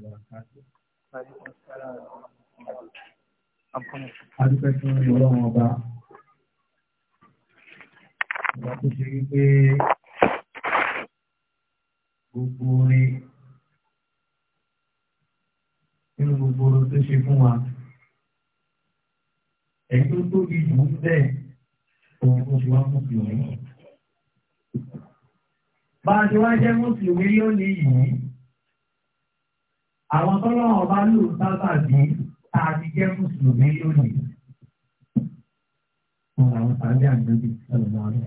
Adúpẹ́ fún ọlọ́run ọba. Ọba tó ṣe wípé gbogbo orin nínú gbogbo orin tó ṣe fún wa. Ẹ̀yìn tó tóbi jù ń bẹ́ẹ̀ òun tó ṣe wá fún ìlú. Bá a ṣe wá jẹ́ Mùsùlùmí lónìí yìí àwọn tọ́lọ́wọ́ bá lò sábà bí tá a ti jẹ́ mùsùlùmí lónìí. Wọ́n làwọn sáré àgbẹ̀bí sọ̀rọ̀ náà rẹ̀.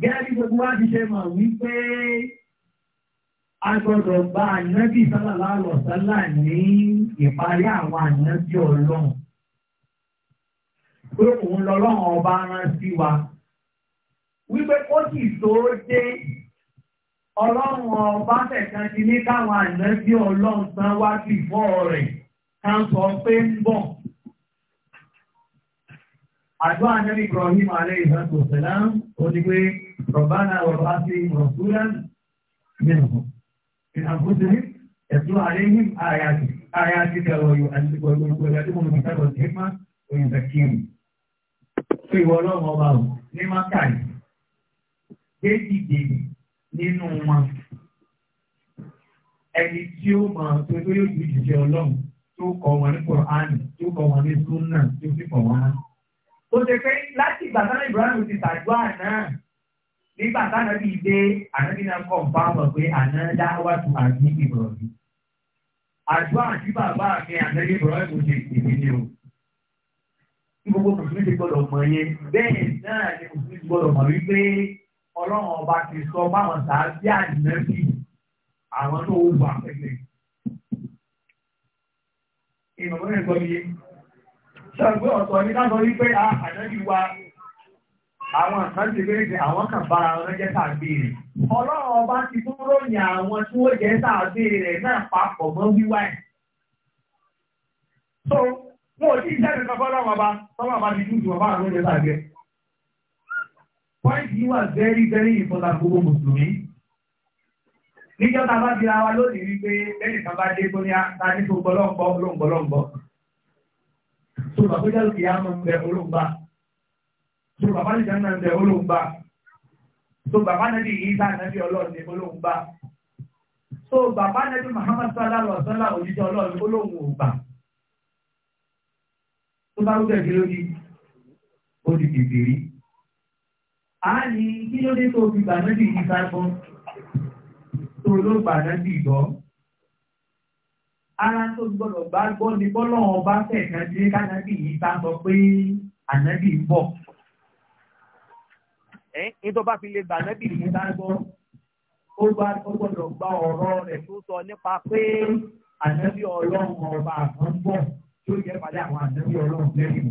Gẹ́gẹ́ bí gbogbo wa ti ṣe mọ̀ wípé a gbọ́dọ̀ gba ànábì sálàlá àlọ́sálà ní ìparí àwọn ànábì ọlọ́run. Pé òun lọ́lọ́run ọba rán sí wa. Wípé kó sì tó dé ọlọ́run ọba tẹ̀kan ti ní káwọn ànábí ọlọ́run tán wá sí ìfọ́ rẹ̀ ká ń sọ pé ń bọ̀. Àjọ ànábí Ibrahim alẹ́ ìfẹ́kọ̀ sẹ̀lá ó ní pé Rọ̀bánà ọ̀rọ̀ sí Rọ̀súlán mìíràn. Ìnàkúnṣe ẹ̀tún àléhìn àyà ti tẹ̀rọ yóò àti gbogbo ẹ̀rọ tí mo fi sẹ́rọ̀ sí ẹ̀kọ́ òyìn tẹ̀kíìmù. Fún ìwọ ọlọ́run ọba ò ní má kàì. Déjì dèjì nínú wọn ẹni tí ó mọ̀ tó tó yóò ju ìjìjẹ ọlọ́run tó kọ́ wọn ní kòránì tó kọ́ wọn ní súnà tó sì kọ́ wọn. ó ṣe pé láti ìgbà sára Ibrahim ti tàdúrà náà nígbà sára bíi dé ànábì náà kọ̀ ń bá wọn pé àná dá wà àbí Ibrahim. àdúrà àti bàbá mi ànábì Ibrahim ṣe ìdí ni o tí gbogbo mùsùlùmí ti gbọdọ̀ mọ̀ yẹn bẹ́ẹ̀ náà ni mùsùlùmí ti gbọdọ̀ mọ̀ wípé ọlọ́run ọba ti sọ báwọn sàájì àjìnẹ́bí àwọn tó wù wà pẹ̀lẹ́. ìmọ̀mọ́ rẹ̀ mi yé ṣàgbé ọ̀tọ̀ ní lágbọ́ wípé àjẹ́bí wa àwọn kan ti bẹ́ẹ̀ jẹ́ àwọn kan bára wọn jẹ́ tàbí ọlọ́run ọba ti tún ròyìn àwọn tí wọ́n jẹ́ tàbí náà papọ̀ mọ́ wíwá ẹ̀. so wọn ò tí ì jẹ́ nǹkan fọ́lọ́run ọba tọ́wọ́ ọba ti dùn jù ọba àwọn jẹ́ tàbí Point yìí wà very very important gbogbo Mùsùlùmí. Níjọ́ ta bá dira wa lónìí wípé ẹnì kan bá dé tó ní ta ní tó gbọ́lọ́ǹgbọ́ olóǹgbọ́lọ́ǹgbọ́. So bàbá jẹ́ òkè àmọ́ ń bẹ olóǹgbà. So bàbá lè jẹ́ ń bẹ olóǹgbà. So bàbá nàbí ìyíta nàbí ọlọ́run ní olóǹgbà. So bàbá nàbí Muhammad sallallahu alaihi wasallam òjíṣẹ́ ọlọ́run olóhùn ògbà. Tó bá rúbẹ̀ kí ló ní? Ó di kìkìrí a ní kí ló dé tó fi gbàdánbì yìí sáfún tó ló gbàdánbì gbọ́. ara tó gbọdọ̀ bá gbọ́ ni bọ́lọ́wọ́n bá fẹ̀kan dé kánábì yìí bá sọ pé ànábì ń bọ̀. ẹ ní tó bá fi lè gbàdánbì yìí bá gbọ́ ó bá gbọdọ̀ gba ọ̀rọ̀ rẹ̀ tó sọ nípa pé ànábì ọlọ́run ọba àkànbọ̀ tó yẹ padà àwọn ànábì ọlọ́run lẹ́yìn.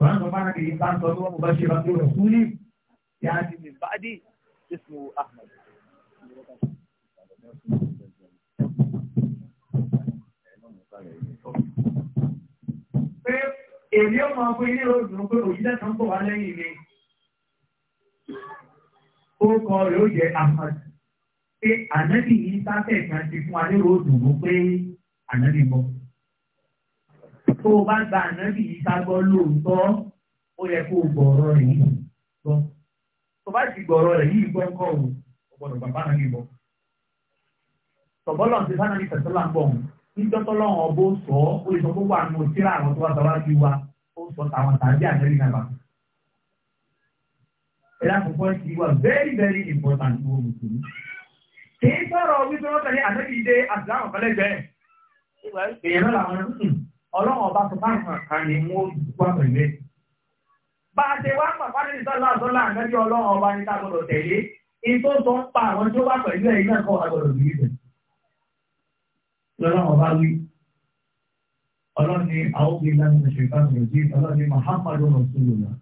Quran sọ fún mi ìbá sọ ní wọn mo bá ṣe bá Ahmad. Pé èmi ò máa fún ilé òdùn pé òyìnbá kan Ahmad. Pé ànábì yìí sáfẹ̀ kan ti fún wa tó o bá gba ànábì yìí ká gbọ́ lóòótọ́ ó yẹ kó o gbọ̀ọ̀rọ̀ rẹ̀ yìí gbọ́ tó bá ti gbọ̀ọ̀rọ̀ rẹ̀ yìí gbọ́ ńkọ́ o ọ̀gbọ̀dọ̀ bàbá náà níbọ̀ tọ̀bọ́lọ̀ ti sáná ní tẹ̀sílà ń bọ̀ nítọ́tọ́lọ́wọ́n ọbọ̀ sọ ó lè sọ gbogbo àwọn òṣìṣẹ́ àwọn tó wà sábà bí wa ó sọ tàwọn tàbí àjẹrí náà bá ẹ̀dá kọ̀ọ̀kọ́ ti wà very very important wo mùsùlùmí kì í sọ̀rọ̀ wípé wọ́n tẹ̀lé àjẹrí dé àjẹrí àwọn kọ́lẹ́gbẹ̀ẹ́ èèyàn náà làwọn ń ọlọ́run ọba tó bá hàn kan ni wọ́n wá pẹ̀lú bá a ṣe wá mọ̀ fáwọn ìṣọ́ láàtọ́ láàrin bí ọlọ́run ọba ní ká gbọdọ̀ tẹ̀lé ètò tó ń pa àwọn tí ó wá pẹ̀lú ẹ̀ iná kọ́ àgbọdọ̀ sí ibẹ̀. lọ́lọ́run ọba wí ọlọ́run ni àwọn òbí ìlànà ìṣèlú ìbámu rẹ̀ sí ọlọ́run ni Muhammadu Rasulullah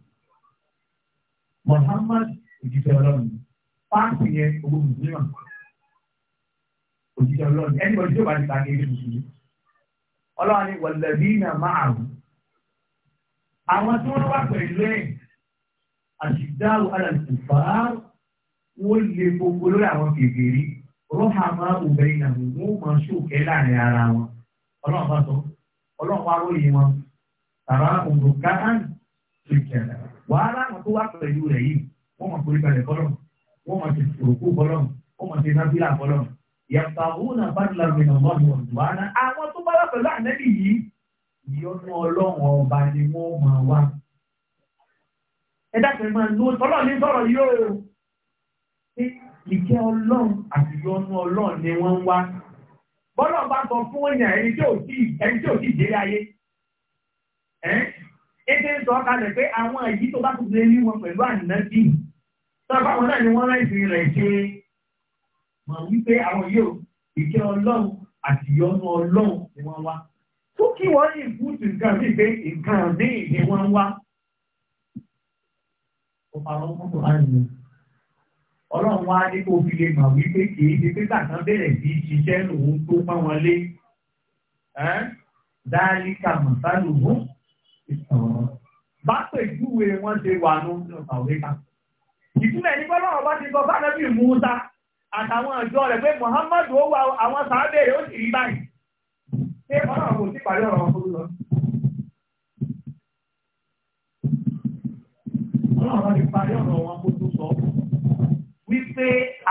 Muhammad òjijì ọlọ́run páàkì yẹn owó mùsùlùmí òjijì ọlọ́run ọlọ́run ni wọ̀lẹ̀bí náà márùn-ún àwọn tí wọ́n wá pẹ̀lú ẹ̀ àṣìdáwò alàlùfà wọ́n lè gbogbo lórí àwọn kékeré rọ́hà máa òbẹ̀ ìyàwó wọ́n máa ṣòkẹ́ láàrin ara wọn ọlọ́run bá sọ ọlọ́run wá lóye wọn tàrà òǹdò káàkiri tó ìkẹlẹ wàhálà àwọn tó wá pẹ̀lú rẹ̀ yìí wọ́n máa forí kalẹ̀ kọ́lọ̀ wọ́n máa ti sòkú kọ́lọ̀ wọ́n máa ti nábìlà kọ́lọ̀ yàtàwùnà bàtìlà ìrìnà ọlọ́run ọ̀dùnmọ́ná àwọn tó bá lápẹ̀ láàánẹ́bì yìí ìyọnu ọlọ́run ọba ni wọ́n máa wá. ẹ dákẹ́ máa lo ọlọ́run ní sọ̀rọ̀ yóò ìkẹ́ ọlọ́run àti ìyọnu ọlọ́run ni wọ́n ń wá. bọ́lá bá sọ fún èèyàn ẹni tí ò tí ẹni tí ò tí dé ayé. ètò ìsọ kalẹ̀ pé àwọn èyí tó bá tún lé ní wọn pẹ̀lú ànínábì. sọ mọ̀ wípé àwọn yóò ìkẹ́ ọlọ́run àti ìyọ́nú ọlọ́run ni wọ́n wá. tó kí wọ́n ní ìfúùtù nǹkan bíi pé nǹkan míì ni wọ́n wá. ó parọ́ mọ́ tó láì mú. ọlọ́run wá ní kó fi lè mọ̀ wípé kìí ṣe pé bàtà bẹ̀rẹ̀ sí ṣiṣẹ́ lòun tó pá wọn lé. dáríkà mọ̀sálù mú bá pèjúwe wọn ṣe wà nínú ìtàwé ká. ìtumẹ̀ ní bọ́lá ọba ti sọ fún àtàwọn àjọ rẹ̀ pé Muhammadu ó wà àwọn sàábẹ̀ rẹ̀ ó sì rí báyìí ṣé ọ̀rọ̀ àwọn òsì pàdé ọ̀rọ̀ wọn fún lọ. ọlọ́run ti parí ọ̀rọ̀ wọn kó tó sọ wípé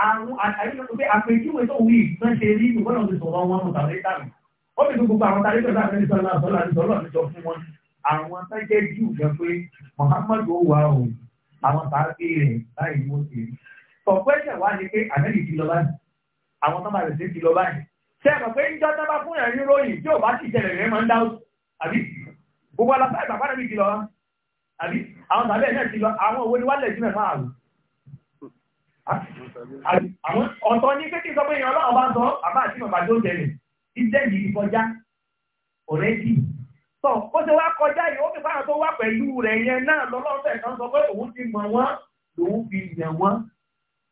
àwọn àtàríkọ̀ pé àpèjúwe tó wí ìtàn ṣe rí ìlú bọ́lá ti sọ̀rọ̀ wọn mọ̀ tàbí tàbí ó fi gbogbo àwọn tàbí tàbí tàbí sọ̀rọ̀ àtọ́lá àti sọ̀rọ̀ sọ fún wọn àwọn tẹ́jẹ́ jù jẹ́ pé Muhammadu ó wà o àwọn tàbí rẹ̀ láì mú sí kọ̀pẹ́sẹ̀ wá ní pé àmẹ́lì ti lọ báyìí àwọn tó bá rẹ̀ sí ti lọ báyìí ṣe mọ̀ pé níjọ́ tó bá fún yàn rí ròyìn tí ò bá sì jẹ̀rẹ̀ rẹ̀ máa ń dáwọ́ àbí gbogbo alápá ìgbà pàdé mi ti lọ wá àbí àwọn tàbí ẹ̀ náà ti lọ àwọn òwe ni wá lẹ̀ sílẹ̀ máa rù àwọn ọ̀tọ̀ ní pé kí n sọ pé èèyàn ọlọ́run bá sọ àbá àti màmá tó jẹ ìjẹ́ yìí kọjá ọ̀rẹ́dì tọ̀ ó ti wá kọjá yìí ó fi fáwọn tó wá pẹ̀lú rẹ̀ yẹn náà lọ́lọ́fẹ̀ẹ́ kan sọ pé òun ti mọ̀ wọ́n lòun fi yàn wọ́n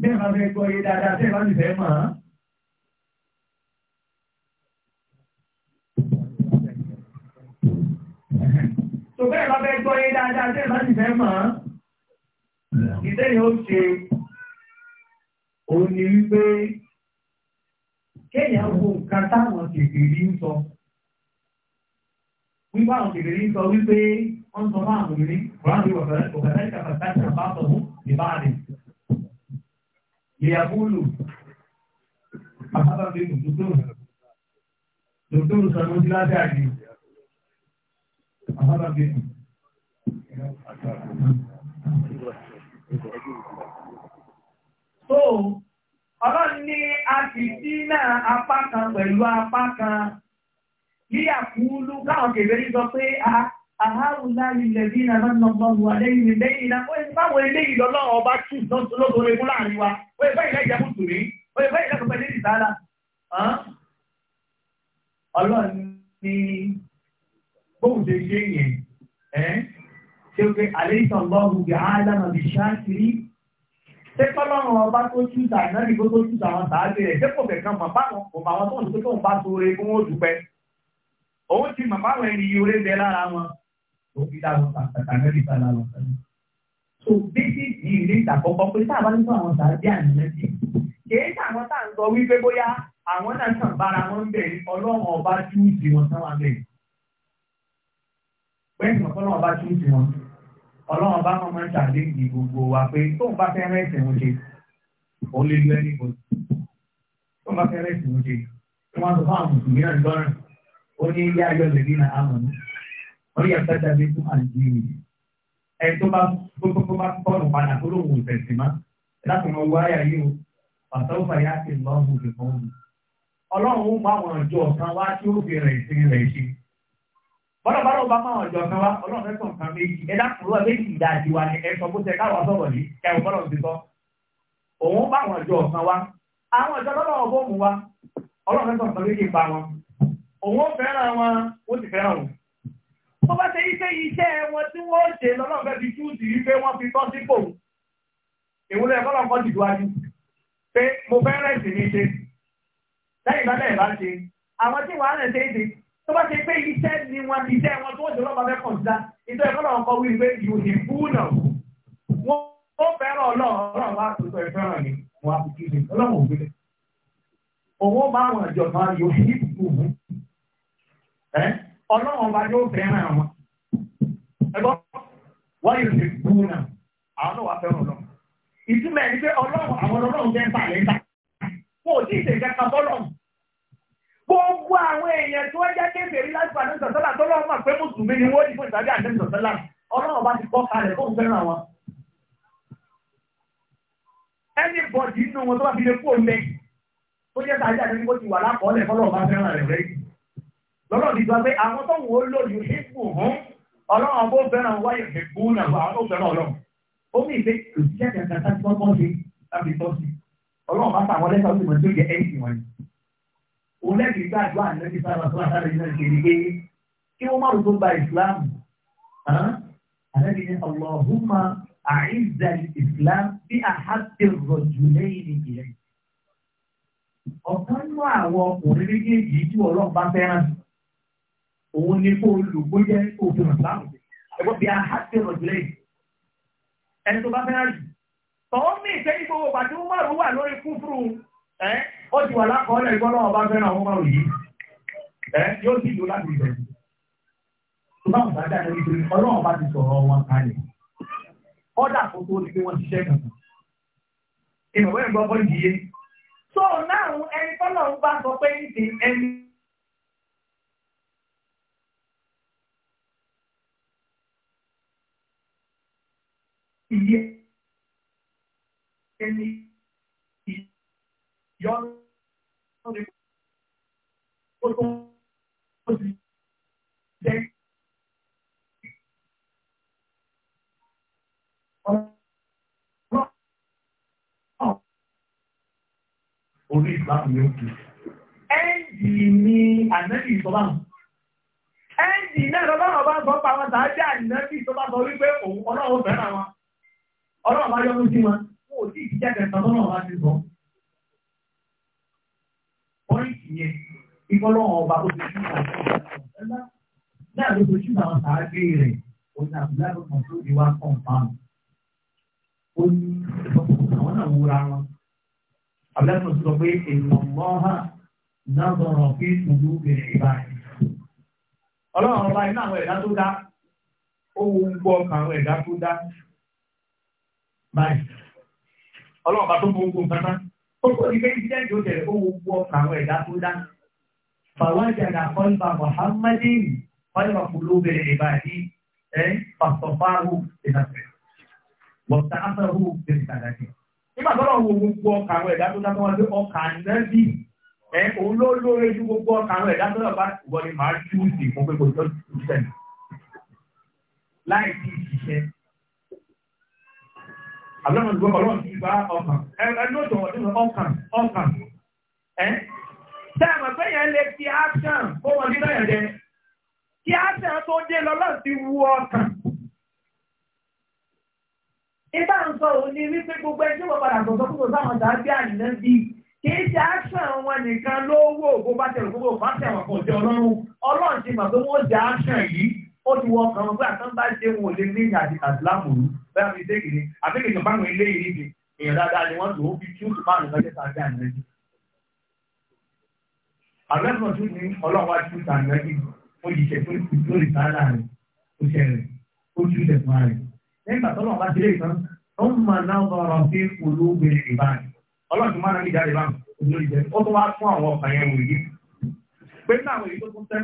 Bí ẹ̀ma fẹ́ gbọ́ yé dáadáa, bí ẹ̀ma fẹ́ mọ̀ ọ́. Tó bẹ́ẹ̀ bá fẹ́ gbọ́ yé dáadáa, bí ẹ̀ma fẹ́ mọ̀ ọ́. Ìdẹ́yìn ó ṣe òun ni wípé kéèyàn wo nǹkan táwọn kèkèrè ń sọ. Wípé àwọn kèkèrè ń sọ wípé wọ́n sọ fún àwọn obìnrin, Kùránì wọ̀fẹ́ ìkàfẹ́ sáà bá sọ fún ìbáàdì. ليقولوا مرحبا بكم دكتور دكتور سنوات لا تعني مرحبا بكم So, ọlọ́run ní a ti dí náà apá kan pẹ̀lú apá kan. Bí àkúlú káwọn kèbèrè sọ pé a ah, àháwùlá ilẹ̀ bí i náà lọ́nà wàlẹ́ ilẹ̀ ìlà pé báwọn ilé ìlọ́lọ́ ọba tún lọ́tọ̀lọ́tọ̀ egun láàrin wa pé bẹ́ẹ̀ ilẹ̀ ìjẹ́bù tù rí pé bẹ́ẹ̀ ilẹ̀ pẹ̀lú ni bóun ṣe ṣe yẹn ṣe pé àléṣàn lọ́rùn bí ádámà bí ṣáàkiri ṣé kọ́lọ́run ọba tó túta náà ní kó tó túta àwọn sàájú rẹ̀ ṣé kò fẹ̀ kan mọ̀ báwọn kò mọ̀ àwọn tó ń ṣe tó ń bá so egun ó dùpẹ́ òun ti mọ̀ báwọn ẹni yorùbá lára wọn tó fi dá lọ sàkàtà nípa ìlà sẹ́yìn. so méjèèjì ilé ìtàkọ́kọ́ pé tá a bá ń sọ àwọn sàábí àníyànjú kìí ṣe àwọn tá à ń sọ wípé bóyá àwọn náà sàn bára wọn ń bẹ̀ ọlọ́run ọba túùsì wọn sáwọn abẹ́ bẹ́ẹ̀ni ọlọ́run ọba túùsì wọn ọlọ́run ọba máa máa ń ṣàdéhùn gbogbo wa pé tóun bá fẹ́ rẹ́sìn wọn ṣe òun lè lu ẹni bò tóun bá fẹ́ rẹ́sìn wọn ṣe wọn sọ fún àwọn mùsùlùmí náà lọ́rùn ó ní ilé ayọ̀ lè dín náà. orí àtàjà bí fún àjíìrì ẹ tó bá tó bá tọ́nù padà tó ló wù tẹ̀sí má o pàtó fàyà ti ọlọ́run ó mú àwọn ọjọ́ kan wá tí ó fi rẹ̀ sí rẹ̀ ṣe. bá lọ́ọ́ bá máa ọjọ́ kan wá ọlọ́run fẹ́ sọ̀rọ̀ méjì ẹ dákùnrin wa méjì ìdá àti wa ni ẹ sọ bó tẹ káwọn sọ̀rọ̀ yìí ẹ ò bọ́dọ̀ ti sọ. òun bá àwọn ọjọ́ wá àwọn ọjọ́ bó wa ọlọ́run fẹ́ méjì pa wọn. òun fẹ́ràn wọn ó fẹ́ràn tó bá ṣe iṣẹ́ iṣẹ́ wọn tí wọ́n ṣe lọ́lọ́fẹ́ fi túùsì wípé wọ́n fi tọ́ sípò ìwúlò ẹ̀kọ́ náà kọ́ tìdúwájú pé mo fẹ́ rẹ̀sì ní ṣe lẹ́yìn bá lẹ́yìn bá ṣe àwọn tí wàá rẹ̀ ṣe é ṣe tó bá ṣe pé iṣẹ́ ni wọn ti iṣẹ́ wọn tí wọ́n ṣe lọ́ba fẹ́ kàn sí ìtọ́ ẹ̀kọ́ náà wí pé yòókì fúnà wọn ó fẹ́ràn ọlọ́run wá tuntun ọlọ́run bá yóò fẹ́ràn àwọn ẹgbọ́ wọ́n yóò ṣe kú náà àwọn náà wà fẹ́ràn lọ. ìtumọ̀ ẹni pé ọlọ́run àwọn ọlọ́run fẹ́ bà lẹ́ta kò tí ì ṣe ìjẹta bọ́lọ̀ gbogbo àwọn èèyàn tí wọ́n jẹ́ kéferì láti pàdé sọ̀tọ́là tó lọ́wọ́ mà pé mùsùlùmí ni wọ́n dìbò ìtàgé àdé sọ̀tọ́là ọlọ́run bá ti kọ́ kalẹ̀ fóun fẹ́ràn àwọn. ẹni bọ̀dì nínú wọn tó bá fi lè kó lẹ tó jẹ́ tàbí àdé ni wọ́n ti wà lápọ̀ọ́lẹ̀ fọlọ́ọ̀ bá fẹ́ràn rẹ̀ rẹ́yìn lọ́nà bí sọ pé àwọn tó wò ó lò yóò ṣe kù hún ọlọ́run ọgbó fẹ́ràn wáyé ìbú náà àwọn tó fẹ́ràn ọlọ́run ó mì pé òṣìṣẹ́ kẹta tá ti tọ́ tọ́ sí láti tọ́ sí ọlọ́run bá sàwọn lẹ́sọ̀ ó sì mọ̀ tó yẹ ẹ̀yìn nínú àwọn ọkùnrin méjèèjì tí ọlọ́run bá fẹ́ràn sí òun ni kó olùgbó jẹ́ òfin ọ̀sán ẹ̀gbọ́n bí a há ẹni tó bá fẹ́ rí tọ́wọ́ mí ìtẹ́ ìgbòho pàtí wọ́n márùn wà lórí kúfúrú ẹ́ ó ti wà lákọọ́lẹ̀ ìgbọ́nà ọba fẹ́ràn àwọn márùn yìí ẹ́ yóò sì lò láti ìbẹ̀ tó bá wùdá dáadáa ní ìbẹ̀rẹ̀ ọlọ́run bá ti sọ̀rọ̀ wọn kalẹ̀ ọ́dà kó tó ní pé wọ́n ṣiṣẹ́ kankan ìmọ̀wé ìgbọ́ bọ́ ìdíyé tó náà ẹni tọ́lọ́run bá sọ pé ní ti ẹni iye ẹni ìyọ́nù rẹ̀ ó tó ó sì jẹ́ orí ìsìláàmù ní òkè. Ẹ́ǹdì ni ànábì ìsọ́bà. Ẹ́ǹdì náà lọ́wọ́ bá sọ pa àwọn tàájà ànábì ìsọ́bà sọ wípé òun ọlọ́run fẹ́ràn wọn. ọlọ́run bá yọ́nú sí wọn wọn ò tí kẹta tọ́lọ́run bá ti sọ. pọ́ìntì yẹn ìfọlọ́run ọba tó ti sí àwọn sàágbé rẹ̀ kàn ó ní àwọn náà wúra wọn sọ pé èèyàn náà sọ̀rọ̀ pé ìbáyìí ọlọ́run ọba iná àwọn ẹ̀dá tó dá ó wo ọkàn àwọn báyìí ọlọ́run bá tó mọ ogun kátá ó kó ní kéjì jẹ́ ìjọ tẹ̀lé owó gbọ́ àwọn ẹ̀dá tó dá fàwájàdà kọ́lbà Muhammadin kọ́lbà kùlóbèrè ìbàdí ẹ̀ pàṣọfáàrù ìdàpẹ̀ wọ̀tá afẹ́rù ìdàpẹ̀ nígbà tó lọ́wọ́ gbogbo ọkà àwọn ẹ̀dá tó dákọ́ wọlé ọkà nẹ́bí ẹ̀ òun ló lóore ju gbogbo ọkà àwọn ẹ̀dá tó lọ́wọ́ wọlé màá tú sí fún pé kò tó tù sẹ́nu àbúrò ìgbọ́ ọlọ́run ti bá ọkàn ẹni òjò wọ́n ti sọ ọkàn ọkàn ẹ́ sáàmà pé yẹn lè fi áṣàn kó wọn ní náà jẹ kí áṣàn tó dé lọ́lọ́run ti wu ọkàn. ibà ń sọ òun ni wípé gbogbo ẹjọ́ wọn padà sọ̀tọ̀ fún sọ̀tọ̀ àwọn tàbí àyìnlẹ́ bí kì í ṣe áṣàn wọn nìkan lówó bó bá tẹ̀lé gbogbo bá tẹ̀wọ̀n kò jẹ́ ọlọ́run ọlọ́run ti mọ̀ wọ́n jẹ́ áṣàn yìí ó ti wọ ọkàn ọgbà tán bá ṣe wọn lè ní àti àdìlámù rú bẹ́ẹ̀ fi ṣéèkì ni àbíkèjọ bá wọn ilé yìí ni èèyàn dáadáa ni wọ́n lòó fi túùtù márùn lọ́jọ́ tàbí ànẹ́jì àbẹ́sàn tún ní ọlọ́wà túùtù ànẹ́jì ó yìí ṣe fún lórí sáárà rẹ̀ ó ṣe rẹ̀ ó tún ṣe fún rẹ̀ nígbà tó lọ́wọ́ bá ṣe lè tán ó ń mọ náà bọ̀rọ̀ sí olóògbé ìbáàdì ọlọ́run àwọn èyí tó tún tẹ́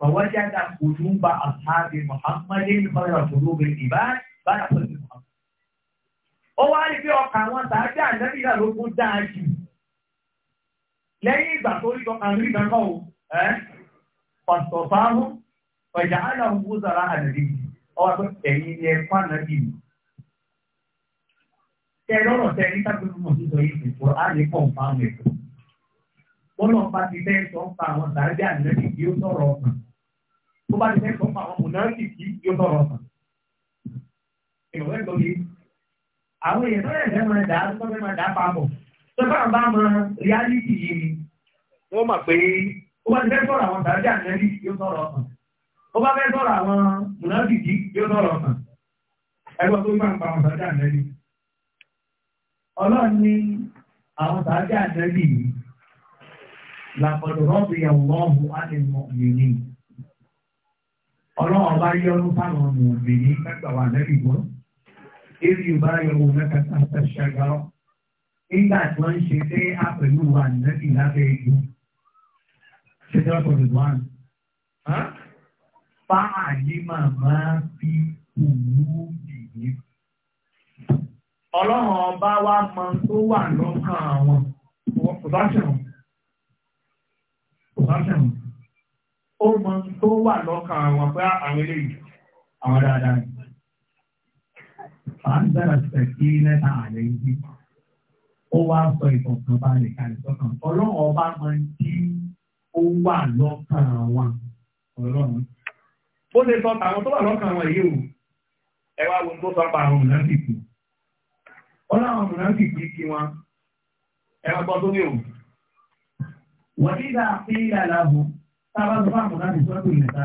فوجد قلوب أصحاب محمد خير قلوب العباد بعد خلق محمد ó wá rí bí ọkàn àwọn tàbí àjẹ́bí náà ló kún dáa jù lẹ́yìn ìgbà tó rí ọkàn rí kankan o ẹ́ pàṣọfáàmù ọjà aláwọ̀ búzọ̀rọ̀ àdàdì ọwọ́ pé ẹ̀yìn ni ẹ̀kọ́ ànábì mi tẹ lọ́rọ̀ tẹ ní tábìlì mọ̀ sísọ yìí ti fọ́ á lè pọ̀ fáwọn ẹ̀kọ́ bọ́lọ̀ bá ti fẹ́ sọ fún àwọn tàbí àjẹ́bí yóò sọ̀rọ̀ ọkàn tó bá ti fẹ́ sọ́pọ̀ àwọn mùnáàkì kí yóò tọrọ ọ̀sán. Ìrọ̀lẹ́ tó yé. Àwọn èèyàn tó yẹ̀ fẹ́ máa dà á tó fẹ́ máa dà á papọ̀. Tó bá ń bá mọ reality yìí ni. Wọ́n mọ̀ pé ó bá ti fẹ́ sọ̀rọ̀ àwọn tàbí ànẹ́lì yóò tọrọ ọ̀sán. Ó bá fẹ́ sọ̀rọ̀ àwọn mùnáàkì kí yóò tọrọ ọ̀sán. Ẹgbẹ́ tó bá ń bá àwọn tàbí ànẹ́lì. Ọlọ́run ní àwọn tàbí ànẹ́lì yìí làbọ̀dọ̀ rọ́bì ọlọ́run bá yọrù fáwọn ọmọ mi ní mẹ́gbà wà lẹ́yìn gbọ́. Èmi ò bá yọ owó mẹ́ta sáfẹ́ ṣẹ́gbọ́. Nígbà tí wọ́n ń ṣe dé àpẹ̀lú wa nẹ́bí lábẹ́ igi. Ṣèjọ́ tọ̀dọ̀ wà. Fáà ní màmá fi kùnú yìí. Ọlọ́run ọba wa mọ tó wà lọ́kàn àwọn. Kò ṣẹ̀wọ̀n. Kò ṣẹ̀wọ̀n ó mọ tó wà lọ́kàn wọn pé àwọn eléyìí àwọn dáadáa ni. fàánsára sẹ̀kí lẹ́tà àlẹ́ yìí ó wá sọ ìkọ̀kan balẹ̀ kalẹ̀ sọ́kàn ọlọ́run ọba máa ń tí ó wà lọ́kàn wọn ọlọ́run. ó lè sọ tàwọn tó wà lọ́kàn wọn yìí o ẹ wá wo tó sọ pa àwọn mùnàfìkì ọlọ́run mùnàfìkì kí wọn ẹ wá gbọ́ tó ní o. wọ́n nígbà pé ìyá làwọn tábà tó fáàmù láti sọ́tò ìrẹ̀ta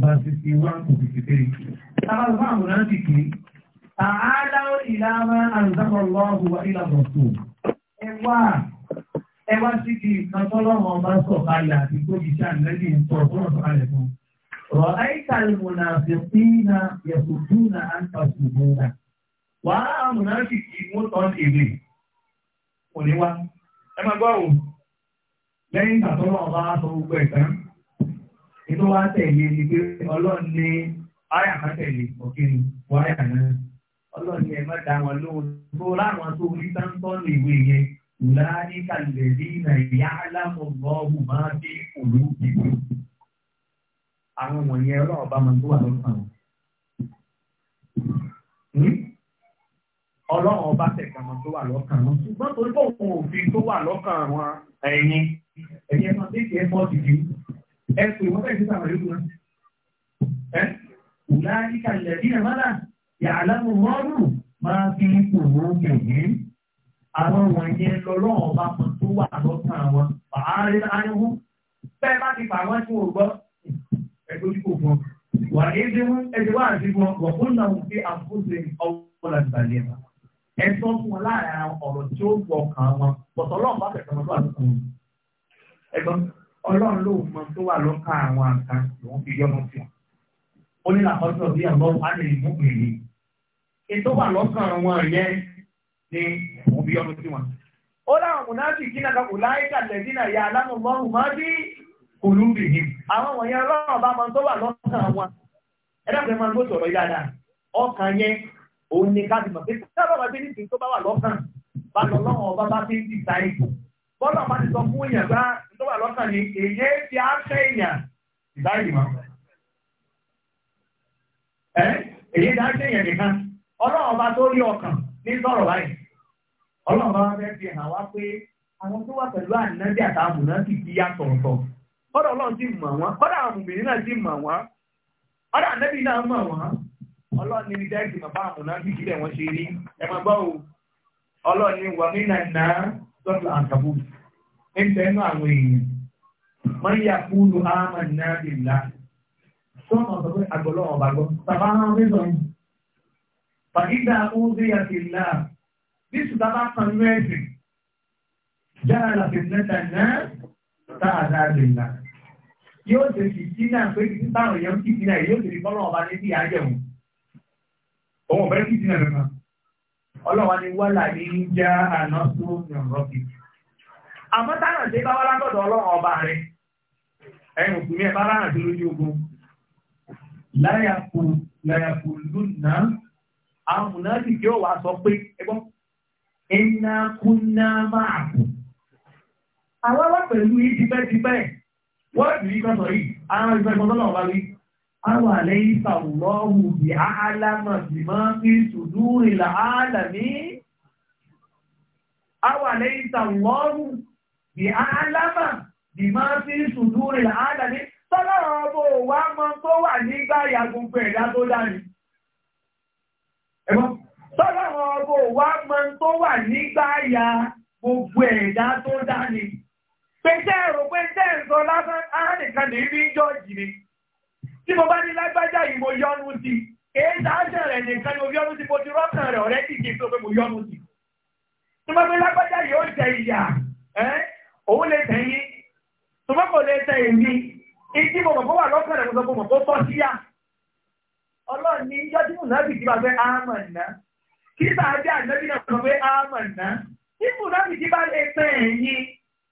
bá sixty one to sixty three tábà tó fáàmù láti kì í àádáwò ìlànà àrùsáfọ̀ lọ́ọ̀hù ìlànà tó ẹwà ẹwà sí ti ìkan tọ́lọ́mọ bá sọ̀ kalẹ̀ àti gbòógì sí àgbẹ̀dì ń sọ tọ́lọ̀ sọ kalẹ̀ fún رأيت المنافقين يصدون عنك صدودا wàá amúnáfíkì mú tán ìlú òníwá ẹ máa gbọ́ òun lẹ́yìn ìgbà tó lọ́wọ́ bá sọ gbogbo ẹ̀tàn ètò wa tẹ̀lé ni pé ọlọ́run ní àyà kan tẹ̀lé òkèèrè wọ àyà náà ọlọ́run ní ẹ má dá wọn lóhùn tó láwọn tó rí sáńtọ́ ní ìwé yẹn ìlànà ìkàlẹ̀ ní nàìjíríà alámọ̀gbọ́ọ̀hùn máa dé òlú ìlú àwọn wọ̀nyẹn ọlọ́run bá máa tó wà lọ́sàn án ọlọ́run ọba tẹ̀ka tó wà lọ́kàn wọn ṣùgbọ́n torí bọ́ọ̀ òfin tó wà lọ́kàn wọn ẹ̀yìn ẹ̀yẹ máa bí kìí ẹ̀fọ́ ti dìú ẹ pè wọ́n fẹ́ẹ̀ sísà wọlé wọn. ẹ wùlá níka ìlẹ̀dí ẹ̀ mọ́lá yàrá mu mọ́rù máa fi ipò wọn kẹ̀yẹ́. àwọn wọ̀nyẹn lọ́lọ́wọ́ bá kan tó wà lọ́sàn àwọn fàárí ánìwú. bẹ́ẹ̀ bá ti fà wọ́n tí wọ́n gbọ́ ẹgbẹ́ ojú kò fún ọ. wà á éjé wọn ẹjẹ wá àti wọn wọ̀ fún náà fi àfúnṣe ọwọ́ láti bàlẹ́ ẹ̀ sọ fún wọn láàárín ọ̀rọ̀ tí ó gbọ̀ kan wọn pọ̀tọ́lọ́ọ̀ bá fẹ̀ ẹ̀gbọ́n ọlọ́run ló mọ tó wà lọ́kà àwọn àǹkà lòún fi yọmọ sí wọn. ó ní làkọ́sọ̀ bí ọ̀gbọ́n wà lè mú èyí. ètò wà lọ́kàn wọn yẹn ni òun fi yọmọ sí wọn. ó láwọn mùnáfì kí náà kò láyé kàlẹ́ dínà ya alámọ̀mọ́rùn má bí kò lù bì ní. àwọn wọ̀nyẹn ọlọ́run bá mọ tó wà lọ́kàn wọn. ẹ dábàá máa ń gbó sọ̀rọ̀ yára ọkàn yẹn òun ni ká bọ́lá máa ti sọ fún èèyàn bá tó wà lọ́kàn ní èyí ti á fẹ́ èèyàn ìdáyìí mọ́. ẹ èyí ti á fẹ́ èèyàn nìkan ọlọ́run bá tó rí ọkàn ní sọ̀rọ̀ báyìí ọlọ́run bá fẹ́ fi hàn wá pé àwọn tó wà pẹ̀lú àtàwọn náà ti di kọ́dọ̀ ọlọ́run ti mọ̀ wọ́n kọ́dọ̀ àwọn mùmìnir náà ti mọ̀ wọ́n kọ́dọ̀ ànábì náà mọ̀ wọ́n ọlọ́run ní sọ́tù àǹkàbù ń tẹnu àwọn èèyàn wọ́n yà kúlù ámà náà ìlà sọ́nà ọ̀sọ̀ pé àgbọ̀lọ́ ọ̀bà gbọ́ tàbá hàn mí sọ yìí fàgídà ó ń rí àti ìlà bí sùtà bá kan ní ẹ̀sìn jára làfi mẹ́ta náà tá a dá lè là yóò ṣe fi sí náà pé títí táwọn èèyàn kìí sí náà yóò ṣe fi bọ́lọ́ ọ̀bà ní bí àjẹmù òun ọ̀bẹ kìí náà ọlọ́wà ni wà láyé ń já àná tó yàn rọ́bì. àmọ́ táyà ṣe bá wá látọ̀dọ̀ ọlọ́run ọba rẹ̀ ẹ̀yìn òkú ní ẹ̀bá láyà tó lójú ogun. láyà kù láyà kù lùnà àwọn mùnàbí yóò wá sọ pé ẹgbọ́n iná kúnná máa kù. àwọn wá pẹ̀lú yìí tipẹ́tipẹ́ wọ́ọ̀dù yìí kọ́sọ̀ yìí àwọn ìfẹ́ ìfọ́sọ́nà ọba yìí. Àwọn àlẹ́ ìfà lọ́wù bí álámà bí máa ń fi ṣùdú ìlà áàlàmí. Àwọn àlẹ́ ìfà lọ́wù bí álámà bí máa ń fi ṣùdú ìlà áàlàmí. Tọ́lọ́rọ̀ ọmọ òwá mọ tó wà nígbà ìyàgùn pẹ̀lá tó dáni. Ẹgbọ́n, tọ́lọ́rọ̀ ọmọ òwá mọ tó wà nígbà ìyà gbogbo tó dáni tí mo bá ní lágbájá yìí mo yọ́nú sí èyí dáájá rẹ̀ nìkan ni mo yọ́nú sí mo ti rọ́kàn rẹ̀ ọ̀rẹ́ dìde tó pé mo yọ́nú sí tí mo bá lágbájá yìí ó jẹ ìyà òun lè tẹ̀ yín tí mo kò lè tẹ̀ èmi ìdí mo mọ̀ wà lọ́kàn rẹ̀ mo mọ̀ tó síyà ọlọ́run ní yọjú mùnábì kí máa fẹ́ ámọ̀ ná kí sáájà àjẹ́bí náà sọ pé ámọ̀ ná kí mùnábì kí bá lè tẹ̀ ẹ̀yìn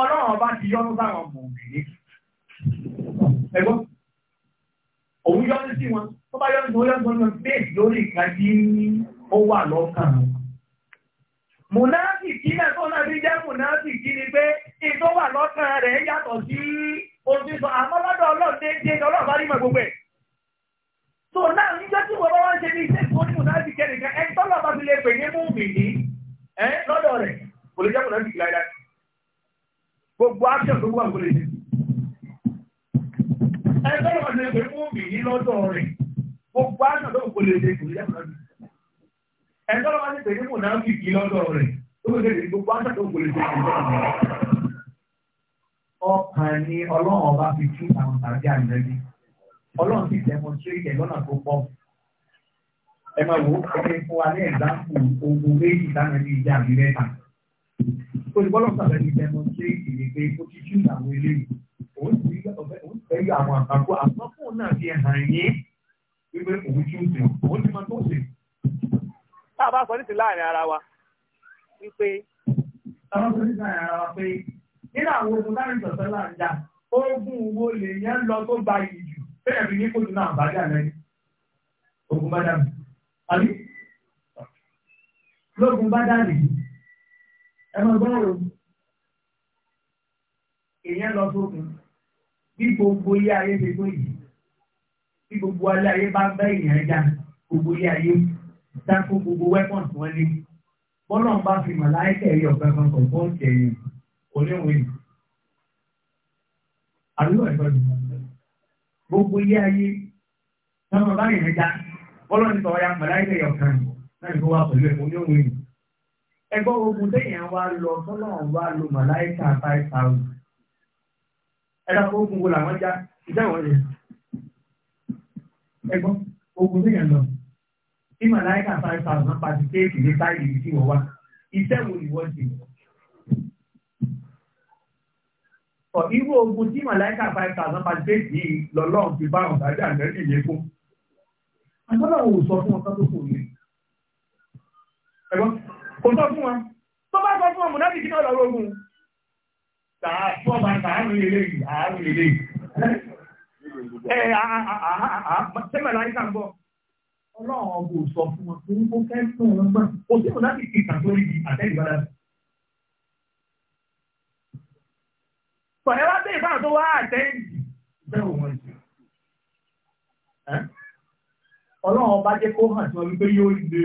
ọlọ́run ọba ti yọ́nú sáwọn mọ̀mìnì ẹ̀gbọ́n òun yọ́nú sí wọn tó bá yọ́nú tó yọ́nú tó bẹ́ẹ̀ lórí ìka tí ó wà lọ́kàn wọn. Mùnáfìkì náà tó náà fi jẹ́ mùnáfìkì ni pé ìtọ́ wà lọ́kàn rẹ̀ yàtọ̀ sí òfin sọ àmọ́ lọ́dọ̀ ọlọ́run déédé ọlọ́run bá rí mọ̀ gbogbo ẹ̀. Tò náà ń jẹ́ tí wọ́n bá wọ́n ṣe ní iṣẹ́ ìfowó ní mùnáfìkì ẹnìkan ẹni tọ́lọ́ bá fi lè pè ní mùmìnì lọ́dọ̀ rẹ̀ kò lè jẹ́ mùnáfìkì láíláí gbogbo action tó wà gbọ́dọ̀ yìí. ẹgbẹ́ wọn lè pè mú mi ní lọ́dọ̀ rẹ̀ gbogbo action tó gbọ́dọ̀ yìí kò lè yàtọ̀ lọ́dọ̀. ẹgbẹ́ wọn lè pè ní mò náà kìkì lọ́dọ̀ rẹ̀ tó gbọ́dọ̀ yìí gbogbo action tó gbọ́dọ̀ yìí kò lè yàtọ̀ lọ́dọ̀. ọkàn ni ọlọ́run ọba fi tú àwọn tàbí ànábì ọlọ́run ti demonstrate lọ́nà tó pọ̀ ẹ máa wò ó kẹ́kẹ́ fún wa ní ẹ̀dáǹkù ogun méjì dáná ní ìjà àbí mẹ́ta olùbọ́lọ̀ sàlẹ̀ ní ẹnu ṣé ìrèké ó ti ṣú àwọn eléyìí òun sì fẹ́ yọ àwọn àpapọ̀ àpapọ̀ náà fi hàn yín wípé òun ṣú ṣe òun ti máa tó ṣe. tá a bá sọ nítorí láàrin ara wa wípé. tá a bá sọ nítorí láàrin ara wa pé nínú àwọn ogun láàrin sọ̀tọ́ là ń dà ogun wo lè yẹn lọ tó gba iyì jù bẹ́ẹ̀ bí ní kóòtù náà bá dà lẹ́yìn ogun bá dà mí. lógun bá dà nìyí ẹnu gbọ́rọ̀ èèyàn lọ sókun bí gbogbo ilé ayé ṣe tó yìí bí gbogbo ilé ayé bá bẹ́ èèyàn já gbogbo ilé ayé dákó gbogbo weapons wọn lé bọ́lá ń bá fi màláìkẹ́ ẹ̀yọ̀ kankan kan fún ọ̀kẹ́ yìí oníwèé àdúgbò ẹ̀kọ́ ìgbà gbogbo ilé ayé táwọn bá èèyàn já bọ́lá ń sọ ya màláìkẹ́ ẹ̀yọ̀ kan náà ló wà pẹ̀lú ẹ̀ oníwèé ẹgbọ́n ogun téèyàn wá lọ tọ́lọ̀ wá lọ màláìka five thousand ẹ̀dá ogun wo làwọn já ìdáwọ̀ yẹn ẹgbọ́n ogun téèyàn lọ tí màláìka five thousand pàṣẹ kéèkì ní báyìí tí wọ́n wá iṣẹ́ wo ìwọ́ sí i. Ọ̀ irú ogun tí màláìka five thousand pàṣẹ kéèkì lọ́lọ́run ti bá ọ̀gá àti àgbẹ̀rẹ̀ ìyẹn fún. Àgbọ̀dọ̀ wò sọ fún ọkọ tó kù ní. Ẹ̀gbọ́n kò sọ fún wọn tó bá sọ fún wọn mùnábì kí náà lọ rogun tààtúọ̀bà tààrùn lélẹ̀ yìí àárùn lélẹ̀ yìí ẹ sẹ́mẹ̀lá yìí kàn bọ̀ ọlọ́run ọgbọ̀ sọ fún wọn fún ó fẹ́ fún wọn gbọ́n kò sí mùnábì kí ìtàn tó rí di àtẹ́gbàdà. Pọ̀lẹ́ wá sí ìfáà tó wá àtẹ́yìn bẹ́ẹ̀ wọ́n jù. Ọlọ́run ọba jẹ́ kó hàn sí wọn wípé yóò lè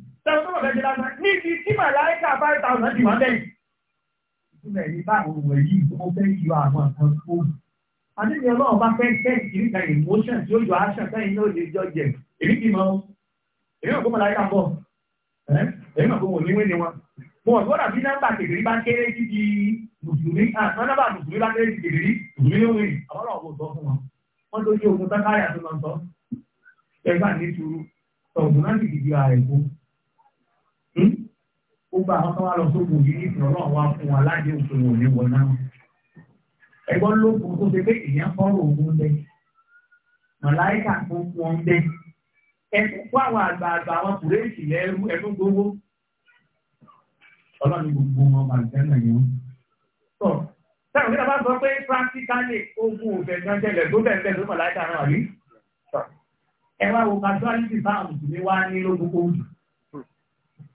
tẹ́lọ́tọ́rọ̀ lẹ́jẹ́ lásán níbi tí màláìkà five thousand ti wà lẹ́yìn. ìtumọ̀ ẹ̀yìn báwo wẹ̀ yìí ó fẹ́ yọ àwọn nǹkan tó. àdébí ọlọ́run bá fẹ́ tẹ́sí kiri kan emotion tí ó yọ aṣọ sẹ́yìn náà lè jọ jẹ èmi kì í mọ èmi náà kó màláìkà bọ̀ èmi náà kó wọn níwé ni wọn. mo wọ̀ gbọ́dọ̀ bí nọ́mbà kékeré bá kéré títí mùsùlùmí nọ́mbà mùsùlùmí bá kéré títí kékeré mùsùlùmí ló wí àwọn ọ̀rọ̀ ọ̀gbọ̀n sọ fún wọn wọ́n tó yé ogun tákáyà tó lọ ó gba àwọn kan wá lọ sóko yìí ní ìfìrọ̀ náà wá fún wa láti òkè wọn ní wọn náà ẹgbọ́n lókun tó ṣe pé èèyàn fọ́rọ̀ òun bẹ màláìkà tó wọn bẹ ẹkùn kó àwọn àgbààgbà àwọn kùrẹ́ẹ̀sì lẹ́rú ẹnu gbogbo ọlọ́run gbogbo wọn bá jẹ́ náà yẹn tó sẹ́wọ̀n nígbà bá sọ pé practically ogun òfẹ́ gan jẹlẹ̀ tó bẹ̀ bẹ̀ tó màláìkà náà rí ẹ wá wo casualty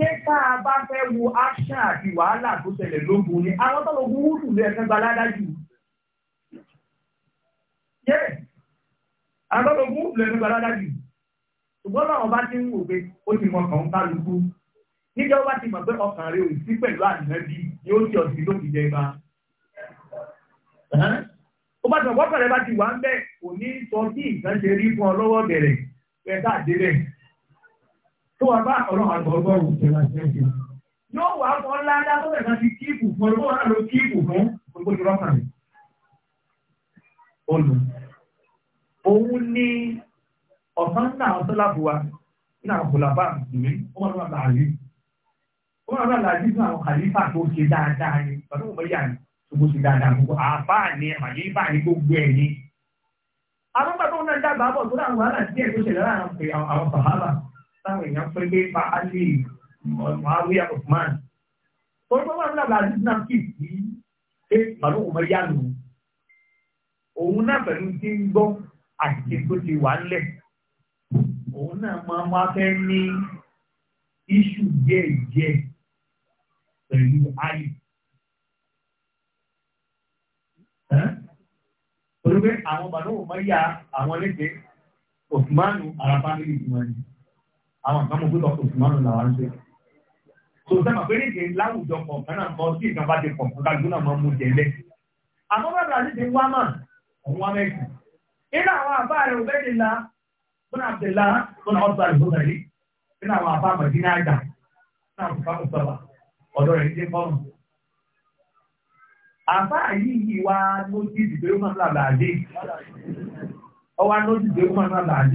pé tá a bá fẹ́ wo action àti wàhálà tó ṣẹlẹ̀ lógun ni àwọn tó lọ́gùn wúdù lé ẹ̀fẹ́ gbalada jù. yẹ àwọn tó lọ́gùn wúdù lé ẹ̀fẹ́ gbalada jù. ṣùgbọ́n náà ọba ti ń wò pé ó ti mọ kàn ń kálukú. níjẹ́ ọba ti mọ̀ pé ọkàn rẹ̀ ò sí pẹ̀lú ànábì yóò ti ọ̀sìn ló ti jẹ ibà. ó bá tọ̀ bọ́kànlẹ́ bá ti wà ń bẹ́ẹ̀ kò ní sọ sí ìkànṣe rí fún ọ lọ́wọ́ bẹ̀rẹ̀ tó wà bá ọlọ́run àgbọ̀gbọ̀rù ìjọba ṣẹ́ṣẹ́ yóò wà fọ́ ládá tó bẹ̀rẹ̀ ti kíìpù fún ọdún wọn lọ kíìpù fún gbogbo ìjọba kan rẹ̀ olù òun ni ọ̀sán náà sọ́lábù wa ní àwọn bùlàbà ìwé ó wà lọ́wọ́ àlàyé ó wà lọ́wọ́ àlàyé fún àwọn kàlífà tó ṣe dáadáa ni pàtó mo yà ní gbogbo ṣe dáadáa gbogbo àáfàá ni àyíbá ni gbogbo ẹ̀ ni. àwọn pàtó náà dábàá bọ̀ tó láwọn wàhálà díẹ̀ tó ṣẹlẹ̀ láàárín àwọn táwọn èèyàn pé pé pa ali mọ̀háwí àkùnmáà orúkọ wọn náà láti náà kì í sí pé màlúù kò mọ yá lù òun náà pẹ̀lú tí ń gbọ́ àti tó ti wà ńlẹ̀ òun náà máa wá fẹ́ ní iṣu díẹ̀díẹ̀ pẹ̀lú ali. Olúgbé àwọn bàbá òun yá àwọn léde Osmanu ara fámìlì tí wọ́n àwọn nǹkan mú pé ọkọ̀ òṣùmọ́nù làwọn ń ṣe. tó sẹ́mà pé níṣe láwùjọ kọ̀ọ̀kan náà kọ́ sí ìkan bá ti pọ̀ fún kájú náà máa mú jẹ́lẹ̀. àmọ́ bàbá àti ti wá mà òun wá mẹ́sì. nínú àwọn àbá rẹ̀ ò bẹ́ẹ̀ la fún àbẹ̀là fún ọ̀sán ìfọ̀sẹ̀lẹ̀ nínú àwọn àbá àmọ̀dínà àjà náà fún fáwọn sọ̀rọ̀ ọ̀dọ́ rẹ̀ ti fọ́ọ̀mù. àbá yìí wá nótìsì pé ó máa ń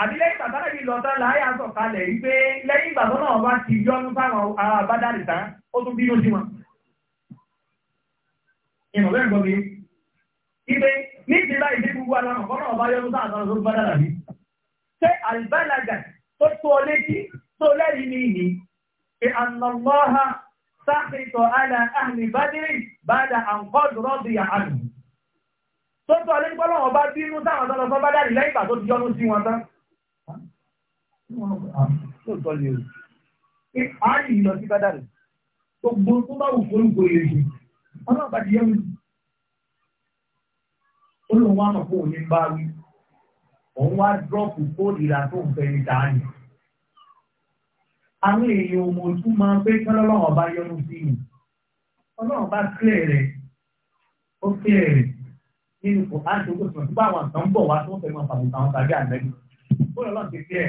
àbí lẹ́yìn bàbá rẹ̀ yìí lọ́tọ́ láyà sọ̀ kalẹ̀ yìí pé lẹ́yìn bàbá náà bá ti yọ ọdún fáwọn ará àbádàrí tán ó tún bínú sí wọn. ìmọ̀ bẹ́ẹ̀ gbọ́ mi ibe ní ti bá ìdí gbogbo ara ọ̀kọ́ náà bá yọdún sáà sọ̀rọ̀ sórí bádàrà bí. ṣé àlùbálágà tó tó ọ létí tó lẹ́rìí ní ìní pé ànàmọ́ha sáfìtọ̀ àlà àmì bádìrì bádà àǹkọ́dùrọ́dù yà àlù. tó tó ọ létí pọ́lọ́wọ́ bá bínú sáà sọ̀rọ̀ sórí bádàrì lẹ́yìn lóòótọ́ lè o ààyè lọ sí kádàrí gbogbo tó bá wù forúkọ yẹn jù ọlọ́pàá ti yẹ mi olóhùn wa mọ̀ pé òun ní bá wí òun wá dúrọ́pù kórìíra tó ń fẹ́ ní dání àwọn èèyàn ọmọ ojú máa ń pé kí ọlọ́run ọba yọ́nú sí i ọlọ́run bá kílẹ̀ rẹ̀ ó kílẹ̀ rẹ̀ nínú kò á ṣe ojú ìsìnkú báwọn kan ń bọ̀ wá tó ń fẹ́ máa fàbùkà wọn tàbí àgbẹ̀gbẹ̀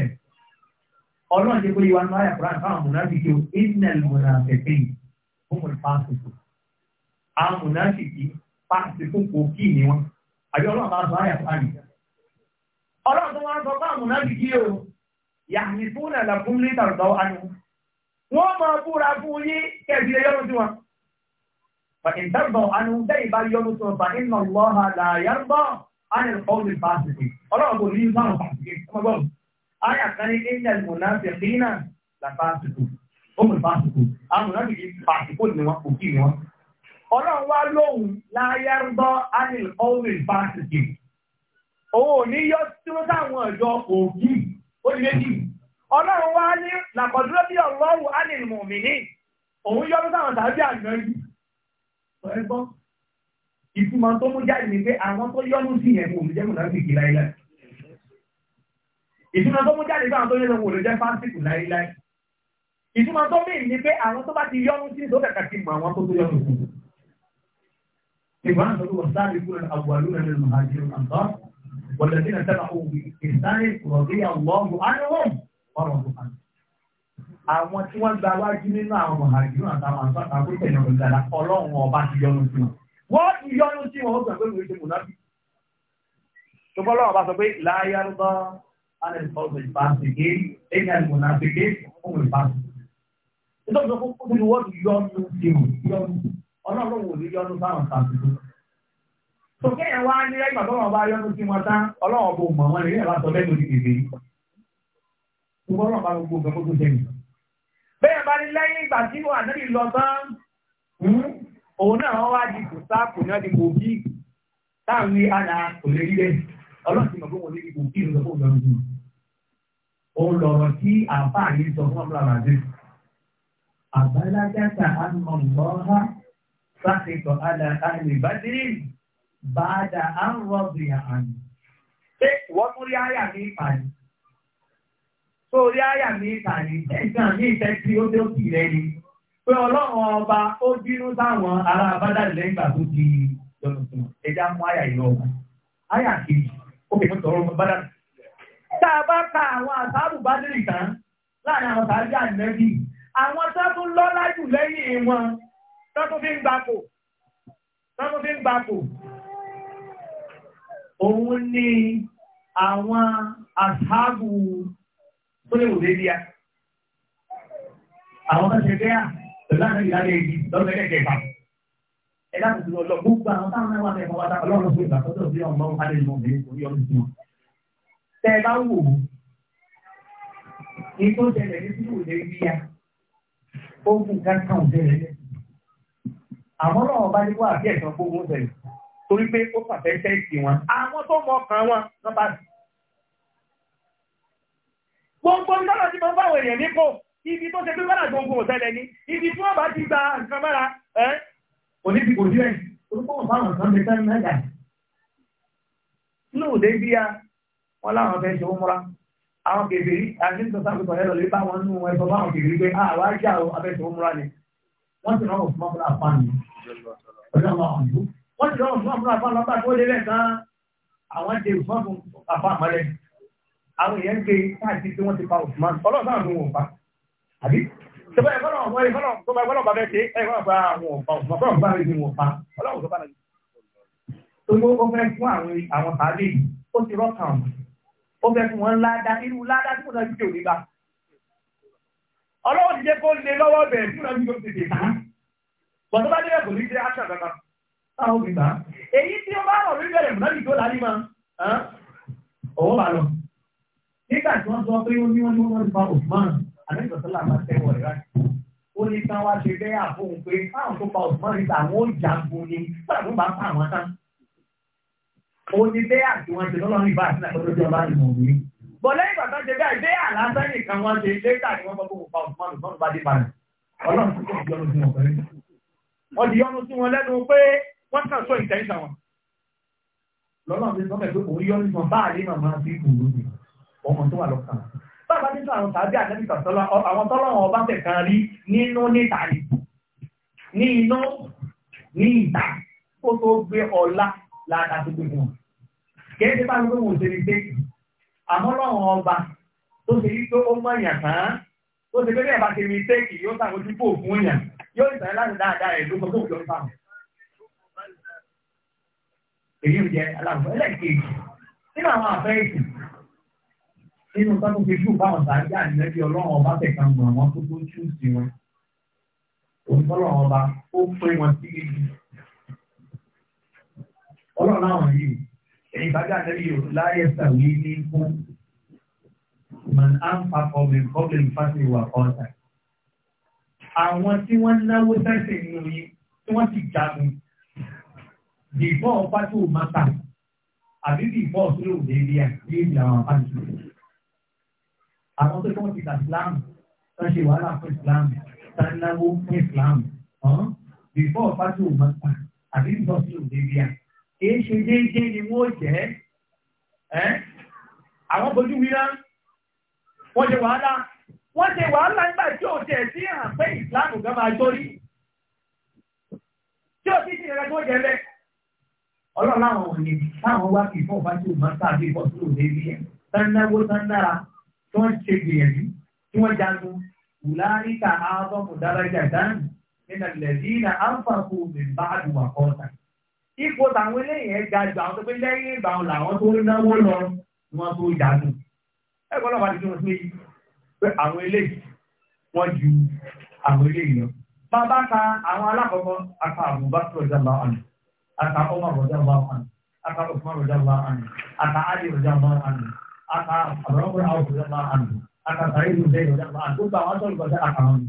ọlọ́run ṣe kó yí wa ní wáyà kúrán fáwọn mùnáfíkì o inel mùnáfíkì fún mi pàṣípò àwọn mùnáfíkì pàṣípò kò kí ni wọn àbí ọlọ́run bá sọ àyà fáwọn ìjà ọlọ́run tó wá sọ fáwọn mùnáfíkì o yàtì fún ẹ̀là fún lítà ọ̀dọ́ anú wọ́n máa búra fún yí kẹfìlẹ̀ yọ́nù sí wọn fàtí dábọ̀ anú bẹ́ẹ̀ bá yọ́nù sí wọn fàtí lọ́ha làyàmbọ̀ anìlọ́ọ̀lù pàṣípò ọlọ́run Àyà kan ní India Mùnáfẹ́ Kínà là fásitì. Ó mú fásitì. Àwọn mùnáfẹ́ yìí fásitì ni wọ́n kò kí wọn. Ọlọ́run wá lóhùn láyé ń bọ́ Anil Owen fásitì. Òun ò ní yọ tí wọ́n sáwọn ọ̀dọ́ òkì ó lé jù. Ọlọ́run wá ní làkọ̀dúró bí ọlọ́run Anil Mùmìnì. Òun yọ tí sáwọn tàbí àná yìí. Sọ ẹ gbọ́. Ìtumọ̀ tó mú jáde ni pé àwọn tó yọ́nú sí yẹn kò ní jẹ́ mùnáfẹ́ kí láyé láti ìtumọ̀ tó mú jáde báwọn tó yẹ lọ́wọ́ olùjẹ́ fásitì láíláí ìtumọ̀ tó mí ní pé àwọn tó bá ti yọ́nu sí tó kàkà kí mọ àwọn tó tó yọ́nu sí. ìwọ́n àtọ́lù wọ sáré kúrò àbúwálú rẹ̀ nínú àjẹ́ àǹtọ́ wọ̀lẹ̀ sí nàìjíríà òwì ìsáré rọ̀bí àwọ̀ọ̀mù ánúwọ̀n ọ̀rọ̀ tó kàn. àwọn tí wọ́n gba wájú nínú àwọn mọ̀hàjírò àtàwọn àtàkùn àkókò ọlọ́run ọba ti yọ́nu sí wọn. wọ́n ti yọ́nu sí wọn ó gbàgbé ìwé أنا الفوز الفاسقين إن المنافقين هم الفاسقين nítorí pé kókó ni wọ́n ti yọnu ti wù yọnu ọlọ́run wò ní yọnu sáwọn sàtúntò sókè yẹn wá ní ẹgbà tó wọn bá yọnu sí wọn tán ọlọ́run bò mọ̀ wọn nìyẹn látọ̀ lẹ́nu ní kèké gbogbo ọlọ́run bá gbogbo nǹkan kókó sẹ́yìn bẹ́ẹ̀ bá ní lẹ́yìn ìgbà tí wọn àtẹ́lẹ̀ lọ tán òun náà wọ́n wá di kò sáàpù náà di kò bí táwọn àná kò lè rí bẹ́ẹ̀ ọlọ́run ti mọ̀ pé wọn lè di kò bí ìrọ̀lọ́pọ̀ ó lọ́rọ̀ tí àbá yìí sọ fún ọmọ àbàdé. Àbálájáta Anmọ̀lọ́há sáfìtọ̀ Adà Àlìbádìrí bàdà Anrọ̀bì àmì. Ṣé wọ́n tún rí àyà mi ìpàdé? Tó rí àyà mi ìpàdé, ẹ̀gbọ́n mi ìfẹ́ tí ó tó kì rẹ̀ ni. Pé ọlọ́run ọba ó bínú sáwọn ará Abádàlẹ̀ lẹ́yìn ìgbà tó di lọ́nà Ẹja mú àyà ìlọ́wọ́. Àyà kejì, ó kì í tọrọ Abádàlẹ̀ tá a bá ka àwọn àsáàbù bá dé ìtàn láàrin àwọn sàájà ìlẹ́bí àwọn tó tún lọ́lá jù lẹ́yìn wọn tó tún fi ń gbapò tó tún fi ń gbapò òun ni àwọn àsáàbù tó lè wò lé díà àwọn tó ṣe bẹ́ẹ̀ pẹ̀lú àwọn ìlànà èyí lọ́dún ẹ̀kẹ́kẹ́fà ẹ̀dá tuntun lọ gbogbo àwọn táwọn náà wà ní ẹ̀fọ́ wa tá ọlọ́run fún ìgbà tó tó bí ọmọ adé ìmọ̀ mi orí ọdún tí tẹ́ ẹ bá wò ó ní tó ní sí òde rí ya ó kù kankan ò ṣẹlẹ̀ lẹ́sìn àwọn náà bá ní wà bí ẹ̀sán gbogbo ń ṣẹlẹ̀ torí pé ó pàṣẹ tẹ́ẹ̀sì wọn àwọn tó mọ ọkàn wọn wọn bá sì. gbogbo ń dára sí bá àwọn èèyàn ní kò ibi tó ṣe pé wọ́n àgbọ̀ngbò òṣẹlẹ̀ ni ibi tí wọ́n bá ti gba nǹkan mọ́ra ẹ́ oníbìbò díẹ̀ orúkọ wọn bá wọn kan lè tán náà dà. lóòdé bíi wọn láwọn fẹ́ ṣe ó múra àwọn kèfèrí àdínkù sáfìkọ̀ ẹ̀rọ lè bá wọn nú ẹ̀fọ́ bá wọn kèfèrí pé àwa ah, jà ó abẹ́ṣe ó múra ni wọ́n ti rọ́ọ̀fù mọ́ fúnra fún mi wọ́n ti rọ́ọ̀fù mọ́ fúnra fún lọ́gbà tó lélẹ̀ kan àwọn ti rọ́ọ̀fù fún àfa àmọ́lẹ̀ àwọn èèyàn ń gbé káàkiri tí wọ́n ti pa Usman ọlọ́sàn àwọn òun pa àbí ṣùgbọ́n ẹ̀fọ́n ọ̀gbọ́n ẹ̀fọ́n ọ̀gbọ́n ẹ̀fọ́n ọ̀gbọ́n bẹ́ẹ̀ ṣe ẹ̀fọ́n ọ̀gbọ́n àwọn òun pa Usman ọ̀gbọ́n bá rí ni wọ́n pa ọlọ́run tó bá náà tó ló ó fẹ́ fún àwọn àwọn tàbí ó ti rọ́ọ̀kàn ó fẹ́ fún wọn ládá irú ládá tí wọ́n ti òní bá ọlọ́wọ́ ti jẹ́ kó lè lọ́wọ́ bẹ̀rẹ̀ tí wọ́n ti yóò tètè bá bọ̀ tó bá dé ẹ̀kọ́ ní jẹ́ aṣọ kankan táwọn òbí bá èyí tí ó bá rọ̀ lórí ẹ̀rẹ̀ mọ́lì tó lálé ma ọwọ́ bá lọ nígbà tí wọ́n sọ pé ó ní wọ́n ní wọ́n fa Osman àmẹ́sọ̀tọ́lá máa tẹ́wọ̀ rẹ̀ ráì ó ní kí wọ́n tó pa òní bẹ́ẹ̀ àti wọn ṣe lọ́lọ́run ìbá àti náà lọ́jọ́ bá nù mí. bọ̀ lẹ́yìn bàtà ṣe bẹ́ẹ̀ bẹ́ẹ̀ àlásán nìkan wọn ṣe lẹ́tà ni wọ́n bọ́ kó pa òtún mọ́nù mọ́nù bá dé balẹ̀. ọlọ́run tó kọ́ ìyọnu sí wọn pẹ̀lú. wọ́n ti yọnu sí wọn lẹ́nu pé wọ́n kàn sọ ìtẹ́sà wọn. lọ́lọ́run ti sọ pé òun yọnu sí wọn bá àlè màmá sí ìkùnú ni ọmọ tó wà lọ́kàn. bàbá nínú àwọn tàbí àtẹ́bìtà àwọn tọ́lọ́run ọba fẹ̀ kan rí nínú níta ni ní iná ní ìta kó tó gbé láta tó pé wọn. Kìí ṣe bá gbogbo wọn ṣeré dé. Àmọ́ lọ́wọ́ ọba tó ṣe wípé ó mọ̀ èèyàn kan tó ṣe pé bí ẹ̀bá ṣe mistake yóò ṣàkóso pò fún èèyàn yóò ìtàn láti dáadáa ẹ̀ ló sọ pé òjò ń fà wọ́n. Èyí ò jẹ́ aláwọ̀ ẹlẹ́ẹ̀kejì nínú àwọn àfẹ́ ìsìn nínú tọ́tù fi jù báwọn sàájà nílẹ́bí ọlọ́run ọba tẹ̀kan gbọ̀n wọn tó tó tú sí wọn. Òǹtọ́lọ́run ọba ó pé wọn sí ibi ọlọ́run àwọn yìí ẹ̀yìn bàjẹ́ àtẹ́bí yóò láyé sàwí ní kú man anfa ọ̀gbìn kọ́gbìn fásitì wà ọ̀tà. àwọn tí wọ́n náwó sẹ́sẹ̀ nínú yín tí wọ́n ti jagun bìbọ́ fásitì ò máa tà àbí bìbọ́ tó lò dé bí i àti ìdí àwọn fásitì. àwọn tó kọ́ ti dà sílámù tó ṣe wàhálà fún ìsìlámù tó náwó fún ìsìlámù bìbọ́ fásitì ò máa tà àbí bìbọ́ tó lò dé bí i e ṣe déédéé ni wọ́n jẹ́ àwọn bojú wíra wọ́n jẹ wàhálà wọ́n ṣe wàhálà nígbà tí ó tẹ̀ sí hàn pé ìsìláàmù gan máa jórí tí ó sì ti tó jẹ́ bẹ́ẹ̀ ọlọ́run òní táwọn wá kì sí tí wọ́n ṣe gbìyànjú tí wọ́n jagun àwọn ọmọ dára i na àǹfààní òmìnira ipò tàwọn eléyìí ga jù àwọn tó pé lẹ́yìn ìgbà wọn làwọn tó náwó lọ wọn tó dànù ẹ̀kọ́ náà wà ní kí wọ́n pé pé àwọn eléyìí wọ́n ju àwọn eléyìí lọ. bàbá ka àwọn alákọ̀ọ́kọ́ aka Abubakar ọjà bá wà ní aka Umar ọjà bá wà ní aka Usman ọjà bá wà ní aka Ali ọjà bá wà ní aka abúlọ́kùnrin àwọn ọjà bá wà ní aka sàrí ìlú bẹ́ẹ̀ ọjà bá wà ní gbogbo àwọn tó ń gbọ́dọ̀ àkàwọn ni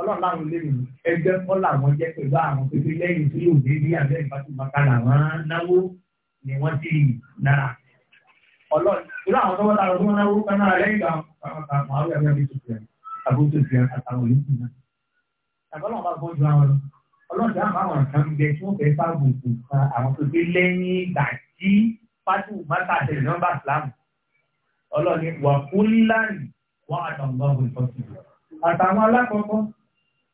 ọlọ́run láwọn lè mú ẹgbẹ́ kọ́ làwọn jẹ́ pẹ̀lú àwọn pépé lẹ́yìn tí yóò dé bí abẹ́ ìbátúmọ̀ká làwọn náwó ni wọ́n ti nára. ọlọ́run irú àwọn tọ́wọ́ ta ọdún náwó kaná lẹ́yìn ìgbà àwọn àwọn àwọn ẹgbẹ́ mi tuntun ẹ̀ àbójútó ti ẹ̀ àtàwọn olókùn náà. àbọ̀lọ́run bá gbọ́jú àwọn lọ ọlọ́run dá àwọn àwọn kan bẹ tí wọ́n fẹ́ bá gbogbo kan àwọn pépé lẹ́yìn ìgbà tí fátúmọ̀ká tẹ̀lé nọ́mbà ìsìlámù ọlọ́run wà kúńlá ni wọ́n àtàwọn ọgbọ́n ìfọ́sí àtàwọn alákọ̀ọ́kọ́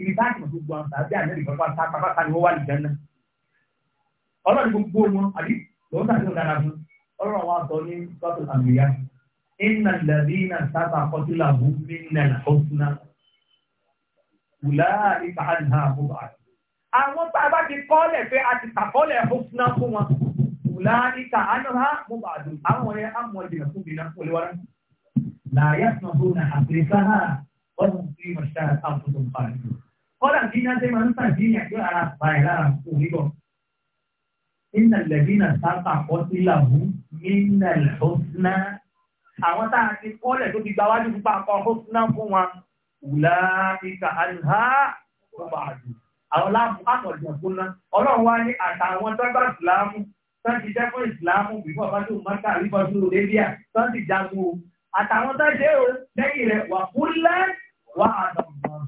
ìrìbáàtì gbogbo àwọn tàbí àmẹ́rì kan pátá pátá ni wọ́n wà lìjẹ́ náà ọlọ́run gbogbo wọn àbí lòun tàbí òun dára fún ọlọ́run wa sọ ní sọ́tò àmìyá iná lẹ́bí iná sábà kọtílà bú ní nàìjíríà ọ̀sùnà wùlá nípa àdìhà àbúrò àti. àwọn tá a bá ti kọ́lẹ̀ pé a ti tàkọ́lẹ̀ ọ̀sùnà fún wọn wùlá nípa àdìhà náà kò lè ọdún tí mo ṣe ara táwọn tó ń pa rẹ̀ lò. kọ́dà tí iná ṣe máa ń tàn sí ìyàgbé ara pa ẹ̀ lára òní bọ̀. nínà lẹ́bí náà sábà kọ́ sí làwù nínà lọ́sùnà. àwọn tá a ti kọ́lẹ̀ tó ti gba wájú pípa kọ́ lọ́sùnà fún wa. wùlá ìka àlùhá ọba àdù. àwọn láàmú àtọ̀jọ̀ fún ná. ọlọ́run wá ní àtàwọn tọ́gbà ìsìlámù tọ́jú jẹ́ fún ìsìlámù bíbọ̀ bá tó mọ́tà bíbọ̀ tó rẹ́bíà tọ́jú jagun o àtàwọn tó ṣe lẹ́yìn rẹ̀ wà fúnlẹ́ wà á dàn mọ́.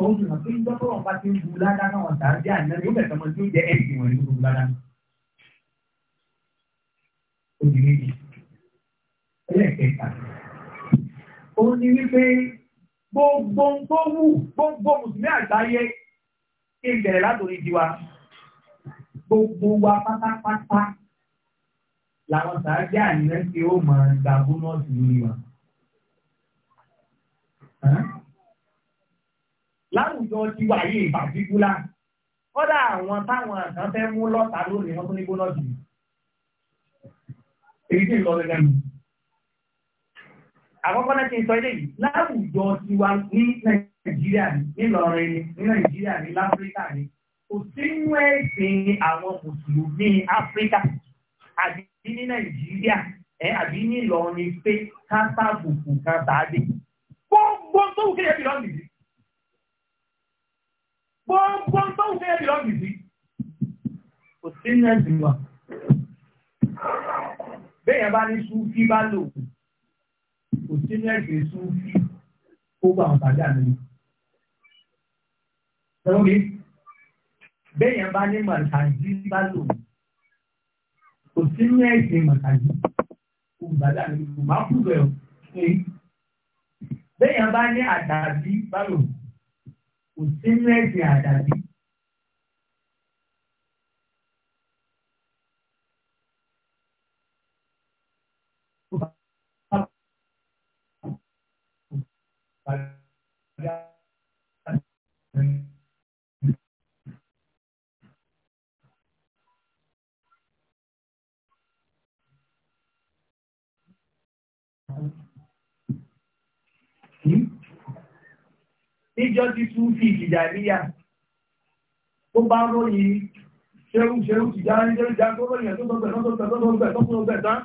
Òun ti mọ̀ pé ìjọba ọ̀pá ti ń bu ládá náà ọ̀tá bí àná ló bẹ̀rẹ̀ ọmọ tí ó jẹ ẹ̀sì wọn ní gbogbo ládá. Òdì méjì. Ẹlẹ́kẹ̀ẹ́ta. Ó ní wípé gbogbo tó wù gbogbo mùsùlùmí àgbáyé kí n bẹ̀rẹ̀ látòrí tiwa. Gbogbo wa pátápátá làwọn sàájì àná tí ó mọ̀ gbàgbó náà sí lórí wa. Láwùjọ ti wà yé ìpàtíkúlá. Kọ́dà àwọn táwọn àkàn fẹ́ mú lọ́ta lónìí wọ́n tún ní gbóná jù. Èyí tí ń lọ gẹ́gẹ́ mi. Àkọ́kọ́ náà ti sọ ilé yìí, láwùjọ ti wà ní Nàìjíríà ní Ìlọrin ní Nàìjíríà ní Láfíríkà ní. Kò sínú ẹ̀sìn àwọn Mùsùlùmí Áfíríkà àbí ní Nàìjíríà àbí ní Ìlọrin pé ká sábùkù kan sáadé gbogbo tó ń kéye bìlọ́ nìyí gbogbo tó ń kéye bìlọ́ nìyí kò sí ní ẹ̀sìn wa bẹ́ẹ̀ bá ní súnfí bá lò kò sí ní ẹ̀sìn súnfí ó gbà wọn tàbí àná yìí. Ẹ̀rọ bá ní màtàjí bá lò kò sí ní ẹ̀sìn màtàjí ó gbà dáná Màá kú bẹ̀rù bẹ́ẹ̀yàn bá ní àdàbí báyò kò sí ní ẹ̀sìn àdàbí. Thank you. níjọ́ ti tún fi ìjìjà níyà tó bá ròyìn ṣerú ṣerú ìjà ní ṣerú ìjà tó ròyìn tó sọ pẹ̀ tó sọ pẹ̀ tó sọ pẹ̀ tó sọ pẹ̀ tán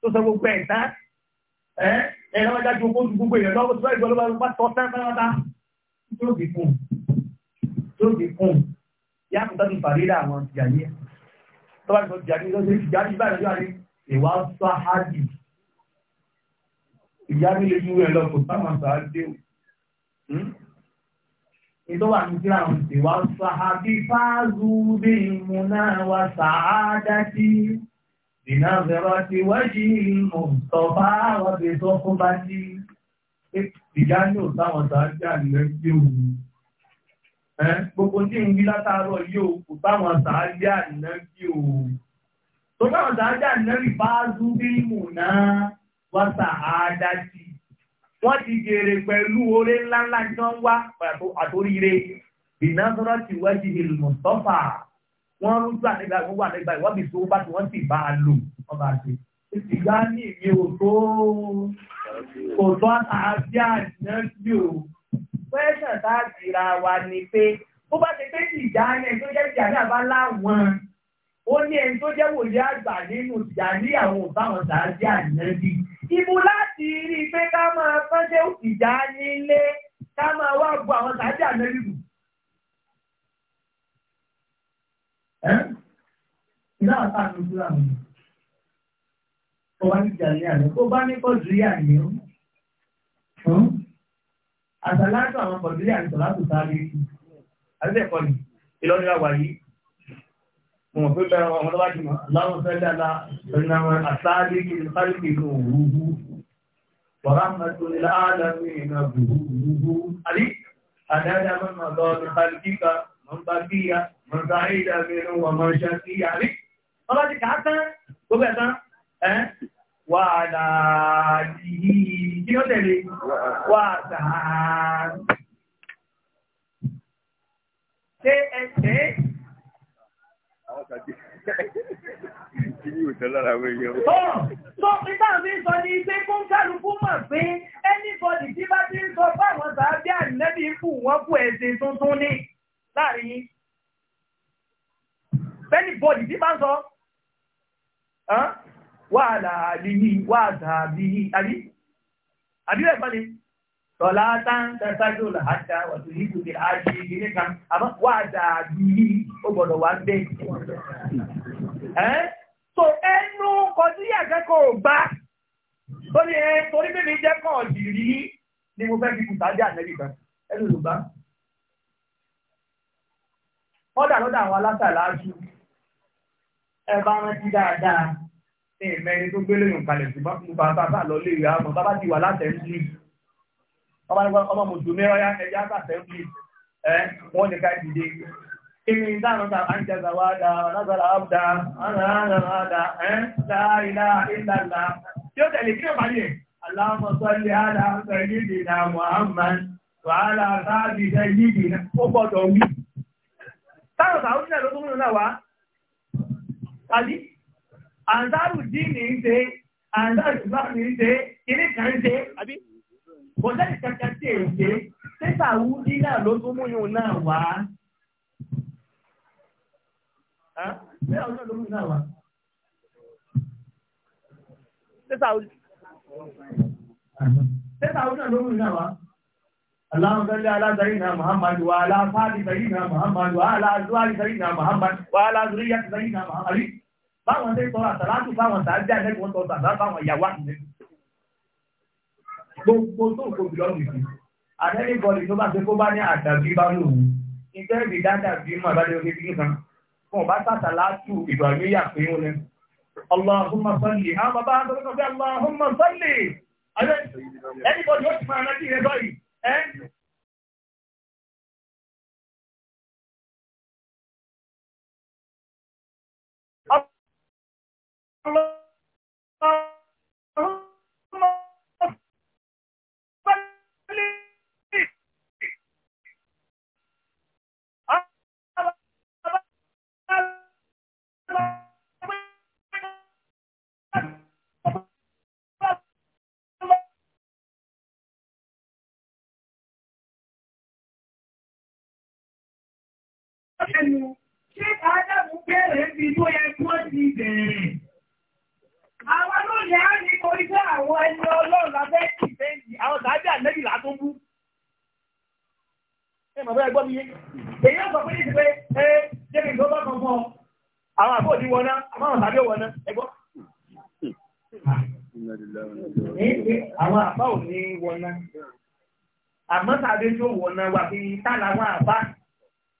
tó sọ gbogbo ẹ̀ tán ẹ̀ ẹ̀ lọ́wọ́ dájú owó ju gbogbo èèyàn lọ́wọ́ sọ ìgbọ́lọ́wọ́ bá tọ́ tán pátápátá tó fi kùn tó fi kùn yàtọ̀ tó ti fàrídà àwọn ìjà yìí tó bá ti sọ ìjà ní ìjọ́ ìjà ní ìbáyọ̀ yóò rí ìwà sáhádìí ìyá mi lè ju rẹ̀ lọ kò sáwọn sàádé o. Hmm? ìtọ́wà ní kíra àwọn ti wá sàádé fáàzù bí ìmúná wa sàádá tí dìnnà bẹ̀rọ ti wájú ìmọ̀tọ̀fà wọ́n ti sọ fún bá sí. ìyá ní ò sáwọn sàádé àlẹ́ gbé òun gbogbo tí ń bí látàárọ̀ yóò kò táwọn sàájì àná bí o tó táwọn sàájì àná rí bá zúbímù náà wọ́n sà á dá sí i wọ́n ti jèrè pẹ̀lú oore ńláńlá tí wọ́n wá àtòríire bìnásọ́rọ́ ti wájú ìlú mọ̀tọ́fà wọ́n rújú àdégbà wọ́n wà àdégbà ìwọ́bì tó bá ti wọ́n sì bá a lò wọ́n bá ṣe. ìgbà ní èmi ò tó kò tó àti àjẹ́sí o pẹ́sàn tá a sì wa ni pé bó bá ti pé ìjà yẹn tó jẹ́ ìjà náà bá láwọn ó ní ẹni tó jẹ́ wòlíì àgbà nínú ìjà ní àwọn òbáwọn Ibu láti rí pé ká máa fẹ́jẹ́ ìjà nílé ká máa wá bu àwọn sàájì àmẹ́rìkù. Ìlà àtàkùn sí àwọn ọmọ. Ó wá ní ìjà ní àná. Ó bá ní Kọ̀dùríyà ní ó. Hm? Àtàlátọ̀ àwọn Kọ̀dùríyà ní Tọ́lá tó sáré. Àbíbẹ̀ kọ́ ni, Ìlọrin àwà wọn fẹ́ bẹ̀rẹ̀ wọn lọ́wọ́ jùmọ̀ láwọn fẹ́ dáadáa pẹ̀lú àwọn àtàrí kí n kárí kí n wúwú wàrà mẹ́tò nílá àdámi ìrìnà wúwú àrí àdáadáa mọ́nà lọ ní kárí kíkà mọ́n bá kíyà mọ́n bá ìdá mẹ́rin wọn mọ́n ṣe kíyà rí àkàdé kí ni òtẹ́ lára àwọn èèyàn. tó fi táàbí sọ ní pé kó ń kálukú mọ̀ pé anybody tí bá ti ń sọ fáwọn sàábí ànínẹ́bí fún wọn kú ẹ̀sìn tuntun ní láàrin yín. anybody tí bá ń sọ wà láàbí wà láàbí àbí àbí rẹ̀ gbọ́n ni tọ̀láta ń tẹ́sájú làájá wàtò ìlú ní ààjì ìgbìnì kan àmọ́ wà dàbí ó gbọ́dọ̀ wà ń bẹ́ so ẹnu kọjú yàgẹ́kọ̀ bá tó ní ẹ torí bèbè jẹ́ kọ̀ jìrí ni mo fẹ́ fi kùtà dé ànẹ́bì kan ẹnu ló bá ọ̀dà lọ́dà àwọn alátàlájú ẹ bá rántí dáadáa ní ìmẹ́rin tó gbélé yòǹkalẹ̀ ṣùgbọ́n bàbá lọ lè rí àwọn bàbá ti wà látẹ̀ ń ọba nípa ọmọ mùsùlùmí ọyá ẹja sàtẹ́ńpì ẹ wọ́n ní ká ìdílé ìrìn ìdáàrọ̀ta àjẹ́sà wá dá lágbàrá àbdá àrànàrànàdà ẹ́n láàrínà ìlànà tí ó tẹ̀lé kí o bá yẹ aláàmọ̀sọ́lẹ̀ aláàmọ̀sọ́lẹ̀ yìdìnà Muhammad ṣe àǹdárù bọ̀dẹ́lì kẹ̀kẹ́ sí èyí tẹ́sà wúdí náà ló tún múyùn náà wá. Tẹ́sà wúdí náà ló múyùn náà wá. Tẹ́sà wúdí náà ló múyùn náà wá. اللهم صل على سيدنا محمد وعلى اصحاب سيدنا محمد وعلى ازواج سيدنا محمد وعلى ذريه سيدنا محمد báwọn ṣe tọrọ àtàlátù báwọn ṣàájá ẹgbẹ́ wọn tọrọ àtàlátù báwọn ìyàwó àtìlẹ́yìn gbogbo tó kò jùlọ nìyí àtẹ́nìbọ̀dì tó bá ṣe kó bá ní àdàbí bá lòun iṣẹ́ ìbí dáadáa bí mọ̀ bá lè rí bí nìkan fún ọba sàtà látù ìgbà ní yàpé wọn ni Allahumma salli àwọn bàbá ń sọ́kọ́ bí Allahumma salli ẹnìbọ̀dì ó ti máa rántí rẹ báyìí lẹ́nu ṣé Ádámù bẹ̀rẹ̀ bí tó yẹ kí wọ́n ti bẹ̀rẹ̀. Àwọn lónìí á ní kò iṣẹ́ àwọn ẹni ọlọ́run lábẹ́ ìfẹ́yì àwọn tàbí àlẹ́yìn látún bú. Àwọn àbá ò ní wọná. Àmọ́ tàbí tó wọná wà fi tá làwọn àbá.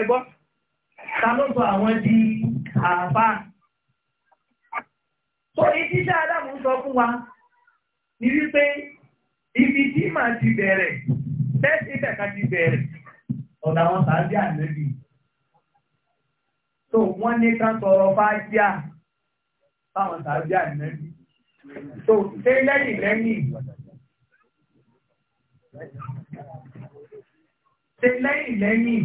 ẹgbọ́ ta ló sọ àwọn di àbá tó ibi tí Ádámù sọ fún wa ní wípé ibi tí màá ti bẹ̀rẹ̀ tẹ́sí kàkà ti bẹ̀rẹ̀ ọ̀dà àwọn sàájú àlẹ́bí tó wọ́n ní ká sọ̀rọ̀ fájíà fáwọn sàájú àlẹ́bí tó ṣe lẹ́yìn lẹ́yìn ṣe lẹ́yìn lẹ́yìn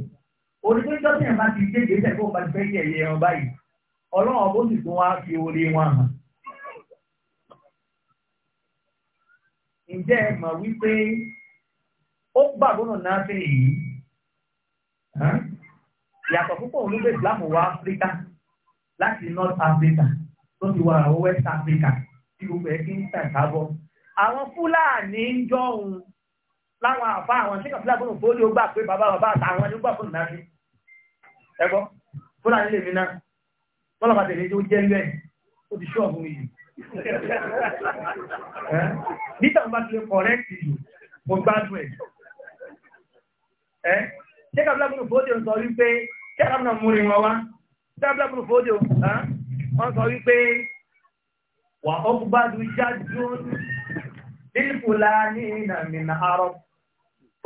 onígbẹ́jọ́ tí ẹ̀ bá ti dégbé tẹ̀ kó bá ti fẹ́ yẹ̀yẹ ẹran báyìí ọlọ́run ọ̀bọ̀ sì tún wá fi orí wọn hàn. ǹjẹ́ ẹ mọ̀ wípé ó gbà gbọ́dọ̀ náà fi yìí yàtọ̀ púpọ̀ olùgbé ìsìlámù wá áfíríkà láti north africa tó ti wà ó west africa tí gbogbo ẹ fi ń tàn kábọ̀. àwọn fúlàní ń jọ òun láwọn àfa àwọn ṣẹ́kàn fúlàní gbọ́dọ̀ fólíò gbà pé bàbá bàbá àtàwọn ẹni gbà fún ìnáfi ẹgbọ́ fúlàní lè mi náà bọ́lá bàtẹ̀ tó jẹ́ ilẹ̀ ó ti ṣọ́ọ̀bù mi yìí níta bá ti lè kọ̀rẹ́kì yìí mo gbádùn ẹ̀ ẹ́ ṣé kábílá gbọ́dọ̀ ń sọ wípé ṣé kábílá mú rin wọn wá ṣé kábílá gbọ́dọ̀ fòódì wọn sọ wípé wà ó gbádùn jájú àrọ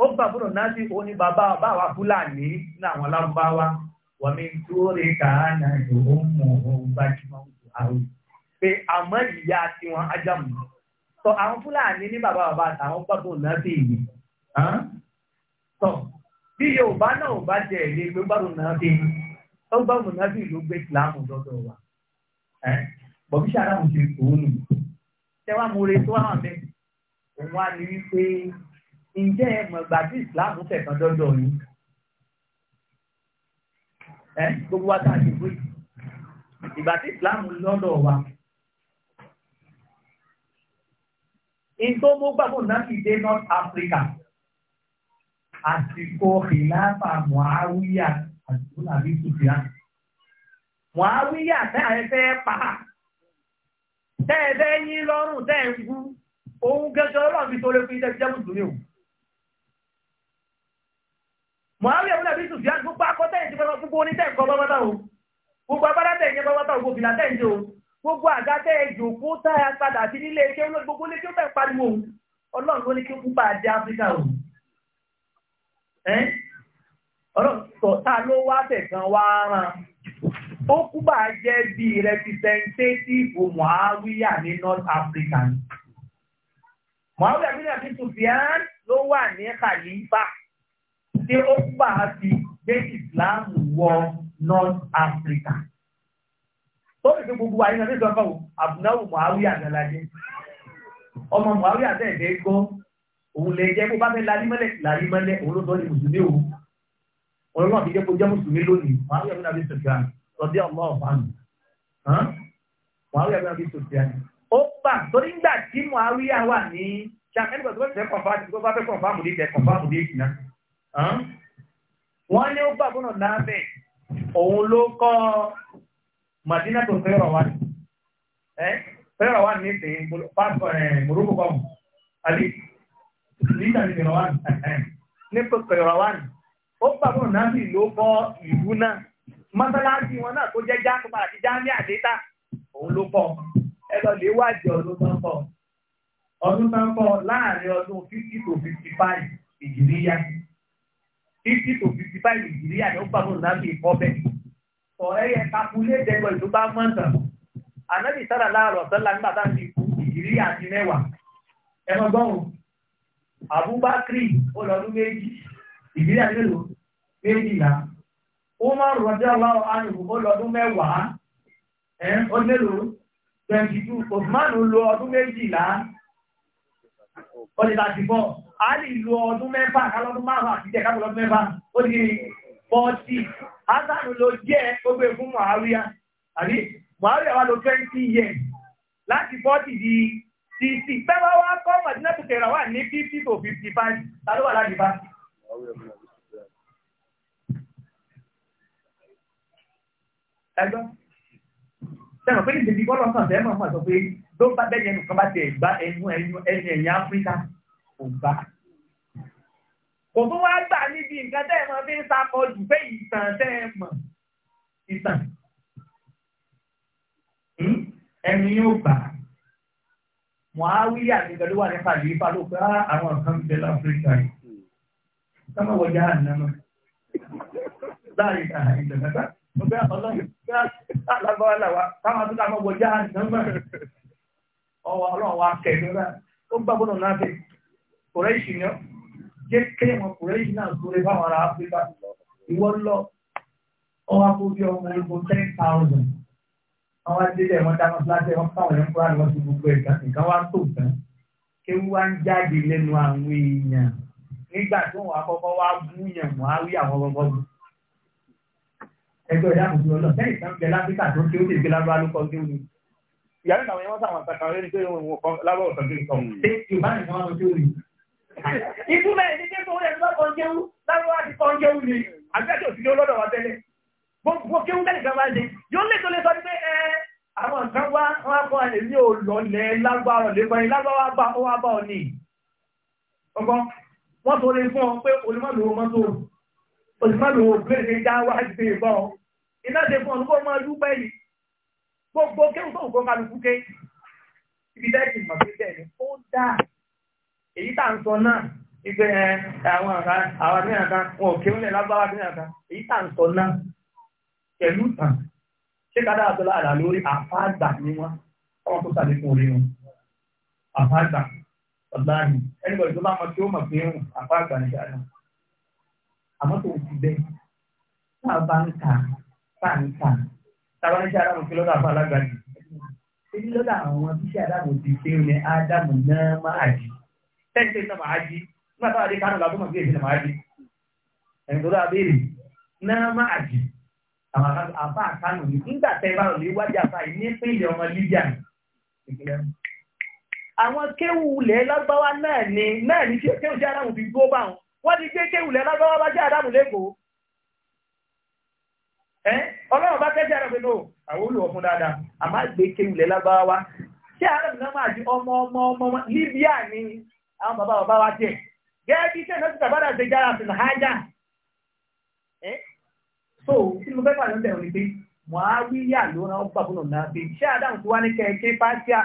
ó gbàgbọ́dọ̀ náà sí òní bàbá fúlàní ní àwọn wàmí dúró kàánà ìhòmùhùn gbajúmọ̀ àwọn pé àmọ́ ìyá tiwọn ajámu tọ àwọn fúlàní ní bàbá bàbá àtàwọn gbàgbọ́ nàbí yìí tọ bí yorùbá náà ò bá jẹ èlé pé gbàgbọ́ nàbí tó gbàgbọ́ nàbí ló gbé ìsìlámù lọ́dọ̀ wa bọ̀bí sàrámù ti òun nù tẹwàá mo retí wàhà mẹ òun wá ní wípé ǹjẹ́ ẹ mọ̀ gbàgbé ìsìlámù kan dọ́dọ̀ yìí ẹ́ gbogbo wa táà ti pé ìgbà tí ìsìláàmù lọ́dọ̀ wa in tó mú gbàgbọ́ náà ti dé North Africa àsìkò ìlàpà Muawiya àti Nàbí Sùfìyàn Muawiya náà ẹ fẹ́ pa á tẹ́ẹ̀fẹ́ yín lọ́rùn tẹ́ẹ̀ ń gú ohun gẹ́gẹ́ ọlọ́run fi tó lé fún ìjẹ́ mùsùlùmí o mọ̀hárí ẹ̀mú nàbí tùfì án gbogbo akọ́tẹ̀yìn ti fẹ́ gbogbo oníṣẹ́ ẹ̀kọ́ bábátà o gbogbo abádá tẹ̀yìn bábátà o gbogbo ìlàtẹ̀ ìjọ o gbogbo àga tẹ̀yìn òkú táyà padà sí nílé iṣẹ́ gbogbo ilé tí ó fẹ́ pariwo ọlọ́run ló ní kí ó kú bá a dé áfíríkà o ọ̀rọ̀ ta ló wá tẹ̀sán wá rán ó kú bá a jẹ́ bí representative mọ̀háríà ní North Africa mọ̀háríà bí ṣé ó gbà á fi gbé ìsìláàmù wọ North Africa. Tó fi gbogbo ayé náà ní ìsọ̀kan wò, Abdullahi Muhawi Adalade. Ọmọ Muhawi Adalade gbọ́, òun lè jẹ́ kó bá fẹ́ larí mọ́lẹ̀ larí mọ́lẹ̀, òun ló sọ ní Mùsùlùmí o. Òun náà fi jẹ́ kó jẹ́ Mùsùlùmí lónìí, Muhawi Abdullahi Abi Sufyan, lọ́dí ọmọ ọ̀fáàmù. Muhawi Abdullahi Abi Sufyan. Ó gbà torí ńgbà tí Muhawi wà ní ṣàkẹ́ńtì wọ́n ní ó gbàgbọ́nà láàbẹ̀ òun ló kọ́ madina tó fẹ́rọ̀ wá fẹ́rọ̀ wá ní ìsìn morocco kọ́ àbí nígbà ní fẹ́rọ̀ wá ní fẹ́rọ̀ wá ó láàbẹ̀ ló kọ́ ìlú mọ́sálásí wọn náà tó jẹ́ àti àdéta kọ́ ẹ lọ lè ọdún tó ń ọdún tó ń ọdún fifty to fifty to fifty five nàìjíríà ni ó gbà fún nàbì ọbẹ̀ ọ̀ ẹ̀yẹ kakulé dẹ́gbẹ̀ tó bá mọ̀ tán ànábì sára láàrọ̀ sọ́la nígbà tá à ń fi kú nàìjíríà ti mẹ́wàá ẹ̀mọ́ gbọ́hùn Abubakar ó lọ ọdún méjì nàìjíríà ti mélòó méjìlá Umar rọ̀jẹ́ ọlọ́run ó lọ ọdún mẹ́wàá ẹ̀ ó mélòó twenty two Osman lọ ọdún méjìlá ó ti tàbí fọ́ a lè lo ọdún mẹ́fà kálọ́dún márùn-ún àti jẹ́ kálọ́dún mẹ́fà ó ti fọ́ọ̀tì hasanu ló jẹ́ gbogbo fún muhawiya àbí muhawiya wà ló twenty years láti fọ́ọ̀tì di sixty pẹ́ẹ́wá wá kọ́ màdínà tó tẹ̀ra wà ní fifty to fifty five tàbí wà láti bá. ẹgbẹ́ sẹ́wọ̀n pé ìdèbí bọ́lọ̀ sàn tẹ́ mọ̀ mọ̀ sọ pé ló bá bẹ́ẹ̀ yẹn nìkan bá tẹ̀ gba ẹnu ẹnu ẹnu ẹ̀yìn áfíríkà kò gbà. kò tún wá gbà níbi nǹkan tẹ́ ẹ mọ fi ń sakọ jù pé ìtàn tẹ́ ẹ mọ̀ ìtàn hmm? ẹnu yóò gbà mọ̀háwí àgbẹ̀gbẹ̀ ló wà nípa ìlú ifá ló pé àwọn nǹkan bẹ láfíríkà yìí sọ́mọ̀ wọjá ànámọ́ láàrin àhà ìjọba mo bẹ́ ọlọ́run bá lágbára làwà káwọn tó ká mọ́ wọjá ànámọ́ ọwọ́ ọlọ́run wa kẹ̀lú náà ó gbàgbọ́dọ̀ náà fi kùrẹ́ṣì yàn jẹ́ kéèyàn kùrẹ́ṣì náà sórí báwọn ará áfíríkà ìwọ lọ ọwọ́ kó bí ọmọ epo ten thousand àwọn adéjẹ́ wọn dáná fúláṣẹ wọn káwọn yẹn kúrò àwọn ti gbogbo ẹ̀ka nǹkan wá tó tán kéwú wá ń jáde lẹ́nu àwọn èèyàn nígbà tó wọn àkọ́kọ́ wá bú yàn wọn á rí àwọn ọmọ bọ́ọ̀lù ẹgbẹ́ ìdáàbòbò ọlọ́ọ̀ y y a a la ìyàrá ìgbà wọn sáwọn àtàkà lórí pé òun kọ lábọ̀ ọ̀sán kiri kan. ṣé yorùbá nìkan máa ń tó rí. ikú bẹ́ẹ̀ ni kí n tó rẹ̀ lọ́ kọ́ jẹ́wú lábọ̀ wá ti kọ́ jẹ́wú ni àgbẹ̀tẹ̀ òsì lọ́dọ̀ wa tẹ́lẹ̀. gbogbo kéwú bẹ́ẹ̀ nìkan máa ń ṣe yóò lè tó lè sọ pé ẹ àwọn nǹkan wá wọn kọ́ èmi ò lọlẹ̀ lágbára lẹ́gbẹ̀ẹ́ lágbára bá ó wá bá ọ ní. ọgbọ́n wọ́n tó lè fún ọ pé olùmọ̀lòwò mọ́tò olùmọ̀lòwò bẹ́ẹ̀ ni dá wájú pé ìbọn iná ṣe fún ọ gbogbo kéwù tó nǹkan kálukú ké ibi dẹ́ẹ̀kì mọ̀ sí bẹ́ẹ̀ ni ó dà èyí tá à ń sọ náà ìgbẹ́ àwọn àwọn àníyàn kan wọn ò kéwù lẹ̀ lágbára àníyàn kan èyí tá à ń sọ náà pẹ̀lú tàn ṣé kádà àtọ́lá àdà lórí àfáàgbà ni wọ́n ọmọ tó sàlékún orí wọn àfáàgbà ọ̀dáàni ẹnìbọ̀dì tó bá mọ tí ó mọ̀ pé ń àfáàgbà ní dáadáa àmọ́ tó ti bẹ́ẹ̀ tá a bá ń kà tá a ń kà tàbá ní sàdámù kí lọ́dọ̀ àfa alágbàdì ebi lọ́dọ̀ àwọn tí sàdámù ti ṣe ní ádámù náà máa jì tẹ́lẹ̀ tẹ́lẹ̀ náà máa jì nígbà táwọn adé kánú làbọ́ màgbé ìṣẹ̀lẹ̀ máa jì ẹ̀yìn tó dáa béèrè náà máa jì àwọn àfa àkánù ní nígbà tẹ́ bá rò lè wájà fa ìnípínlẹ̀ ọmọ Libya àwọn kéwùlẹ̀ lágbáwá náà ni náà ni kéwù sí adámù fi gbó bá wọ́n ti gbé kéwùlẹ̀ lágbáwá bá jẹ́ adámù lẹ́kọ̀ọ́ ọlọ́run bá kẹ́jẹ́ àrẹ̀ pẹ̀lú àwọn olùwọ̀ fún dáadáa àmá gbé kéwìlẹ̀ lágbára wa ṣé àrẹ̀ náà máa di ọmọ ọmọ ọmọ Libya ni àwọn bàbá bàbá wa jẹ gẹ́gẹ́ bí iṣẹ́ ìnáṣẹ́ tàbádà ṣe jára sí nàájà so kí ló fẹ́ pàdé ń tẹ̀wọ̀n ni pé Muawiya ló rán ọgbà fún òun náà pé ṣé àdáhùn tí wá ní kẹ̀kẹ́ fásíà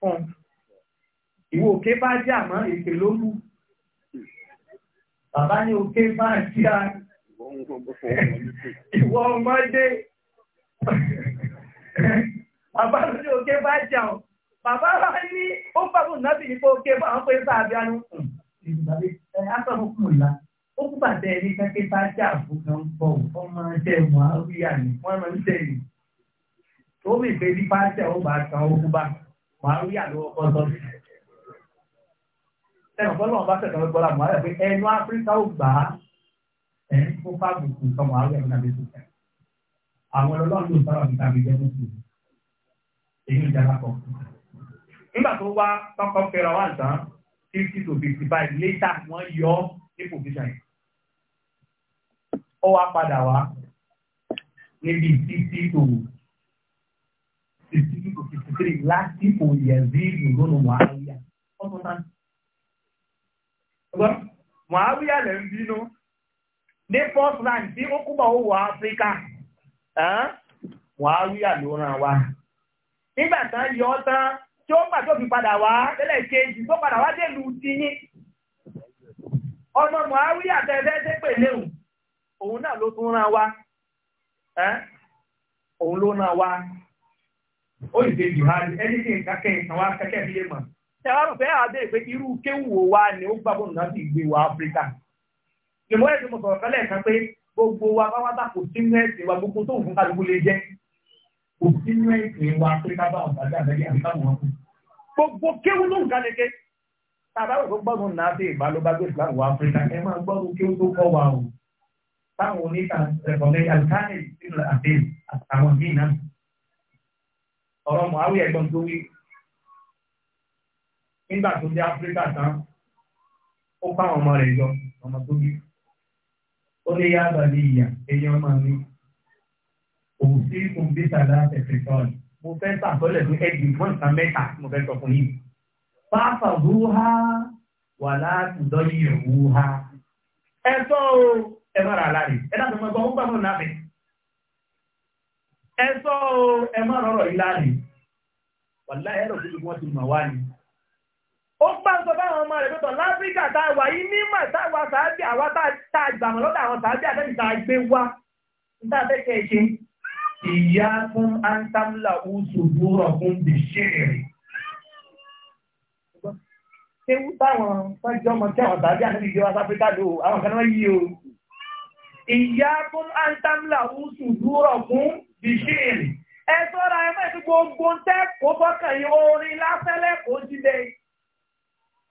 fún ìwò òkè fásíà mọ́ ètè lókù bàbá ní òkè fásíà Ìwọ ọmọdé, bàbá lórí òkè bá jàun, bàbá wá ní ó pàbù náàbì ní pé òkè bá ń pè sáàbí anú. Ó kú bàtẹ́ ẹni kẹ́kẹ́ bá jà fún kan bọ̀ ọmọ ẹ̀jẹ̀ mọ́ àríyá ni wọ́n máa ń tẹ̀lé. Tó mi pé bí bá jẹ́ ó bá kan ó kú bá mọ́ àríyá ló kọ́ sọ́dún ẹnìkan náà bá tẹ̀sán lọ́gbọ́n la mọ̀ pé ẹnu áfíríkà ò gbà á ẹ̀ ń kó fáàbù kù sọmọ àárẹ̀ ní àbẹ̀tò fẹ́. Àwọn ọlọ́run ló sọ̀rọ̀ nípa mi jẹ́ mùsùlùmí. Èyí ń jara kọ̀. Nígbà tó wá tọkọ fẹ́ra wà tán fifty to fifty five later wọ́n yọ ọ́ ní position yìí. Ó wá padà wá níbi fifty to fifty to fifty three láti kò yẹ bí ìrònú wàhálà. Ọ̀sán tán. Màá wíyà lẹ́ bínú. ní first line tí ó kúbọ̀ rí àlòrán wa nígbà tán yọ tán tí ó gbà wá lẹ́lẹ̀ kejì tó padà wá ti yín ọmọ muhawi àtẹ́fẹ́ tẹ́ pè léwu òun náà ló tún wa òun ló wa ó ṣe ẹni tí nǹkan kẹ́yìn kan wá fi lè mọ̀ ṣe wá wa ni ó sì gbé wa áfíríkà. lèmọ́ ẹ̀sìn mo sọ̀rọ̀ kálẹ̀ kan pé gbogbo wa bá wá bá kò sínú ẹ̀sìn wa gbogbo tó nǹkan kálukú lè jẹ́ kò sínú ẹ̀sìn wa pé ká bá ọ̀sán àgbà àgbẹ̀lẹ̀ àbí káwọn ọkùn. gbogbo kéwú ló ń kálẹ̀ ké tàbá wò tó gbọ́dún náà sí ìbálòbágbé ìsìlámù wa áfíríkà ẹ máa gbọ́dún kéwú tó kọ́ wa o táwọn oníkà rẹ̀kọ̀mẹ́ alikánì sínú ó lé yá àgbàlẹ̀ ìyà èèyàn máa ní òun sí fún bíta láti ẹ̀sìn tọ́ọ̀lù mo fẹ́ sàkọlẹ̀ fún ẹgbẹ̀ fún nǹkan mẹ́ta mo fẹ́ sọ fún yìí pàápàá wú ha wà látùdọ́ yìí wú ha ẹ sọ o ẹ má ra láre ẹ dáàbò mọ́ gbọ́n ó gbàgbọ́n ẹ sọ o ẹ má rọrọ̀ yìí láre wàlá ẹ̀rọ tó ti wọ́n ti mọ̀ wá ni ó bá ń sọ báwọn ọmọ rẹ̀ pẹ̀tọ̀ láfíríkà tá a wà yí nímọ̀ tá a wà sàábì àwa tá a gbàmọ̀ lọ́dọ̀ àwọn sàábì àtẹ́yìn tá a gbé wá níta fẹ́kẹ́ ṣe ìyá fún antamla oṣù rọ̀ fún bìṣẹ́rì. Ewu táwọn fẹ́jọ́ ọmọ tí àwọn sàábì àtẹ́yìn gbé wá sáfíríkà lò àwọn kan náà yí o. Ìyá fún antamla oṣù rọ̀ fún bìṣẹ́rì. Ẹ sọ́ra ẹ mẹ́rin gbogbo tẹ́ kó fọ́kàn yín orin lásẹ́lẹ̀ kó jílẹ̀.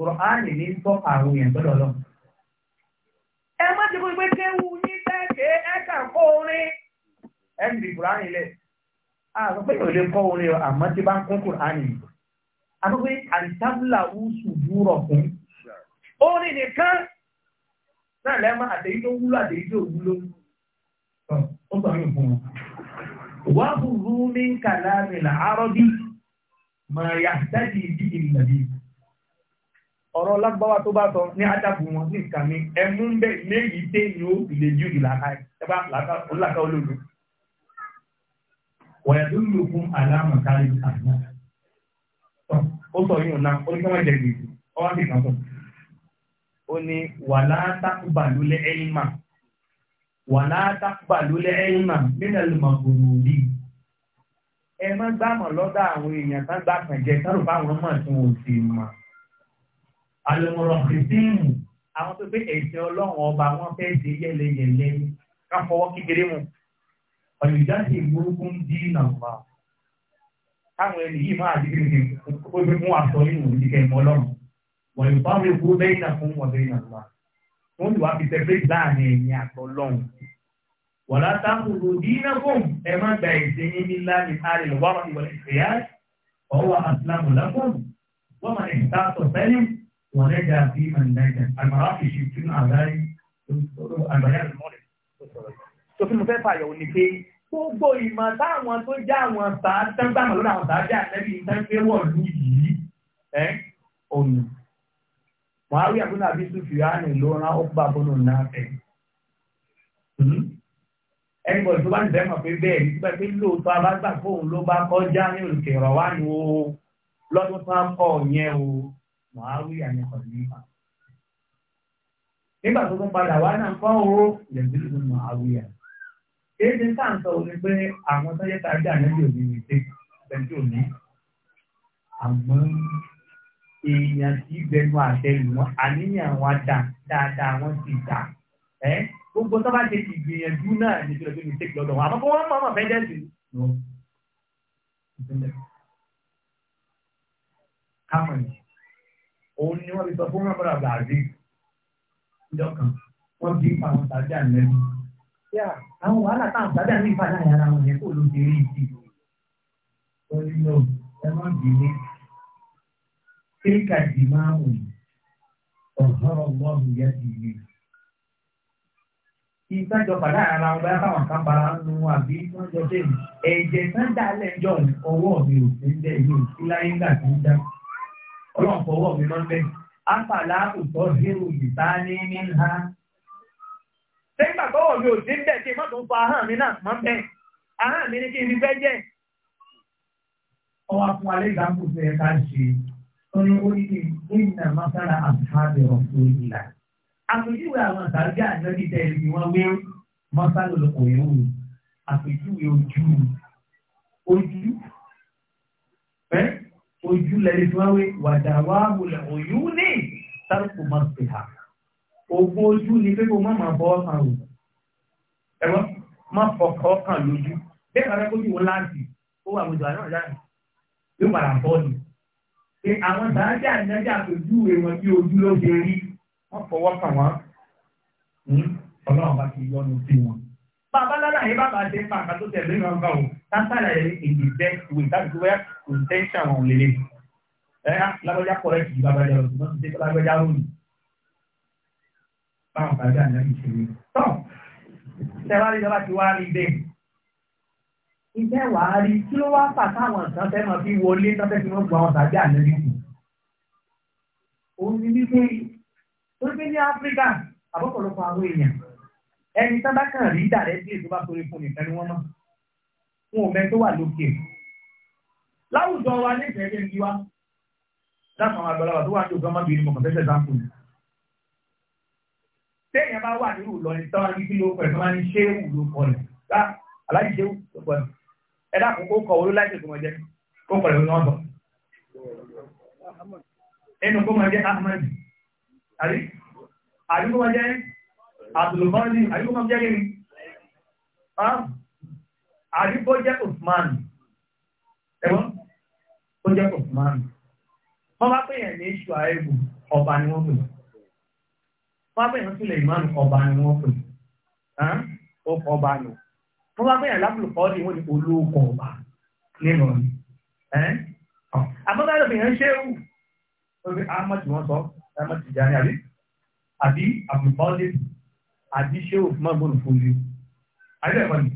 Kùrọ̀ánì ní tọ́ka àwọn èèyàn gbọ́dọ̀ lọ. Ẹ má ti fún ní ẹ́kà kó orin. Ẹ ti di Kùrọ̀ánì lẹ̀. Àwọn pé òde kọ́ orin àmọ́ ti bá ń kún Kùrọ̀ánì. Àwọn pé àìsábùlà ń ṣùgbú fún. Orin nìkan náà lẹ́mọ àtẹ̀yí tó wúlò àtẹ̀yí tó wúlò. Ó sọ mí fún ọ̀rọ̀ lágbáwá tó bá sọ ní adágún wọn ní nǹkan mi ẹmú ń bẹ̀ léyìí dé ni ó lè ju ìlànà ẹ̀bá olákà olóòlù. wọ̀nyà tó lò fún aláàmù kárí àná. ó sọ yìí ọ̀nà oníkẹ́wọ̀n ìjẹ́ gbèsè ọwọ́ sì kàn fún. ó ní wàlá tákùbà lólé ẹ̀yìnmà wàlá tákùbà lólé ẹ̀yìnmà nínú ẹ̀lùmọ̀gbòrò rí. ẹ má gbàmọ̀ lọ́dọ̀ àwọn èèyàn tán gbà kàn jẹ́ sáròfà àwọn mọ̀ tí wọ́n ti mọ̀ àlùmọ̀rọ̀ kìrìsìtìmù àwọn tó pé ẹ̀sìn ọlọ́run ọba wọn fẹ́ ṣe yẹlẹyẹlẹ ká fọwọ́ kékeré mu ọ̀lùjáde burúkú ń dín nàmbà káwọn ẹni yìí máa dìgbì ní kókó mú aṣọ nínú ìdíkẹ́ ìmọ̀ ọlọ́run wọ̀n ìbá wọn bẹ́ẹ̀ náà fún wọn bẹ́ẹ̀ náà wá lù wá fi tẹ́fẹ́ láàrin ẹ̀yìn àtọ̀ ọlọ́run wọ̀n látàkùrù dínà fún ẹ má gba ẹ̀sìn yín ní láàrin ونجا في من نجا المراحل يمكن علي البيان المولد tó fi mo fẹ́ fàyọ̀ ní pé gbogbo ìmọ̀ táwọn tó já àwọn sàátẹ́gbàmọ̀ lọ́dọ̀ àwọn sàájá àtẹ́bí ìtẹ́gbẹ́wọ̀ lù yìí ẹ́ ọ̀nà wàá rí àbúrò àbí sùfìyàní ló rán ó gbà bọ́nù náà fẹ́ ẹnìbọ̀dì tó bá ń bẹ́ẹ̀ mọ̀ pé bẹ́ẹ̀ ní pípẹ́ pé lóòótọ́ abágbà fóun ló bá kọjá ní olùkèrọ̀ wá ní o lọ́dún tó ń kọ́ yẹn o Muawiya ní Khalifa. Nígbà tó tún padà wá náà fọ́n owó Yazid ní Muawiya. Èdè sáǹsọ ni pé àwọn tó yẹ ká jà níbi òní ní pé pẹ̀lú òní. Àmọ́ èèyàn tí gbẹnu àtẹ̀lù wọn àníyàn wa dà dáadáa wọn ti dà. Gbogbo tó bá ṣe ti gbìyànjú náà ní ìjọba ní ìṣègùn lọ́dọ̀ wọn. Àmọ́ kó wọ́n mọ̀ ọ́n fẹ́ jẹ́ Kámọ̀ yìí òun ni wọ́n fi sọ fún mọ́bàrà bàbí ìjọ kan wọ́n bí àwọn sàbí àlẹ́bí. àwọn wàhálà táwọn sàbí àlẹ́bí fà láàyè ara wọn yẹn kó ló ti rí ìdí. ó ní lọ ẹ má bìíní. kíríkà dì máa wù ọ̀họ́rọ̀ bọ́ọ̀lù yẹn ti rí. ìtajọ padà ara wọn bá káwọn kan para nu àbí wọn jọ dé ẹ̀jẹ̀ sẹ́ńdà lẹ́jọ́ ọwọ́ mi ò sí ń bẹ́ẹ̀ mi ò láyé ńgbà tó ń dá ọlọ́run fọwọ́ mi máa ń bẹ́ àfàlà òtọ́ zero ìta ní níha. sẹ́yìn gbàgbọ́wọ̀ mi ò sí ń bẹ̀ kí mọ́tò ń fọ ahọ́n mi náà máa ń bẹ̀ ahọ́n mi ní kí n fi fẹ́ jẹ́. ọwọ́ fún alẹ́ ìdáàbò fẹ́ ká ṣe ó ní ó kí n nà má sára àtúnṣe ọ̀tún ìlà. àpèjúwe àwọn àtàlùjá àjọyìn tẹ̀lé ni wọ́n wé mọ́sálòlòpọ̀ yẹn wò àpèjúwe ojú ojú ojú lẹ́rí tí wọ́n wé wàdàwà wùlẹ̀ òyú ní tàrùkù máa pè ha ogun ojú ni pé kò má máa bọ́ ọkàn rò ẹ̀rọ má fọkọ̀ ọkàn lójú bẹ́ẹ̀ bá fẹ́ kójú wọn láti ó wà gbogbo àná ìdáhùn yóò padà bọ́ ni pé àwọn sàájà ìdájà ojú ìwọ̀n bí ojú ló ṣe rí wọ́n fọwọ́ kàn wọ́n hmm, ọlọ́run bá ti yọnu sí wọn. bàbá lára yìí bàbá ṣe ń pa àkàtó tẹ̀lé ìrànlọ́wọ́ kásàlẹ̀ rẹ̀ in the best way láti tó bẹ́ẹ̀ kò ń tẹ́ńṣà wọn lélẹ̀ ẹ̀ lágbájá kọ̀rẹ́ kì í lágbájá lọ ṣùgbọ́n ti tẹ́ lágbájá lónìí báwọn bàbá àná ìṣèlú tọ́ tẹ́wárí lọ́wọ́ ti wá rí bẹ́ẹ̀ ìjẹ́ wàá rí kí ló wá fà táwọn nǹkan fẹ́ máa fi wọlé tó fẹ́ fi wọ́n gba àwọn tàbí ànábì kù. òun ni wípé ó gbé ní áfíríkà àbọ̀pọ̀lọpọ̀ àwọn èèyàn ẹni tó bá kàn rí dàrẹ́ bí èso bá torí fún nìkan ni wọ́n mọ̀ wọn ò mẹ́ tó wà lókè láwùjọ wa nífẹ̀ẹ́ yẹn ní wa dákàn àgbàlagbà tó wà ní ògbọ́n mábìrin mọ̀kàn fẹ́sẹ̀ sáńpù ni téèyàn bá wà nínú ìlọrin tán ní kí ló pẹ̀ tó máa ń ṣe é wù ló kọ rẹ̀ bá aláàjì ṣe é wù ló kọ rẹ̀ ẹ dákun kó kọ olú láìsèkú mọ̀ jẹ́ kó kọ rẹ̀ ló náà bọ̀ ẹnu kó máa jẹ́ ahmed àrí àrí kó máa jẹ́ abdulmadi àrí kó máa jẹ́ kí ni àríbọ́jẹ́ Usman ẹ̀wọ́n tó jẹ́ Usman wọ́n bá pè yẹn ní Ṣuaibu ọba ni wọ́n pè wọ́n bá pè yẹn Suleiman ọba ni wọ́n pè ó kọ́ ọba nù wọ́n bá pè yẹn lápùlùkọ́ ni wọ́n ní olóòkọ ọba nínú ẹ̀ àmọ́ bá lọ́pẹ̀ yẹn ṣéwù lórí ahmed wọ́n sọ ahmed Tijani àbí àbí àbùkọ́ lè àbí ṣéwù fún mọ́gbọ́n fún mi àbí ẹ̀kọ́ ni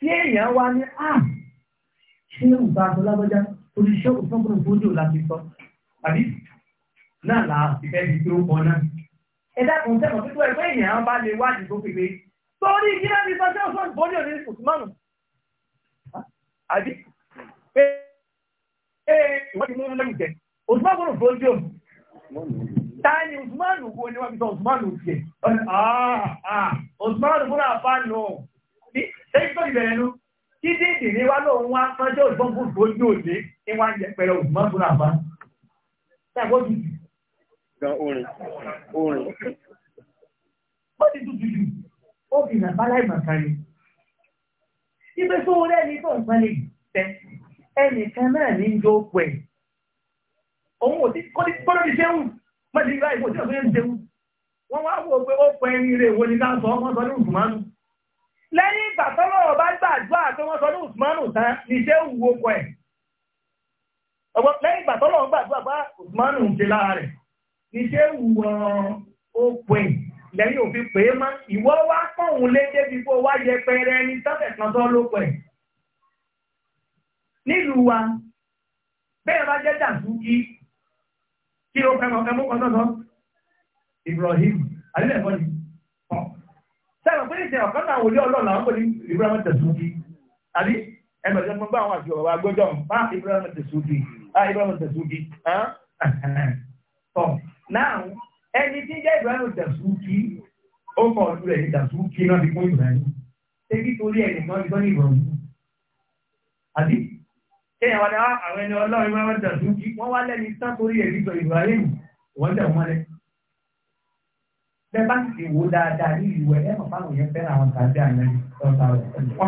tí èèyàn wá ní à ah, ṣé ìgbà tó lágbájá oníṣẹ́ òfúnfún fúdù láti sọ àbí náà là ti fẹ́ di tó pọ̀ náà. ẹ dákun sẹ́kọ̀ọ́ tó tó ẹgbẹ́ èèyàn bá lè wádìí tó fi lè sórí ìdílé mi sọ sí òfúnfún fúdù ní òsùmánù. àbí pé ìwọ́n ti mú un lẹ́yìn jẹ òsùmánù fúdù táyì òsùmánù wo ni wọ́n fi sọ òsùmánù tiẹ̀ ọ̀nà ṣéjọ́ ìbẹ̀rẹ̀ nu kí dídì ní wá lóun wá fọ́jọ́ ìbọn fún ìbójú òde ní wá ń jẹ pẹ̀lú ògbọ́n fún àbá. ṣàgbọ́n tutù. gan orin orin. ó ti tutù jù ó fi nà bá láì màkà ni. ibẹ̀ tó rẹ́ ni tó ń pẹ́ lè tẹ ẹnìkan náà ní jó pẹ̀. òun ò ti kọ́ lórí ṣéwù mọ́tì ìgbà ìbò tí òun ń ṣéwù. wọ́n wá wò pé ó pẹ́ ẹni rè wo ni ká sọ ọmọ sọ ní rùkùmánù lẹ́yìn ìgbà tọ́lọ́wọ́ bá gbàdúrà tó wọ́n sọ ní Usmanu tán ní iṣẹ́ òwú oko ẹ̀ lẹ́yìn ìgbà tọ́lọ́wọ́ gbàdúrà bá Usmanu ń ṣe lára rẹ̀ ní iṣẹ́ òwú oko ẹ̀ lẹ́yìn òfin pé má ìwọ wá pọ̀hún lé débi kó wá yẹ pẹrẹ ní tọ́tẹ̀ kan tó lóko ẹ̀ nílùú wa bẹ́ẹ̀ bá jẹ́ dàzúkí kí ó fẹ́ ẹmú kan tọ́tọ́ Ibrahim alẹ́ ẹ̀kọ́ ni sẹ́wọ̀n pé ìṣẹ̀lẹ̀ ọ̀kan náà wòlé ọlọ́run àwọn pẹ̀lú Ibrahim Tẹ̀sùkì àbí ẹgbẹ̀rún tó ń gbọ́ àwọn àjọ ọ̀rọ̀ agbẹ́jọ́ bá Ibrahim Tẹ̀sùkì bá Ibrahim Tẹ̀sùkì tọ̀ náà ẹni tí jẹ́ Ibrahim Tẹ̀sùkì ó kọ̀ ọdún rẹ̀ bẹ́ẹ̀ bá ti wò dáadáa ní ìwẹ̀ ẹ̀ mọ̀ fáwọn yẹn fẹ́ràn àwọn tàbí àná ọ̀tà wọn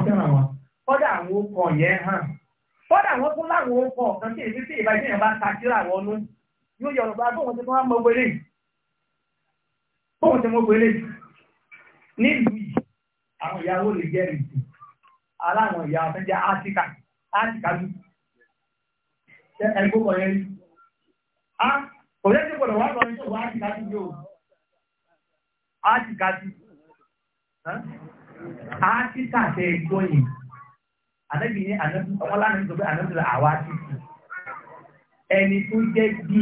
fẹ́ràn wọn. kọ́dà àwọn okọ̀ yẹn hàn kọ́dà wọn fún láwọn okọ̀ kan tí èyí tí ìbájú yẹn bá ta síra wọn nú yóò yọ ọ̀nà bá bóun ti máa mọ wẹlé bóun ti mọ wẹlé nílùú yìí àwọn ìyàwó lè jẹ́ rìsì aláwọn ìyá ọ̀sán jẹ́ átíkà átíkà a áṣìkáṣì áṣìkáṣì ẹgbọ́ yìí ànábì ní àwọn lánàá sọ pé ànábì là àwa títù ẹni tó jẹ́ bí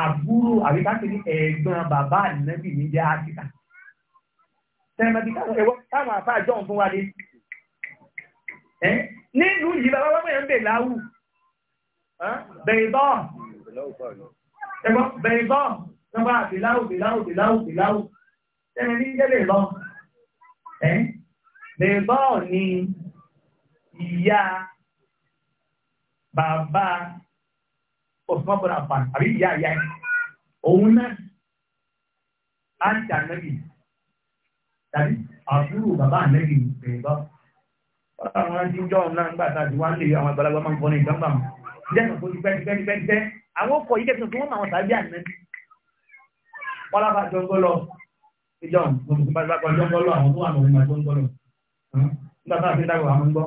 àbúrò àbíkáṣì ní ẹ̀gbọ́n bàbá ànábì ní jẹ́ áṣìká tẹ́lẹ̀mẹ́bí táwọn àfáà jọ̀ fún wa dé nínú yìí bàbá wọn yẹn ń bè láwù bẹ̀rẹ̀ bọ́ọ̀ wọ́n bá bìláwù bìláwù bìláwù bìláwù ẹni ní jẹ́lẹ̀ lọ. Bẹ̀bọ́ ni ìyá bàbá òsùnmọ́bọ̀nà àpà àbí ìyá ìyá ẹ̀. Òun náà á ń jà nẹ́bì tàbí àbúrò bàbá nẹ́bì bẹ̀bọ́. Bọ́lá àwọn ẹni jọ́ náà nígbà tá a ti wá ń lè àwọn ìgbàlagbà máa ń kọ́ ní ìjọba. Jẹ́ ìsọ̀kọ́ wọ́n lábà jọ́ngọ́lọ̀ ìjọ ìgbàgbà jọ́ngọ́lọ̀ àwọn tó wà lọ́wọ́ ìgbà jọ́ngọ́lọ̀ nígbà tá a fi dàgbà àwọn gbọ́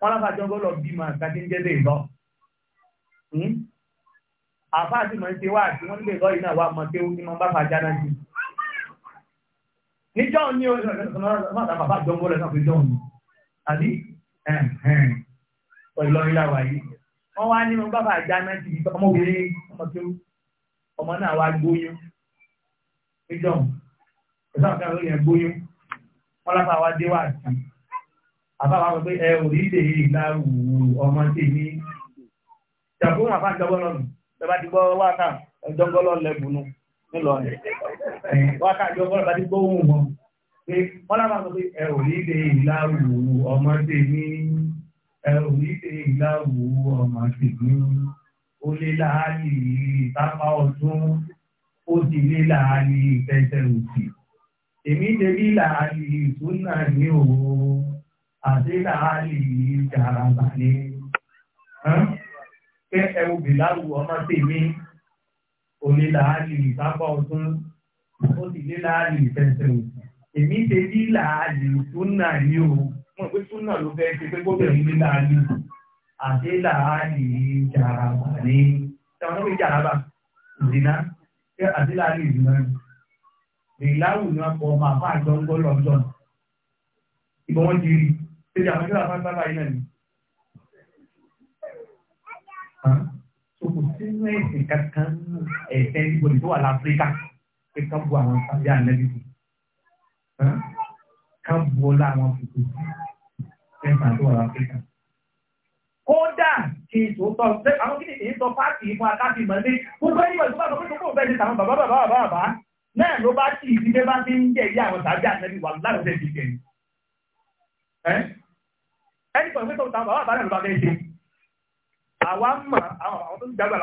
wọ́n lábà jọ́ngọ́lọ̀ bí mà kàdé ń jẹ́ lè lọ. àfa àti mọ̀ ń ṣe wá àti wọ́n lè lọ yìí náà wà mọ̀ pé ó ti mọ bá fà jáná sí. níjọ́ ni ó bàbá jọ́ngọ́lọ̀ náà fi jọ́ òní àbí Ìlọrin làwà yìí wọ́n wá nínú bàbá jáná sí ọmọbìnrin ọmọ tó ọmọ náà wá gbóyún níjọ́ ẹ̀sán kan ló yẹ gbóyún wọ́n lápá wa dé wà sí àbáwá sọ pé ẹ ò rí ìdè yìí láàrú ọmọ tèmi jàpó wọn àfáà jọgbọ́n lọ́nù ẹ bá ti gbọ́ wákà ẹjọ́gbọ́n lọ́nù lẹ́bùnú ńlọrọrin wákà jọgbọ́n lọ́nù bá ti gbọ́ ohun wọn pé wọ́n lápá sọ pé ẹ ò rí ìdè yìí láàrú ọmọ tèmi ẹ ò rí ìdè yìí láàrú ọmọ tèmi ó lé láàárín ìtàpá ọdún ó ti lé láàárí ìfẹsẹ̀ òsì èmi ti rí láàárí ìtúnà ní òwò àti láàárí ìjàràbà ní pé ẹwù bìláwù ọmọ tèmi òní láàárí ìsápá ọdún ó ti lé láàárí ìfẹsẹ̀ òsì èmi ti rí láàárí ìtúnà ní òwò mọ̀ pé túnà ló fẹ́ ṣe pé gbọ́dọ̀ ní láàárí àti láàárí ìjàràbà ní ṣe wọn ló fi jàràbà zina ṣé àti láàrin ìdùnnú rẹ̀ ìláwù ni wọn kọ ọmọ àfa àjọ ń gbọ́ lọ́jọ́ ìbọn wọn ti rí ṣé àwọn ìṣẹ́lẹ̀ àfa ń sábà yìí náà ni. Soko sínú ẹ̀sìn kankan ẹ̀sẹ̀ ìbòlì tó wà láfíríkà pé ká bu àwọn sábì ànẹ́bí kù. Ká bu ọlá àwọn fòkòtì ẹ̀sìn àti wà láfíríkà. kódà kí tòótọ́ ṣe àwọn kí ni èyí sọ pàtì ìfún akáàbì tó bàbá bàbá bàbá náà ló bá tì í bá ti ń jẹ ìyá àwọn tàbí àtẹ́bí wà ẹni tàwọn bàbá bàbá ló bá fẹ́ ṣe àwa mọ̀ àwọn tó ń jágbà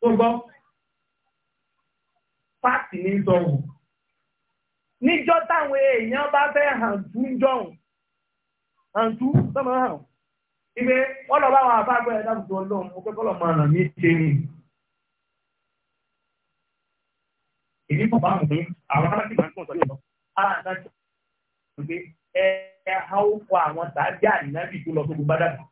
tó gbọ́ fáàtì ní sọ̀rọ̀ níjọ́ táwọn èèyàn bá fẹ́ hàn tú ń jọ̀hún hàn tú sọ́mọ́ hàn ibi wọ́n lọ bá wọn àbágbọ́ ẹ̀dá tuntun ọlọ́run mo fẹ́ kọ́lọ̀ máa nà mí ṣe ni. èmi kò bá mú àwọn aláṣẹ ìgbà tó ń sọ yóò lọ aláṣẹ ìgbà ẹ ẹ háwó fọ àwọn tàbí ànínábì tó lọ tó bá dàgbà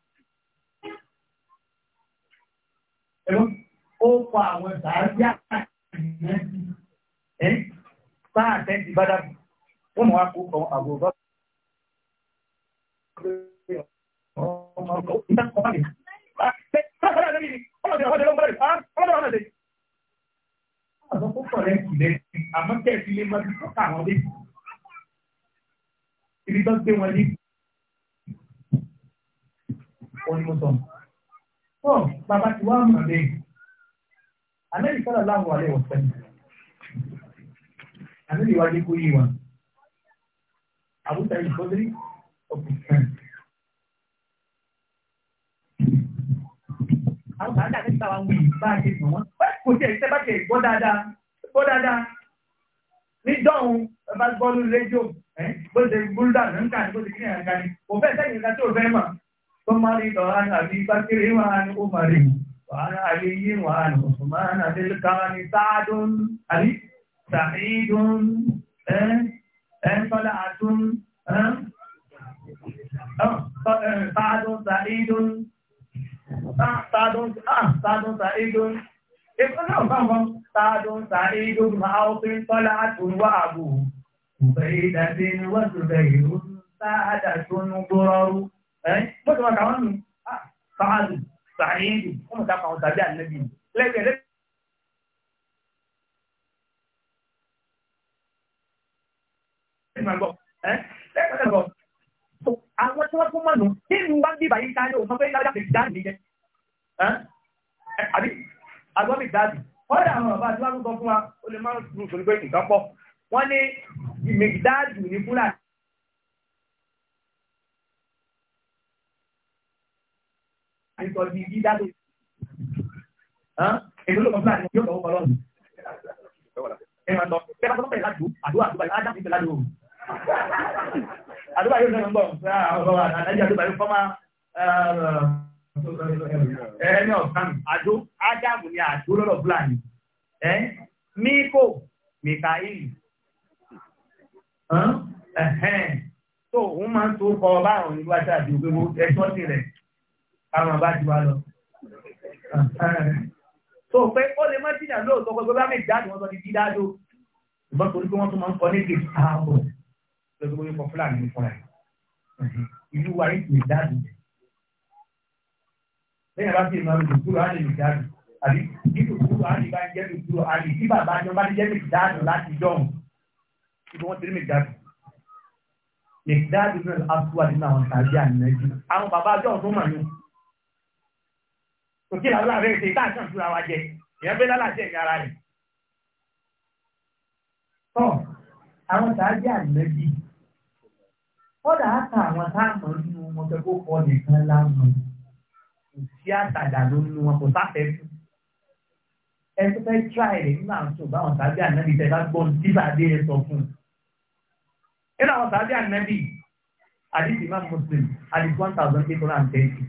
ó pa àwọn sàárì àkàtì ẹ̀ sáà tẹ́ǹtì bá dàbí wọ́n mọ̀ wá kó kọ́ àbò bá. Àwọn púpọ̀ rẹ̀ kùlẹ̀ àmọ́ kẹ́ẹ̀sì lé mọ́bí tọ́ka àwọn dé. Ibi tó gbé wọn ní. Wọ́n ni mo sọ. Tọ́ bàbá ti wá mọ̀ lẹ́yìn. Ànábì sọ́dọ̀ láwọn àlẹ́ ọ̀sẹ̀ ni. Ànábì wá dé kó yé wa. Àbúta ìfọ́dúrí ọ̀pọ̀ kan. Àwọn kan dà nípa àwọn wíì bá a ṣe dùn wọ́n. Kò tiẹ̀ ṣe bá tiẹ̀ ada. dáadáa. Gbọ́ dáadáa. Ní dọ́hùn ẹ bá gbọ́ lórí rédíò. Bó ṣe gbúrúdà ló ń kà ní bó ṣe kí ni àǹkà ni. Kò fẹ́ sẹ́yìn ìka tí ò fẹ́ mọ̀. Tó máa rí lọ àná àbí bá kéré máa ní ó máa rí mi. وعن علي وعن عثمان ذي سعد علي سعيد آه، آه، طلعة آه، سعد سعيد سعد سعد سعيد سعد سعيد معوط طلعة وأبو عبيدة وزبير سعدة برر ماذا كمان سعد sàáyéèdì fún ìdápa àwọn tàbí ànẹ́bí lẹ́gbẹ̀ẹ́ lẹ́gbẹ̀ẹ́. Àwọn tí wọ́n fún mọ́nù nínú wá bí bàyí ká ní òfin pé lábẹ́ àti ìdáàdì ní jẹ́. Àbí agbọ́bí ìdáàdì. Wọ́n dà àwọn bàbá tí wọ́n fún wa ó lè máa ń rú ìṣòro pé nǹkan pọ̀. Wọ́n ní ìmìdáàdì ní Fúlàní. àìsàn di bí dáadé. Èdè ló kọ́ fúlàní yóò tọ́wọ́ kọ́ lọ́rùn. Ẹ máa tọ́, bẹ́ẹ̀ bá tọ́ bẹ̀rẹ̀ láti àdúrà àdúrà yóò dájú ìpè ládùú. Àdúrà yóò lọ́nà ń bọ̀, àdájọ́ àdúrà yóò fọ́mà ẹni ọ̀sán àdó, ádámù ni àdó lọ́rọ̀ fúlàní. Míkò, Mìkàílì. Tó, òun máa ń tó kọ báwọn ìlú àti àdúgbò ẹ̀ṣọ́ sí rẹ̀ àwọn àbá jù wá lọ. tó pé ó lè má jìyà lóòótọ́ pé bá méjì dáàdù wọn sọ ti dídá dó ìbọn torí pé wọ́n tún máa ń kọ ní gèdè ààbò lọ́sọ̀rọ̀ yóò kọ fúlàní fúnra ìlú wa yìí lè dáàdù. lẹ́yìn bá fi ìmọ̀ olùdókòwò á lè lè dáàdù àbí ìdókòwò á lè bá jẹ́ olùdókòwò á lè bí bàbá ni wọ́n bá jẹ́ méjì dáàdù láti jọ̀hún ibi wọ́n ti rí méjì dáàdù mẹ̀dáàdù náà á tún wà nínú àwọn tàbí àníyànjú kò sí làwọn làwọn fẹ́ẹ́ ṣe tá à ń sàn fúnra wa jẹ èèyàn bẹ́ẹ̀ lálàjẹ́ ìyá ara rẹ̀. tọ́ àwọn tàbí àlẹ́bí kọ́dà àtà àwọn táàmù nínú wọn fẹ́ kó kọ́ nìkan lánàá kò sí àtàdà lónìí wọn kò sáfẹ́ fún ẹtú fẹ́ tíráì rẹ̀ nínú àwọn tó báwọn tàbí ànábì tẹ bá gbọ́n dídà dé ẹ sọ fún un. nínú àwọn tàbí ànábì àdìsí imam muslim àdìsí one thousand eight hundred and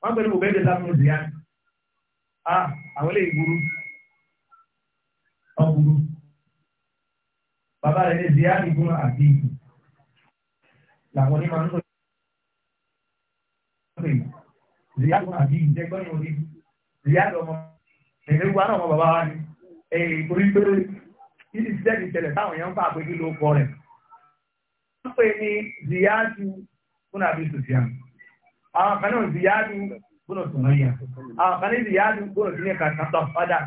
wọ́n pẹ̀lú bùbẹ́ ìdè lábúrú sí yáni a àwọn ilé ìgbúrú ọgbúrú bàbá rẹ̀ ní sí yáni gún àbí làwọn onímọ̀ ń sọ pé ziyá gún àbí ìjẹgbọ́n ní orí ziyá lọ́mọ ẹ̀rẹ́ wa náà mọ bàbá wa ni èyí torí pé títí ti jẹ́bi ìṣẹ̀lẹ̀ táwọn èèyàn ń fà pé kí ló kọ rẹ̀ wọ́n pè ní ziyá ju àbí sùfìàn àwọn kan náà ziyadu gbọ́nà sùmọ́yà àwọn kan náà ziyadu gbọ́nà sí ní ẹ̀ka kàtà fada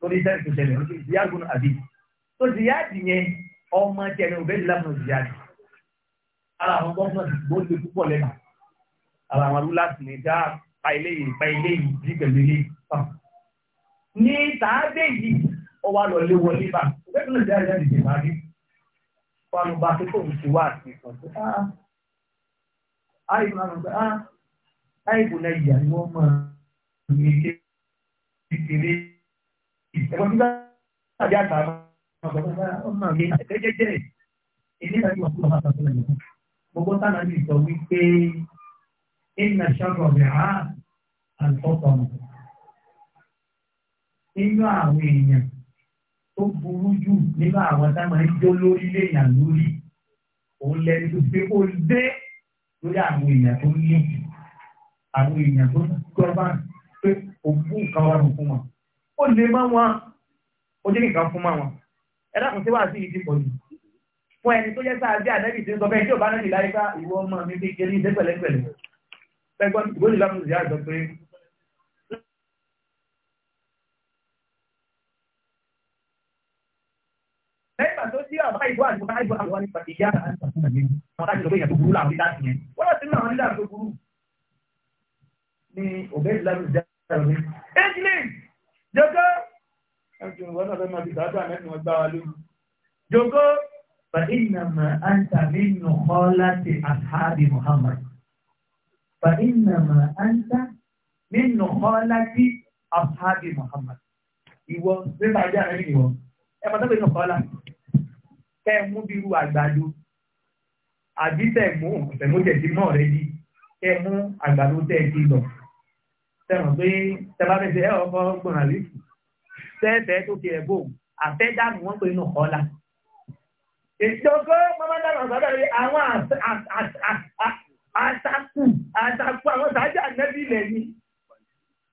tó ní sẹ́yìn tó ṣẹlẹ̀ ọdún ziyadu gbọ́nà àbí tó ziyadu yẹn ọmọ tí ẹni òbẹ́ lámù ziyadu ara àwọn gọ́ọ̀mọ̀tì gbọ́dọ̀ púpọ̀ lẹ́nu ara àwọn rúlàsì ní dá pa ilé yìí pa ilé yìí bí pẹ̀lú ilé pa ní tàádé yìí ó wá lọ lé wọlé bá táìbù lẹ́yà ni wọ́n máa ń gbé kékeré ẹ̀kọ́ tí wọ́n tàbí àtàrà ọmọ mi àtẹ́jẹ́jẹ́ ilé ìdájọ́ ọ̀pọ̀ ọ̀pọ̀ àtàkùn ẹ̀yìn gbogbo tánà ní ìsọ wípé ìnà ṣọ́rọ̀ rẹ̀ á àtọ́tọ̀ mọ̀ nínú àwọn èèyàn tó burú jù nínú àwọn tá máa ń jó lórí léèyàn lórí òun lẹni tó ó dé lórí àwọn èèyàn tó ní ìlú àwọn èèyàn tó ń gbọ́bá pé ògbú nǹkan wà fún wọn ó lè má wọn ó dé nǹkan fún wọn ẹ dákun tí wàá sí ìdí pọ̀ jù fún ẹni tó jẹ́ sáà bí àdẹ́bì tí ń sọ bẹ́ẹ̀ tí ò bá nẹ́bì láyé bá ìwọ ọmọ mi fi kiri ìdẹ́ pẹ̀lẹ́pẹ̀lẹ́ pẹ́gbọ́n ìgbóni lámú ìyá àjọ pé lẹ́yìn tó tí àbá ìbò àti bá ìbò àwọn ìpàdé yára àti àwọn ìyá àti àwọn ìyá tó burú làwọn ìdá ní ọ̀gá ìlànà ìjára mi. English jọgọ́ ẹ̀jọ̀ ìwọ náà fẹ́ máa fi sàádọ́ àmẹ́sìn wọn gbá wa lórí. Jọgọ́ fàínàmà àǹtà nínú kọ́ láti àṣàbí Muhammad. Fàínàmà àǹtà nínú kọ́ láti àṣàbí Muhammad. Ìwọ nípa ìjà rẹ̀ nìwọ. Ẹ máa tọ́pẹ̀ nínú kọ́lá. Kẹ́ ẹ mú bírú àgbàdo. Àbí tẹ̀ mú tẹ̀mú tẹ̀sí mọ́ rẹ̀ yìí. Kẹ́ ẹ mú àgbàdo tẹ̀ sí lọ tẹ̀wọ̀n pé tẹ̀bábẹ́sẹ̀ ẹ̀ ọkọ̀ gbọ̀nà lífù tẹ́ẹ̀fẹ́ tó ti ẹ̀ bò àfẹ́dànù wọ́n pè nù kọ́lá. ìjọba mọ́mọ́dàmọ̀ sọ́dọ̀ rí àwọn àtakù àtakù àwọn sàájà nẹ́bí lẹ́yìn.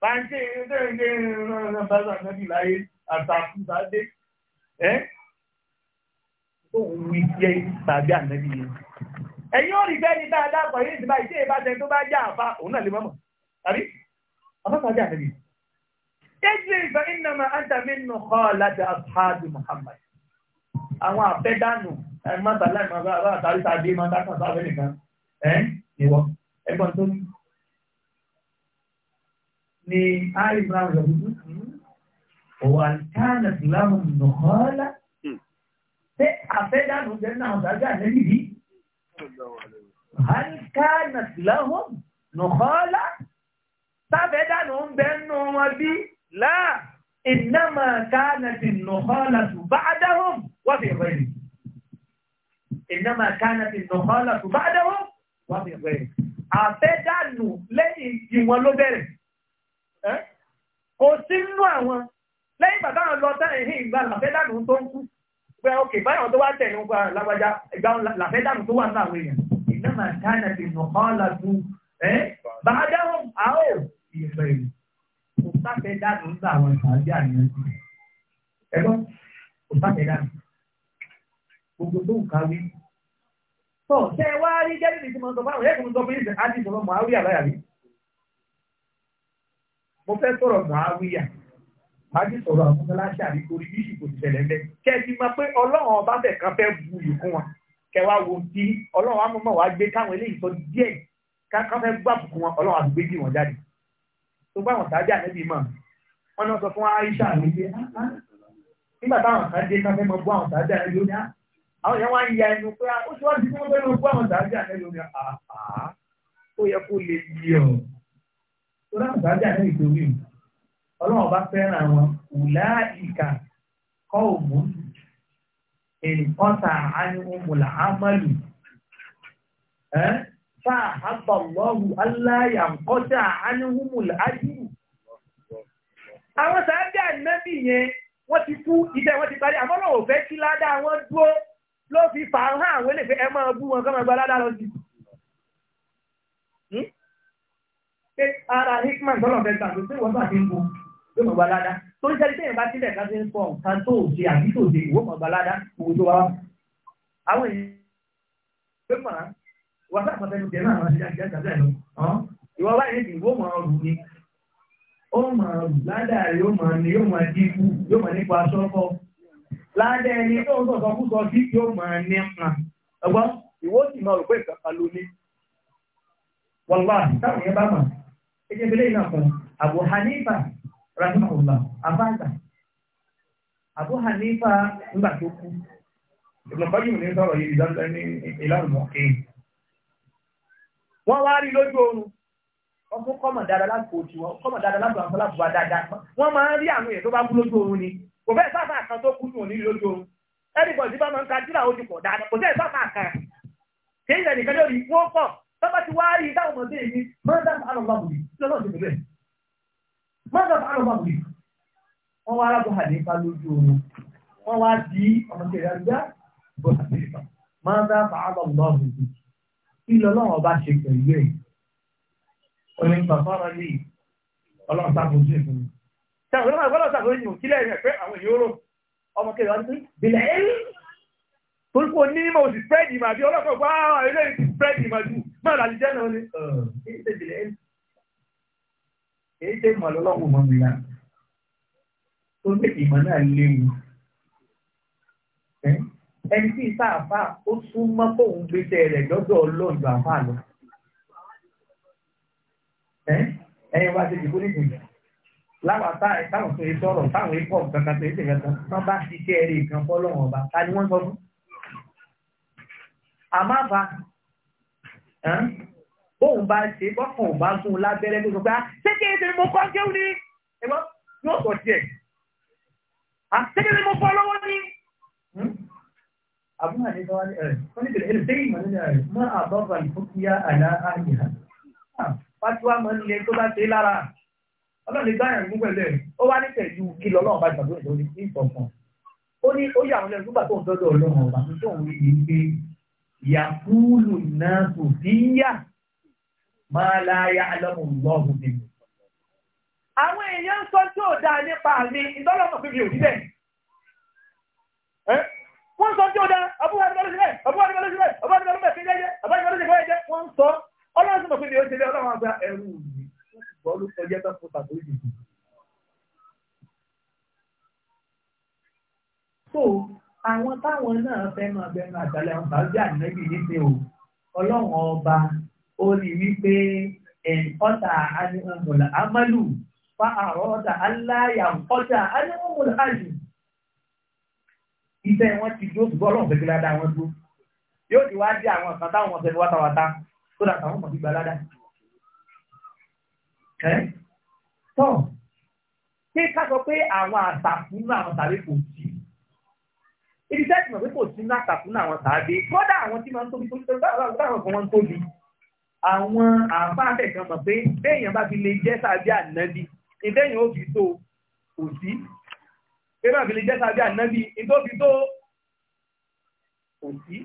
báńkì ìrìnàjò ìrìnàjò bàbá nẹ́bí láyé àtakù sáadé. ẹ́ tó ń wí jẹ́ tàbí ànẹ́bí yẹn. ẹ̀yin ò rí bẹ́ẹ̀ ni dáadáa pọ̀ yìí ti báyìí tí èèbá tẹ tó bá já àfa òun náà lè mọ́mọ́ tàbí ọlọ́pàá jẹ́ àdébí. Tẹ́jú ìgbà ìnàmà Ádámì nù kọ́ láti Aṣáájú Muhammad. Àwọn àfẹ́dánù ẹ̀mọ́tàlá ìmọ̀gbà àtàrí tàbí máa dákàn sáfẹ́ nìkan. Ẹ́ ìwọ ẹgbọ́n tó ní. Ni Ari Brown yọ̀ wípé òwò àtàrà ìsìlámù nù kọ́ lá. Hmm. Ṣé àfẹ́dánù jẹ́ náà sáfẹ́ dànù ń bẹ nù wọn bí láà ìnáma káàna ti nùkọ́lá tù bá dáhùn wọ́n fi rẹ̀ rí ìnáma káàna ti nùkọ́lá tù bá dáhùn wọ́n fi rẹ̀ rí àfẹ́ dànù lẹ́yìn tí wọn ló bẹ̀rẹ̀ kò sí nínú àwọn lẹ́yìn bàbá àwọn lọ tán ìhìn ìgbà làfẹ́ dànù tó ń kú pé òkè báyọ̀ tó wá tẹ̀lé ń pa lágbájá ìgbà làfẹ́ dànù tó wà láàrin èèyàn ìnáma káàna ti nùkọ́lá tù bá dáhùn àó ìfẹ́ yìí kò sáfẹ́ dànù ńlá àwọn ìpàdé àníyàn sí ẹ̀rọ kò sáfẹ́ dànù gbogbo tó ń kàwé. Tọ́ ṣe wá rí jẹ́rìí tí mo sọ fáwọn ẹ̀kùn sọ fún ìṣẹ̀ àti ìṣọ̀rọ̀ Màáwíyà láyà rí. Mo fẹ́ sọ̀rọ̀ Màáwíyà. Màájú sọ̀rọ̀ àwọn ọmọláṣà àrí torí bí ìṣìkò ti ṣẹlẹ̀ ńlẹ̀. Kẹ́ ẹ ti mọ̀ pé Ọlọ́run ọba bẹ̀ kan fẹ́ bu ìkún wọn. Kẹ wá wo bí Ọlọ́run á mọ̀mọ́ wá gbé káwọn eléyìí sọ díẹ̀ ká fẹ́ gbàbùkún wọn Ọlọ́run àgbégbè wọn jáde. tó bá wọn sáájà níbi mọ̀ wọn náà sọ fún Aisha mi pé ah, ah, nígbà táwọn kan dé mọ bú àwọn sáájà níbi omi àwọn yẹn wá ń ya ẹnu pé ah, ó ti wá fún bú àwọn ó yẹ kó lè yí ọ tó dáhùn ọlọ́run fẹ́ràn kùlá ìkà kọ́ فأحب الله ألا ينقطع عنهم الأجر àwọn sàábì ànábì yẹn wọ́n ti kú iṣẹ́ wọn ti parí àmọ́ lọ́wọ́ fẹ́ kí ládàá wọn dúró ló fi fà á hàn àwọn eléfẹ́ ẹ máa bú wọn kọ́ máa gba ládàá lọ sí. Hmm? ara hickman tọ́lọ̀ fẹ́ gbà pé wọ́n bá ti ń bu yóò máa gba ládàá tó ń sẹ́ni tẹ́yìn bá sílẹ̀ ká fi ń sọ nǹkan tó ṣe àbí tó ṣe ìwọ́ máa gba ládàá kò tó àwọn èèyàn wọ́n sàkọ́tẹ́nu jẹ́ náà ṣe àjẹ́ àjẹ́ àjẹ́ ìwọ báyìí ti ìwọ mọ̀ ọ̀rù ni ó mọ̀ ọ̀rù ládàá yóò mọ̀ ni yóò mọ̀ di ikú yóò mọ̀ nípa aṣọ́kọ́ ládàá ẹni tó ń sọ̀tọ̀ kú sọ sí yóò mọ̀ ní mà ọgbọ́n ìwọ sì mọ̀ rò pé ìkàkà ló ní. wọ́n wá táwọn yẹn bá mọ̀ ẹjẹ́ bílẹ̀ iná kan Abu Hanifa rahimahullah abáàgbà Abu Hanifa nígbà tó kú ìgbàkọ́jú mi ní sọ̀rọ̀ yìí ìlànà ọ̀kẹ́ yìí wọ́n wá rí lójú oorun wọ́n tún kọ́mọ̀ dáadáa láti kò tí wọ́n kọ́mọ̀ dáadáa láti àwọn láti wá dáadáa wọ́n máa ń rí àwọn èèyàn tó bá kú lójú oorun ni kò bẹ́ẹ̀ sáfà kan tó kú ní òní lójú oorun ẹnìbọ̀dì bá máa ń ka jíra ojú pọ̀ dáadáa kò sẹ́ẹ̀ sáfà kan kì í ṣe nìkan lórí wọ́n pọ̀ tọ́ba ti wá rí táwọn ọmọdé mi máa ń dá alọ́bàbùrì lọ́nà ti bẹ̀rẹ̀ máa ń dá alọ́bàbùrì wọ́n wá arábò hànífà lójú oorun wọ́n wá di ọmọdé rẹ̀ kí lọ́lọ́run ọba ṣe pẹ̀lú ẹ̀ oní pàfọ́nà lè ọlọ́run ṣàkóso ìfún mi. sẹ́wọ̀n lọ́wọ́ ìfọ́nà ṣàkóso ìfún kílẹ̀ rẹ̀ pé àwọn èèyàn rò ọmọ kẹrì wá ní bìlẹ̀ ẹ̀rí torí pé oní mo sì spread ìmọ̀ àbí ọlọ́kọ̀ gbá ilé ti spread ìmọ̀ jù máa lálẹ́ jẹ́ náà ni èyí ṣe bìlẹ̀ ẹ̀rí èyí ṣe ìmọ̀ lọ́lọ́wọ́ mọ́ mi lára tó ẹni tí ìta àfà ó súnmọ́ fóun gbéṣẹ́ rẹ̀ lọ́dọ̀ ọlọ́ọ̀dọ̀ àfà lọ. ẹyin wá ti dìbò nígbìmọ̀ láwọn àtà táwọn tó yẹ sọ̀rọ̀ táwọn ikọ̀ kankan tó yẹ sèkẹ́ kan tán bá ṣiṣẹ́ rẹ̀ kan fọ́lọ́wọ́n ọba ta ni wọ́n sọ fún. àmọ́ àbá bóun bá ṣe bọ́kàn bá gún un lábẹ́rẹ́ tó sọ pé ah, ṣé kí ẹ mo kọ́ kéwù ni ẹ̀gbọ́n yóò sọ tiẹ̀ àṣẹ́kẹ́ ah, ni mo fọ́ lọ́wọ́ ni. Hmm? abu na ne ga wani wani da irin sai mana da ma a babban fukiya ala ahliha fatuwa máa ń le tó bá ṣe lára ọlọ́run lè gbá ẹ̀rù gbogbo ẹ̀lẹ́ ó wá ní tẹ̀jú kí lọ́lọ́run bá gbàgbé ìjọ ní ìtọ̀kan ó ní ó yà wọn lẹ́nu nígbà tó ń dọ́dọ̀ ọlọ́run ọba tó ń rí i pé yàkúlù náà kò sí yá máa la ya alọ́run lọ́ọ̀hún mi. àwọn èèyàn sọ tí ò dáa nípa mi ìdọ́lọ́mọ̀ pé mi ò rí bẹ́ẹ̀. Eh? wọ́n sọ tí ó dá àbúrò àdúgbò lọ́sílẹ̀ àbúrò àdúgbò lọ́sílẹ̀ àbúrò àdúgbò lọ́sílẹ̀ kéjẹ́jẹ́ àbúrò àdúgbò lọ́sílẹ̀ kéjẹ́jẹ́ wọ́n sọ ọlọ́run sì mọ̀ pé ó ti lé ọlọ́run àgbà ẹ̀rù mi wọ́n ló kọjá tó fún tàbí ìdì. so àwọn táwọn náà fẹ́nu iṣẹ́ wọn ti dúró ṣùgbọ́n ọlọ́run fẹ́ kí ládàá wọn dúró yóò ti wá dé àwọn kan táwọn ọ̀sẹ̀ wátawàta tó dàtà wọn mọ̀ sí gbalada. tọ́ ṣé ká sọ pé àwọn àtàkùn náà àwọn tàbí kò sí ibi tẹ́sí mọ̀ pé kò sí náà àtàkùn náà àwọn tàbí kọ́dà àwọn tí máa ń tóbi tó táwọn kan wọ́n ń tóbi àwọn àǹfààní kan mọ̀ pé béèyàn bá fi lè jẹ́ sábẹ́ ànábì ìbéèyàn ó fi tó kò sí pẹ́lú àbílẹ̀ jẹ́ sábẹ́ ànábì nítorí tó kò sí.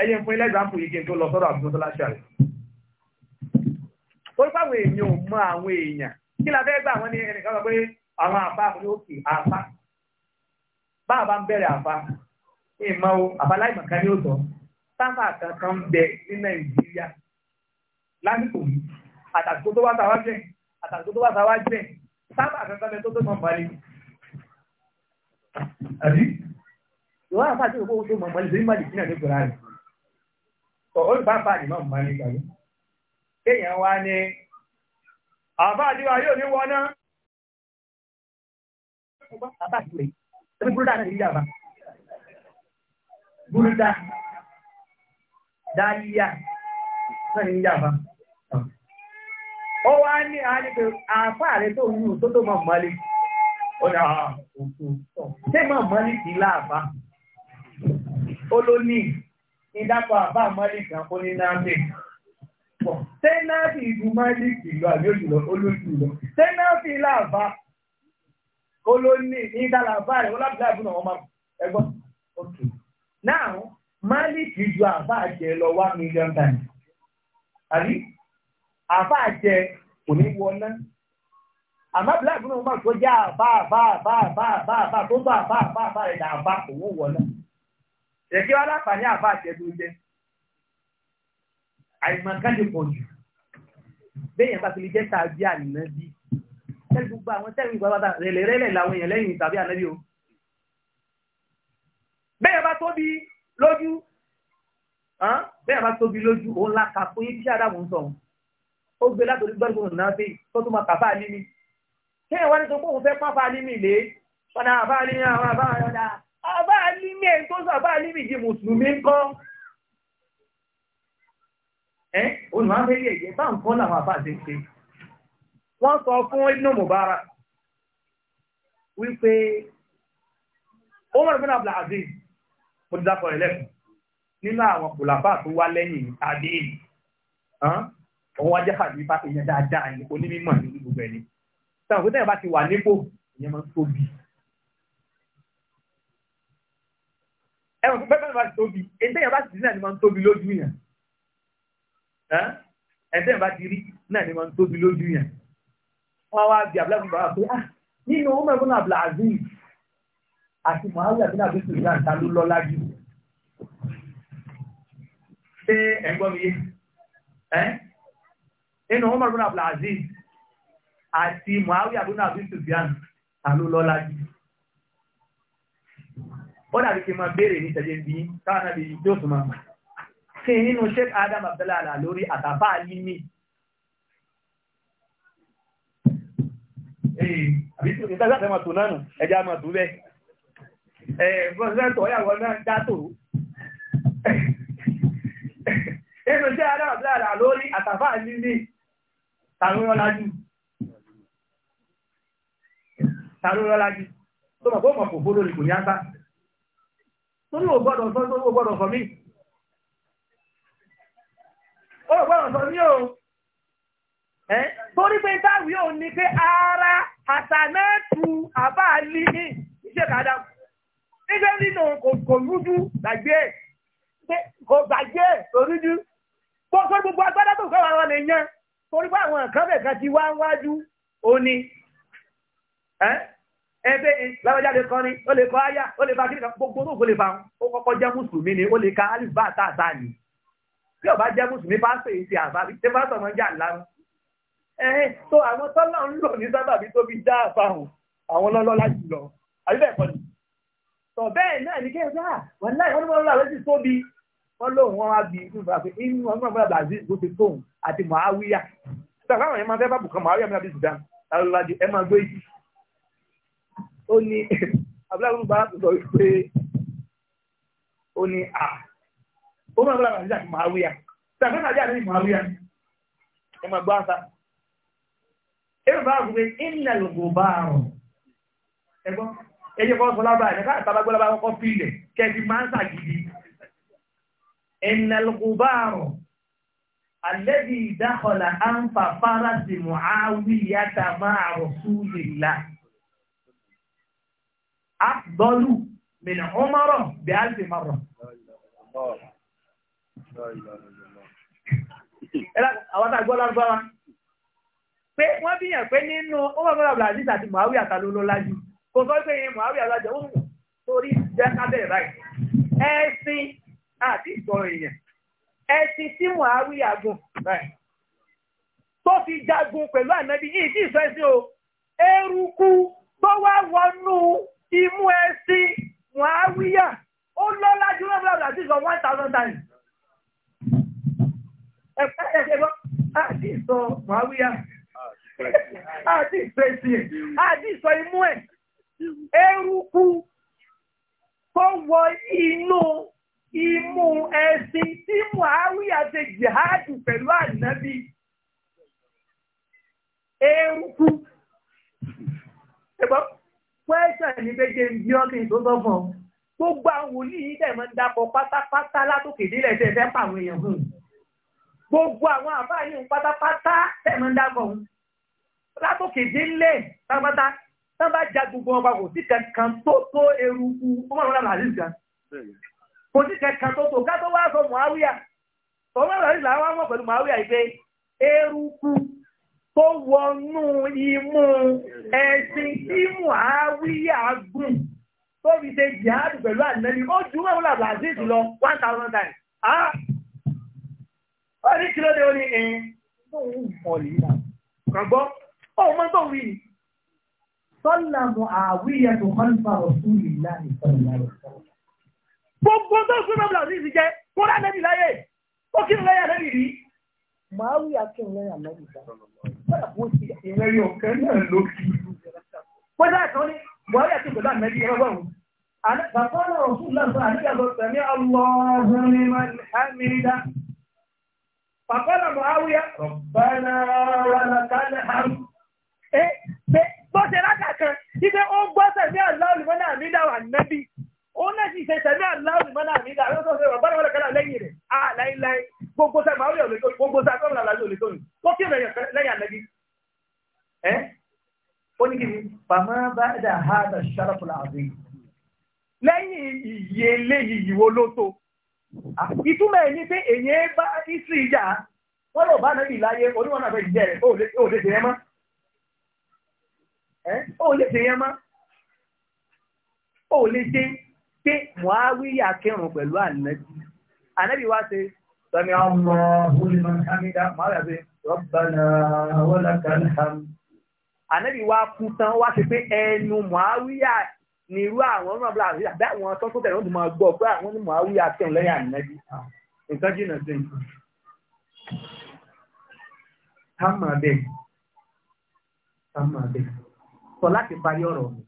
ẹyẹ fún ilé ìgbàmù yìí kí n tó lọ sọ́dọ̀ àbúrò tó láṣà rẹ̀ ó fáwọn èèyàn ò mọ àwọn èèyàn kí la fẹ́ gbà wọ́n ní ẹnìkan sọ pé àwọn àfa ní òkè àfa bá a ń bẹ̀rẹ̀ àfa ìmọ̀ o àfa ní òtọ́ sáfà kankan ń bẹ ní nàìjíríà lásìkò yìí àtàkùn tó bá ta wá jẹ àtàkùn tó bá ta wá jẹ sáfà kankan bẹ tó tó mọ̀ mọ́lẹ̀ àbí ìwọ àfà tí òkú tó mọ̀ mọ́lẹ̀ sí ní màlìkí náà ní kòrá rẹ̀ olùbáfà ni mọ̀ mọ́lẹ̀ kàlú kéèyàn wá ní àbá àdíwá yóò ní wọ́n náà àbá àdíwá ní ìyá àbá dáyíyà náà ní yàfá. Ó wá ní àárín àfá rẹ̀ tó wù tó tó máa mọ́lé. Ó dà ah, òkú tọ̀. Ṣé máa mọ́lé kì í láàfá? Ó ló ní ìdápọ̀ àbá mọ́lé kan ó ní náàbì. Ṣé náàbì ìlú mọ́lé kì í lọ àbí òjùlọ olójú lọ? Ṣé náàbì láàfá? Ó ló ní ìdálàfá rẹ̀ ó lábìlá ìbùnà ọmọ ẹgbọ́n. Now, máàlìkì ju àbáàjẹ lọ one million times àbí àbáàjẹ kò ní wọná àmọ́ black náà máa tó jẹ́ àbá àbá àbá àbá àbá àbá tó bá àbá àbá àbá ẹ̀dá àbá òun wọná ẹ̀kí wọn láǹfààní àbáàjẹ tó jẹ́ àìmọ̀kánlè pọ̀ jù béèyàn bá ti lè jẹ́ tàbí ànábì tẹ́lẹ̀ gbogbo àwọn tẹ́lẹ̀ ìgbà bàbá rẹ̀lẹ̀rẹ̀lẹ̀ làwọn èèyàn lẹ́yìn tàbí ànábì o béèyàn bá tó bí lójú bẹ́ẹ̀ bá tóbi lójú òun la kà fún yín tí àdàmú ń sọ òun ó gbé látòrí gbọ́dọ̀ náà sí tó tún máa kà fáà ní mi kéèyàn wá ní tó kóun fẹ́ pàfà ní mi lé padà àbá ní àwọn àbá àyọ̀dá àbá ní mi èyí tó sọ àbá ní mi di mùsùlùmí ńkọ́ ẹ olùwà fẹ́ yẹ ìyẹn báwọn kan làwọn àbá àti ṣe wọ́n sọ fún Ibn Mubarak wípé Umar bin Abdul Aziz mo ti dákọ̀ rẹ̀ lẹ́kùn nínú àwọn kòlàfà tó wá lẹ́yìn adé òun wá jẹ́ kàbí bá èèyàn dáadáa ní onímọ̀ ní gbogbo ẹni táwọn òkúta ìbá ti wà nípò ìyẹn máa ń tóbi ẹ̀rùn tó bẹ́ẹ̀ bá ti tóbi èyí tẹ́yìn bá ti rí náà ni máa ń tóbi lójú yàn ẹ̀ tẹ́yìn bá ti rí náà ni máa ń tóbi lójú yàn wọ́n wá bí abúlé fún bàbá pé ah nínú ọmọ ẹ̀gbọ́n àbúlé azeez àti Muawiya bí nàbí Sufyan ta ló lọ́lá jù. Ṣé ẹ̀gbọ́n mi yé? Inú Umar bin Abdul Aziz àti Muawiya bí nàbí Sufyan ta ló lọ́lá jù. Ó dàbí kí n máa béèrè ní ìtẹ̀lé bí káwọn náà bí yóò tún máa mọ̀. Kí nínú Sheikh Adam Abdallah Ala lórí àtàfà Alimi. Àbí ìtàgbàtà máa tò náà nù, ẹja máa tò bẹ́ẹ̀ bọ́sẹ̀tọ̀ ọ̀yàwó náà dátò inú jẹ́ adá àbúlára lórí àtàfà nílé tàrúrọ́lájú tàrúrọ́lájú tó mọ̀ fọ́mọ̀ kò fóró lìkò yáta tó ní ògbọ́dọ̀ sọ tó ògbọ́dọ̀ sọ mí ògbọ́dọ̀ sọ mí o torí pé táwí òun ni pé ara àtànẹ́tù àbáà lì ní iṣẹ́ kàdáàmù nígbà nínú kò rújú gbàgbé ẹ̀ kò gbàgbé ẹ̀ kò rújú gbogbo gbogbo agbádá tó kọ́ àwọn èèyàn torí pé àwọn nǹkan bẹ̀ẹ̀ kan ti wá wájú òní ẹgbẹ́ lábẹ́jáde kan ni ó lè kọ́ áyà ó lè fa kí nìkan gbogbo tó kò lè fa ó kọ́kọ́ jẹ́ mùsùlùmí ni ó lè ka alif bá àtàtà ni tí ọba jẹ́ mùsùlùmí pásítọ̀ èyí ti àbábí tí pásítọ̀ mọ́ jà lánàá ẹ̀hìn tó àwọn tọ́lá ń lò ní sábàbí tó fi dá àfahàn àwọn lọ́lọ́lá jùlọ àbíbẹ̀ kọ́ni tọ bẹ́ẹ̀ náà ah, ní kéèyàn sáà wọn láì wọn ní wọn láwẹ sí tóbi wọn lóun wọn wá bí inú ìfura pé inú wọn gbọdọ gbọdọ àti bó ti tóun àti màáwíyà sọfà àwọn yẹn máa fẹ́ bá bùkọ́ màáwíyà mìíràn bí Sudan alọ́lájú ẹ máa gbé yìí ó ní abúláwọ̀ bá sọ pé ó ní à ó máa ẹyẹ kọ́ sọ lábàá ẹ̀ká àtàbágbọ́lábà kọ́kọ́ fílẹ̀ kẹfì máa ń sàgidi ẹ̀nàlùkùbárọ̀ alẹ́bí ìdákọ̀lá àǹfà fárásì mọ̀háwíyàtà máa rọ̀súlìlá àbọ́lù mìnà ọmọrọ̀ bí a ti mọ̀rọ̀ àwọn àgbọ́lágbọ́lá pé wọ́n bí yàn pé nínú ọmọ bọ́lá brazil àti mọ̀háwíyàtà ló lọ́lájú kò sọ pé ìyẹn Muhammad alájà ó mú torí jẹ́kálẹ̀ ráì ẹ̀sìn àti ìsọ̀rọ̀ èèyàn ẹ̀sìn tí Muhammad agùn ráì tó fi jagun pẹ̀lú ànábì yìí kí ìsọ ẹ̀sìn o eruku tó wá wọnú imú ẹ̀sìn Muhammad ó lọ́lá jù lọ́wọ́ àbúrò àti ìsọ̀ one thousand times ẹ̀fẹ́ẹ̀ṣẹ́gbọ́ àti ìsọ̀ Muhammad àti ìsọ̀ èsì àti ìsọ̀ imú ẹ̀ eruku tó wọ inú imú ẹṣin tí Muawiya ṣe jihadu pẹ̀lú ànábì eruku ẹgbọ́n pẹ́sẹ̀ ní méje ń bí ọ́kì tó sọ fún ọ gbogbo àwọn wòlíì yìí dẹ̀ máa ń dapọ̀ pátápátá látòkè nílẹ̀ tẹ̀ fẹ́ pa àwọn èèyàn hùn gbogbo àwọn àbáyé pátápátá tẹ̀ máa ń dapọ̀ hùn látòkè nílẹ̀ pátápátá tán bá ja gbogbo ọba kò sí kankan tó tó eruku Umar ibn Abdul Aziz gan kò sí kankan tó tó kátó wá sọ Muawiya Umar ibn làwọn àwọn pẹ̀lú Muawiya yìí pé eruku tó wọnú imú ẹ̀sìn tí Muawiya gùn tó fi ṣe jihadu pẹ̀lú ànẹ́lì ó ju Umar ibn Abdul Aziz lọ one thousand times ó ní kí ló dé ó ní ẹ̀ẹ́n eh, tó ń mọ̀ lè yíra kàn gbọ́ ó mọ́ tó ń wí sọ́là Muawiya tó kọ́lùfà ọ̀sùnlì láàrin sọ́là ọ̀sùnlì. Gbogbo tó sún mọ́bìlà ní ìsìnkẹ́, kó rà lẹ́bi láyé, ó kí lẹ́yà lẹ́bi rí. Muawiya kí lẹ́yà lẹ́bi rí. Ìrẹ́lẹ̀ ọ̀kẹ́ náà ló kí. Pẹ́sà ẹ̀kọ́ ni Muawiya kí pẹ̀lú àmẹ́bí ẹgbẹ́gbẹ́rún tó ṣe lákàkan ipe ó ń gbọ́ sẹ̀mí aláwọ̀ lùmọ́ náà mi dáwà nẹ́bí ó náà ṣe sẹ̀mí aláwọ̀ lùmọ́ náà mi lẹ́yìn ìyè eléyìí ìwò lóto ìtumọ̀ ẹ̀ ní pé èyí bá ìsì ìjà wọ́n lọ bá náà bì oníwọ̀n náà fẹ́ ìjẹ́ rẹ̀ ó lè ṣe é ó lè ṣe yẹn mọ́ ó lè ṣe pé Muawiya kírun pẹ̀lú ànábì ànábì wá ṣe sami Allahu liman hamida Muawiya ṣe Rabbana walakal hamd ànábì wá kú tán wá ṣe pé ẹnu Muawiya ní irú àwọn ọmọ ọmọ àti àbẹ́ àwọn tó tó tẹ̀lé wọn ti máa gbọ́ pé àwọn ní Muawiya kírun lẹ́yìn ànábì nǹkan jìnnà sí i. Ká máa bẹ̀. Ká máa bẹ̀ sọ láti parí ọ̀rọ̀ mi.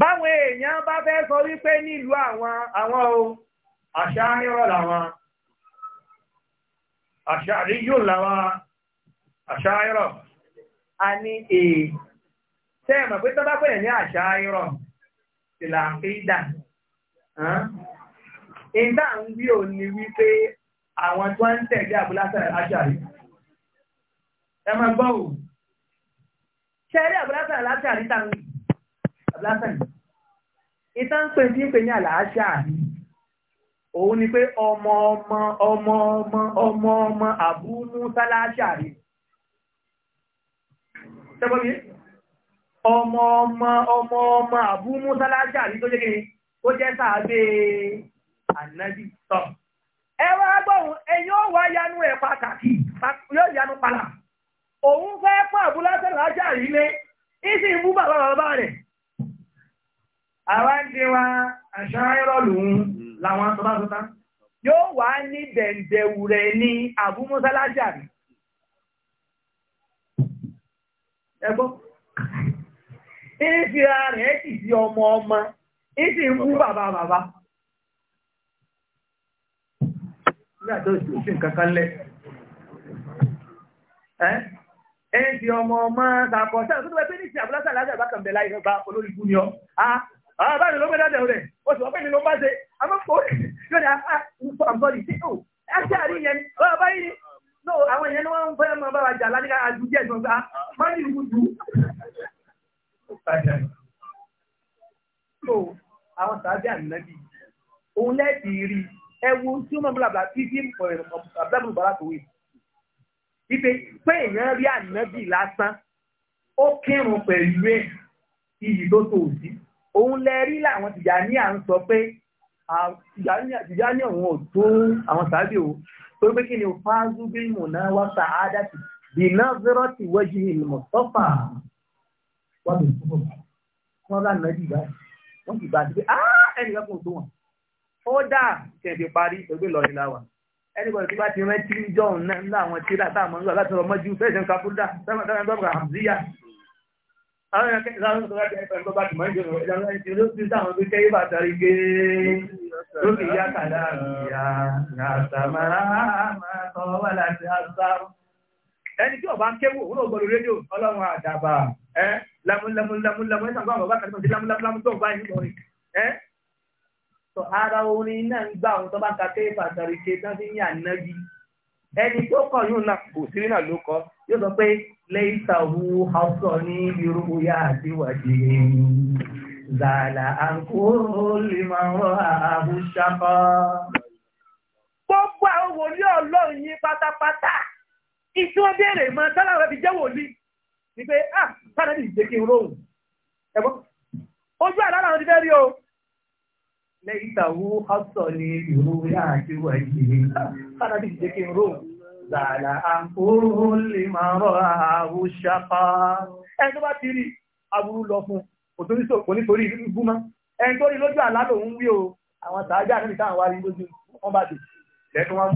Báwọn èèyàn bá fẹ́ sọ wípé nílùú àwọn àwọn o, àṣà rírọ̀ làwọn, àṣà ríyò làwọn, àṣà rírọ̀. A ní èè, e, tẹ́ẹ̀mọ̀ pé tọ́ bá pẹ̀lẹ̀ ní àṣà rírọ̀, ìlà àfíìdà. Ìdá ń wí ò ní wípé àwọn tó ń tẹ̀lé àbúlásà àṣà rírọ̀ ẹ máa gbọ́ òun ṣẹ́rí àbúrásà aláṣà àríta ń àbúrásà yìí ìtàn pè tí ń pè ní àlàáṣà rí òun ni pé ọmọ ọmọ ọmọ ọmọ ọmọ ọmọ àbúmú sáláṣà rí ṣẹ́gbọ́n mi ọmọ ọmọ ọmọ ọmọ àbúmú sáláṣà rí tó jẹ́ kí ni ó jẹ́ sàábé ànábì tọ̀ ẹ wá gbọ́hùn ẹ̀yin ó wá yanu ẹ̀ pàtàkì yóò yanu pàtàkì òun fẹ́ pọ̀ àbúlásẹ̀ lájà yìí lé ìsì ń bú bàbá bàbá rẹ̀ àwa ń di wa àṣàyọ́rọ̀ lòun làwọn tọ́tàtọ́tà yóò wá ní dẹ̀ǹdẹ̀wù rẹ̀ ní àbúmọ́sálájà rí ẹgbọ́ ìfìra rẹ̀ kì sí ọmọ ọmọ ìsì ń bú bàbá bàbá nígbàtọ́ ìsìn kankan lẹ́ ẹ́ ẹ̀ǹdì ọmọ ọmọ sàkọ sẹ́yìn tó tó bẹ pé ní ti àbúlá bẹ̀ láì bá olórí fún mi ọ́ báyìí ló gbẹ́dá dẹ̀rẹ̀ o sì wọ́n pè mí ló bá ṣe àmọ́ kò yóò ní apá nǹkan sí ò ẹ̀ṣẹ́ àrí yẹn báyìí no àwọn ìyẹn ni wọ́n ń fẹ́ mọ bá wa jà lánìkà àdúgbò ẹ̀sán gbà má ní ìlú jù. so àwọn sàbí ànábì òun lẹ́ẹ̀dì rí ẹwu tí ó mọ̀ bíláàbílà ipe pé èèyàn rí ànábì lásán ó kírun pẹ̀lú ẹ̀ iyì tó tó òsì òun lẹ rí làwọn Tìjàní à ń sọ pé Tìjàní òun ò tó àwọn sàábì o tó pé kí ni o fáájú bí mò náà wá sa àádásì bí náà zọrọ ti wọ́jú ìmọ̀ sọ́fà wọ́n bẹ̀ fún wọn wọ́n bá nàbì báyìí wọ́n sì bá a ti pé ẹnìkan kò tó wọn ó dà kẹ̀kẹ́ parí ẹgbẹ́ lọ́ọ́ ìlà ẹnìkan tí bá ti rẹ́ tí john náà ńlá àwọn tíra tá àmọ́ ńlá láti ọmọ jù fẹ́ẹ̀sì ń kakúdà sẹ́wọ̀n tẹ́lẹ̀ bọ́ọ̀bù àmúzíyà. àwọn ẹ̀kẹ́ ìlànà tó bá ti ẹ̀fẹ̀ tó bá ti mọ̀ ní ìjọba ìjọba ti ló ti sáwọn tó kẹ́yìn bàtà rí gé lórí ìyá kàdá àmìyá àtàmárà máa tọ́ wà láti àṣà. ẹni tí ọba ń kéwò òun ò gbọ́dọ̀ rédíò ọlọ́run àdàbà ẹ lámúlámúlámúlámú ẹ sọ ara orin náà ń gbà àwọn tó bá ka kéèfà sàrìkè tán fi ń yà nági ẹni tó kọ yóò náà kò sí náà ló kọ yóò sọ pé lẹ́yìn tàwù haúsọ ní irú ya àti zàlà àkóró lè máa ń rọ àbúṣakọ. gbogbo àwọn wòlíì ọlọ́run yín pátápátá ìtí wọ́n béèrè mọ́ tọ́láwọ́ fi jẹ́ wòlíì ni pé ah sáà náà ti jẹ́ kí n róhùn ẹ̀gbọ́n ojú àlá làwọn ti fẹ́ rí o lẹ́yìntàwó ọ̀sọ̀ ni ìrú láàájú wà ìgbèrè fánàbí jẹ́ kí n rò zààlà àkóhó lè máa rọ̀ àwò ṣapá ẹni tó bá ti rí aburú lọ fún onítorí gúnmá ẹni tó rí lójú àlá lòun wí o àwọn tàájà níbi táwọn wá rí lójú wọn bá dé lẹ́nu wọn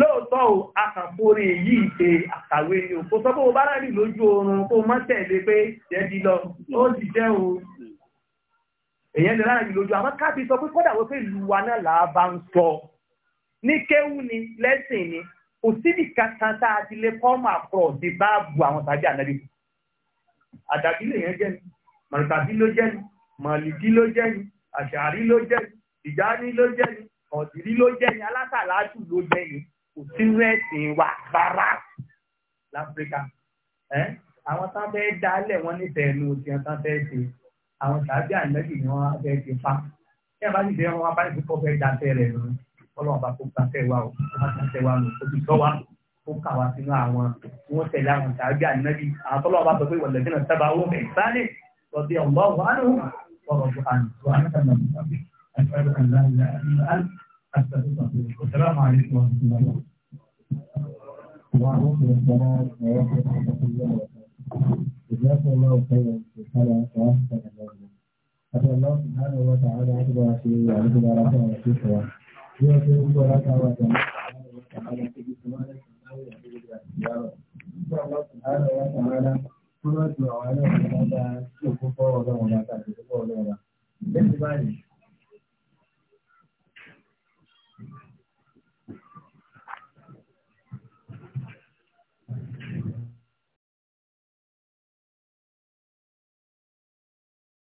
lóòótọ́ o akàkóre yìí ṣe àkàwé ni o kò sọ pé o bá rẹ̀ lójú oorun kó mọ́ tẹ̀lé pé jẹ́ di lọ ó ti jẹ́ o èyàn ní láàrin lójú àmọ́ káàbí sọ pé kódà wọ́n pé ìlú wa náà là á bá ń sọ ní kéwù ni lẹ́sìn ni kò síbi kankan tá a ti lè come across the báàbù àwọn tàbí ànábì àdàbí lè yẹn jẹ́ ni màlùkàbí ló jẹ́ ni màlìdí ló jẹ́ ni àṣàrí ló jẹ́ ni ìjáni ló jẹ́ ni ọ̀dìrí ló jẹ́ ni alásàlátù ló jẹ́ ni kò sínú ẹ̀sìn wa rárá láfíríkà àwọn tá a fẹ́ dálẹ̀ wọn nífẹ̀ẹ́ nu òsì àwọn tàbí àìlẹ́bì ni wọ́n fẹ́ ti fa ní àbájú ìdẹ́yẹ wọn bá ìdúkọ́ fẹ́ dáṣẹ́ rẹ̀ nù ọlọ́run bá kó gbàṣẹ́ wa o kó má gbàṣẹ́ wa nù kó ti tọ́ wa kó kà wá sínú àwọn tí wọ́n tẹ̀lé àwọn tàbí àìlẹ́bì àwọn tọ́lọ́ bá sọ pé wọ̀lẹ̀ sínú sábà owó mẹ́ ìbálẹ̀ lọ́dẹ ọ̀gbọ́n àánú ọ̀rọ̀ tó àánú tó àánú kan náà tàbí Wa rahmatullahi wa barakatuh. جزاكم الله خيرا سبحانه وتعالى أسأل الله سبحانه وتعالى أن يتبع في وعليكم ورحمة الله وبركاته يوم ورحمة الله سبحانه وتعالى كل ما عليه من هذا سوء فوضى وما كان سوء فوضى.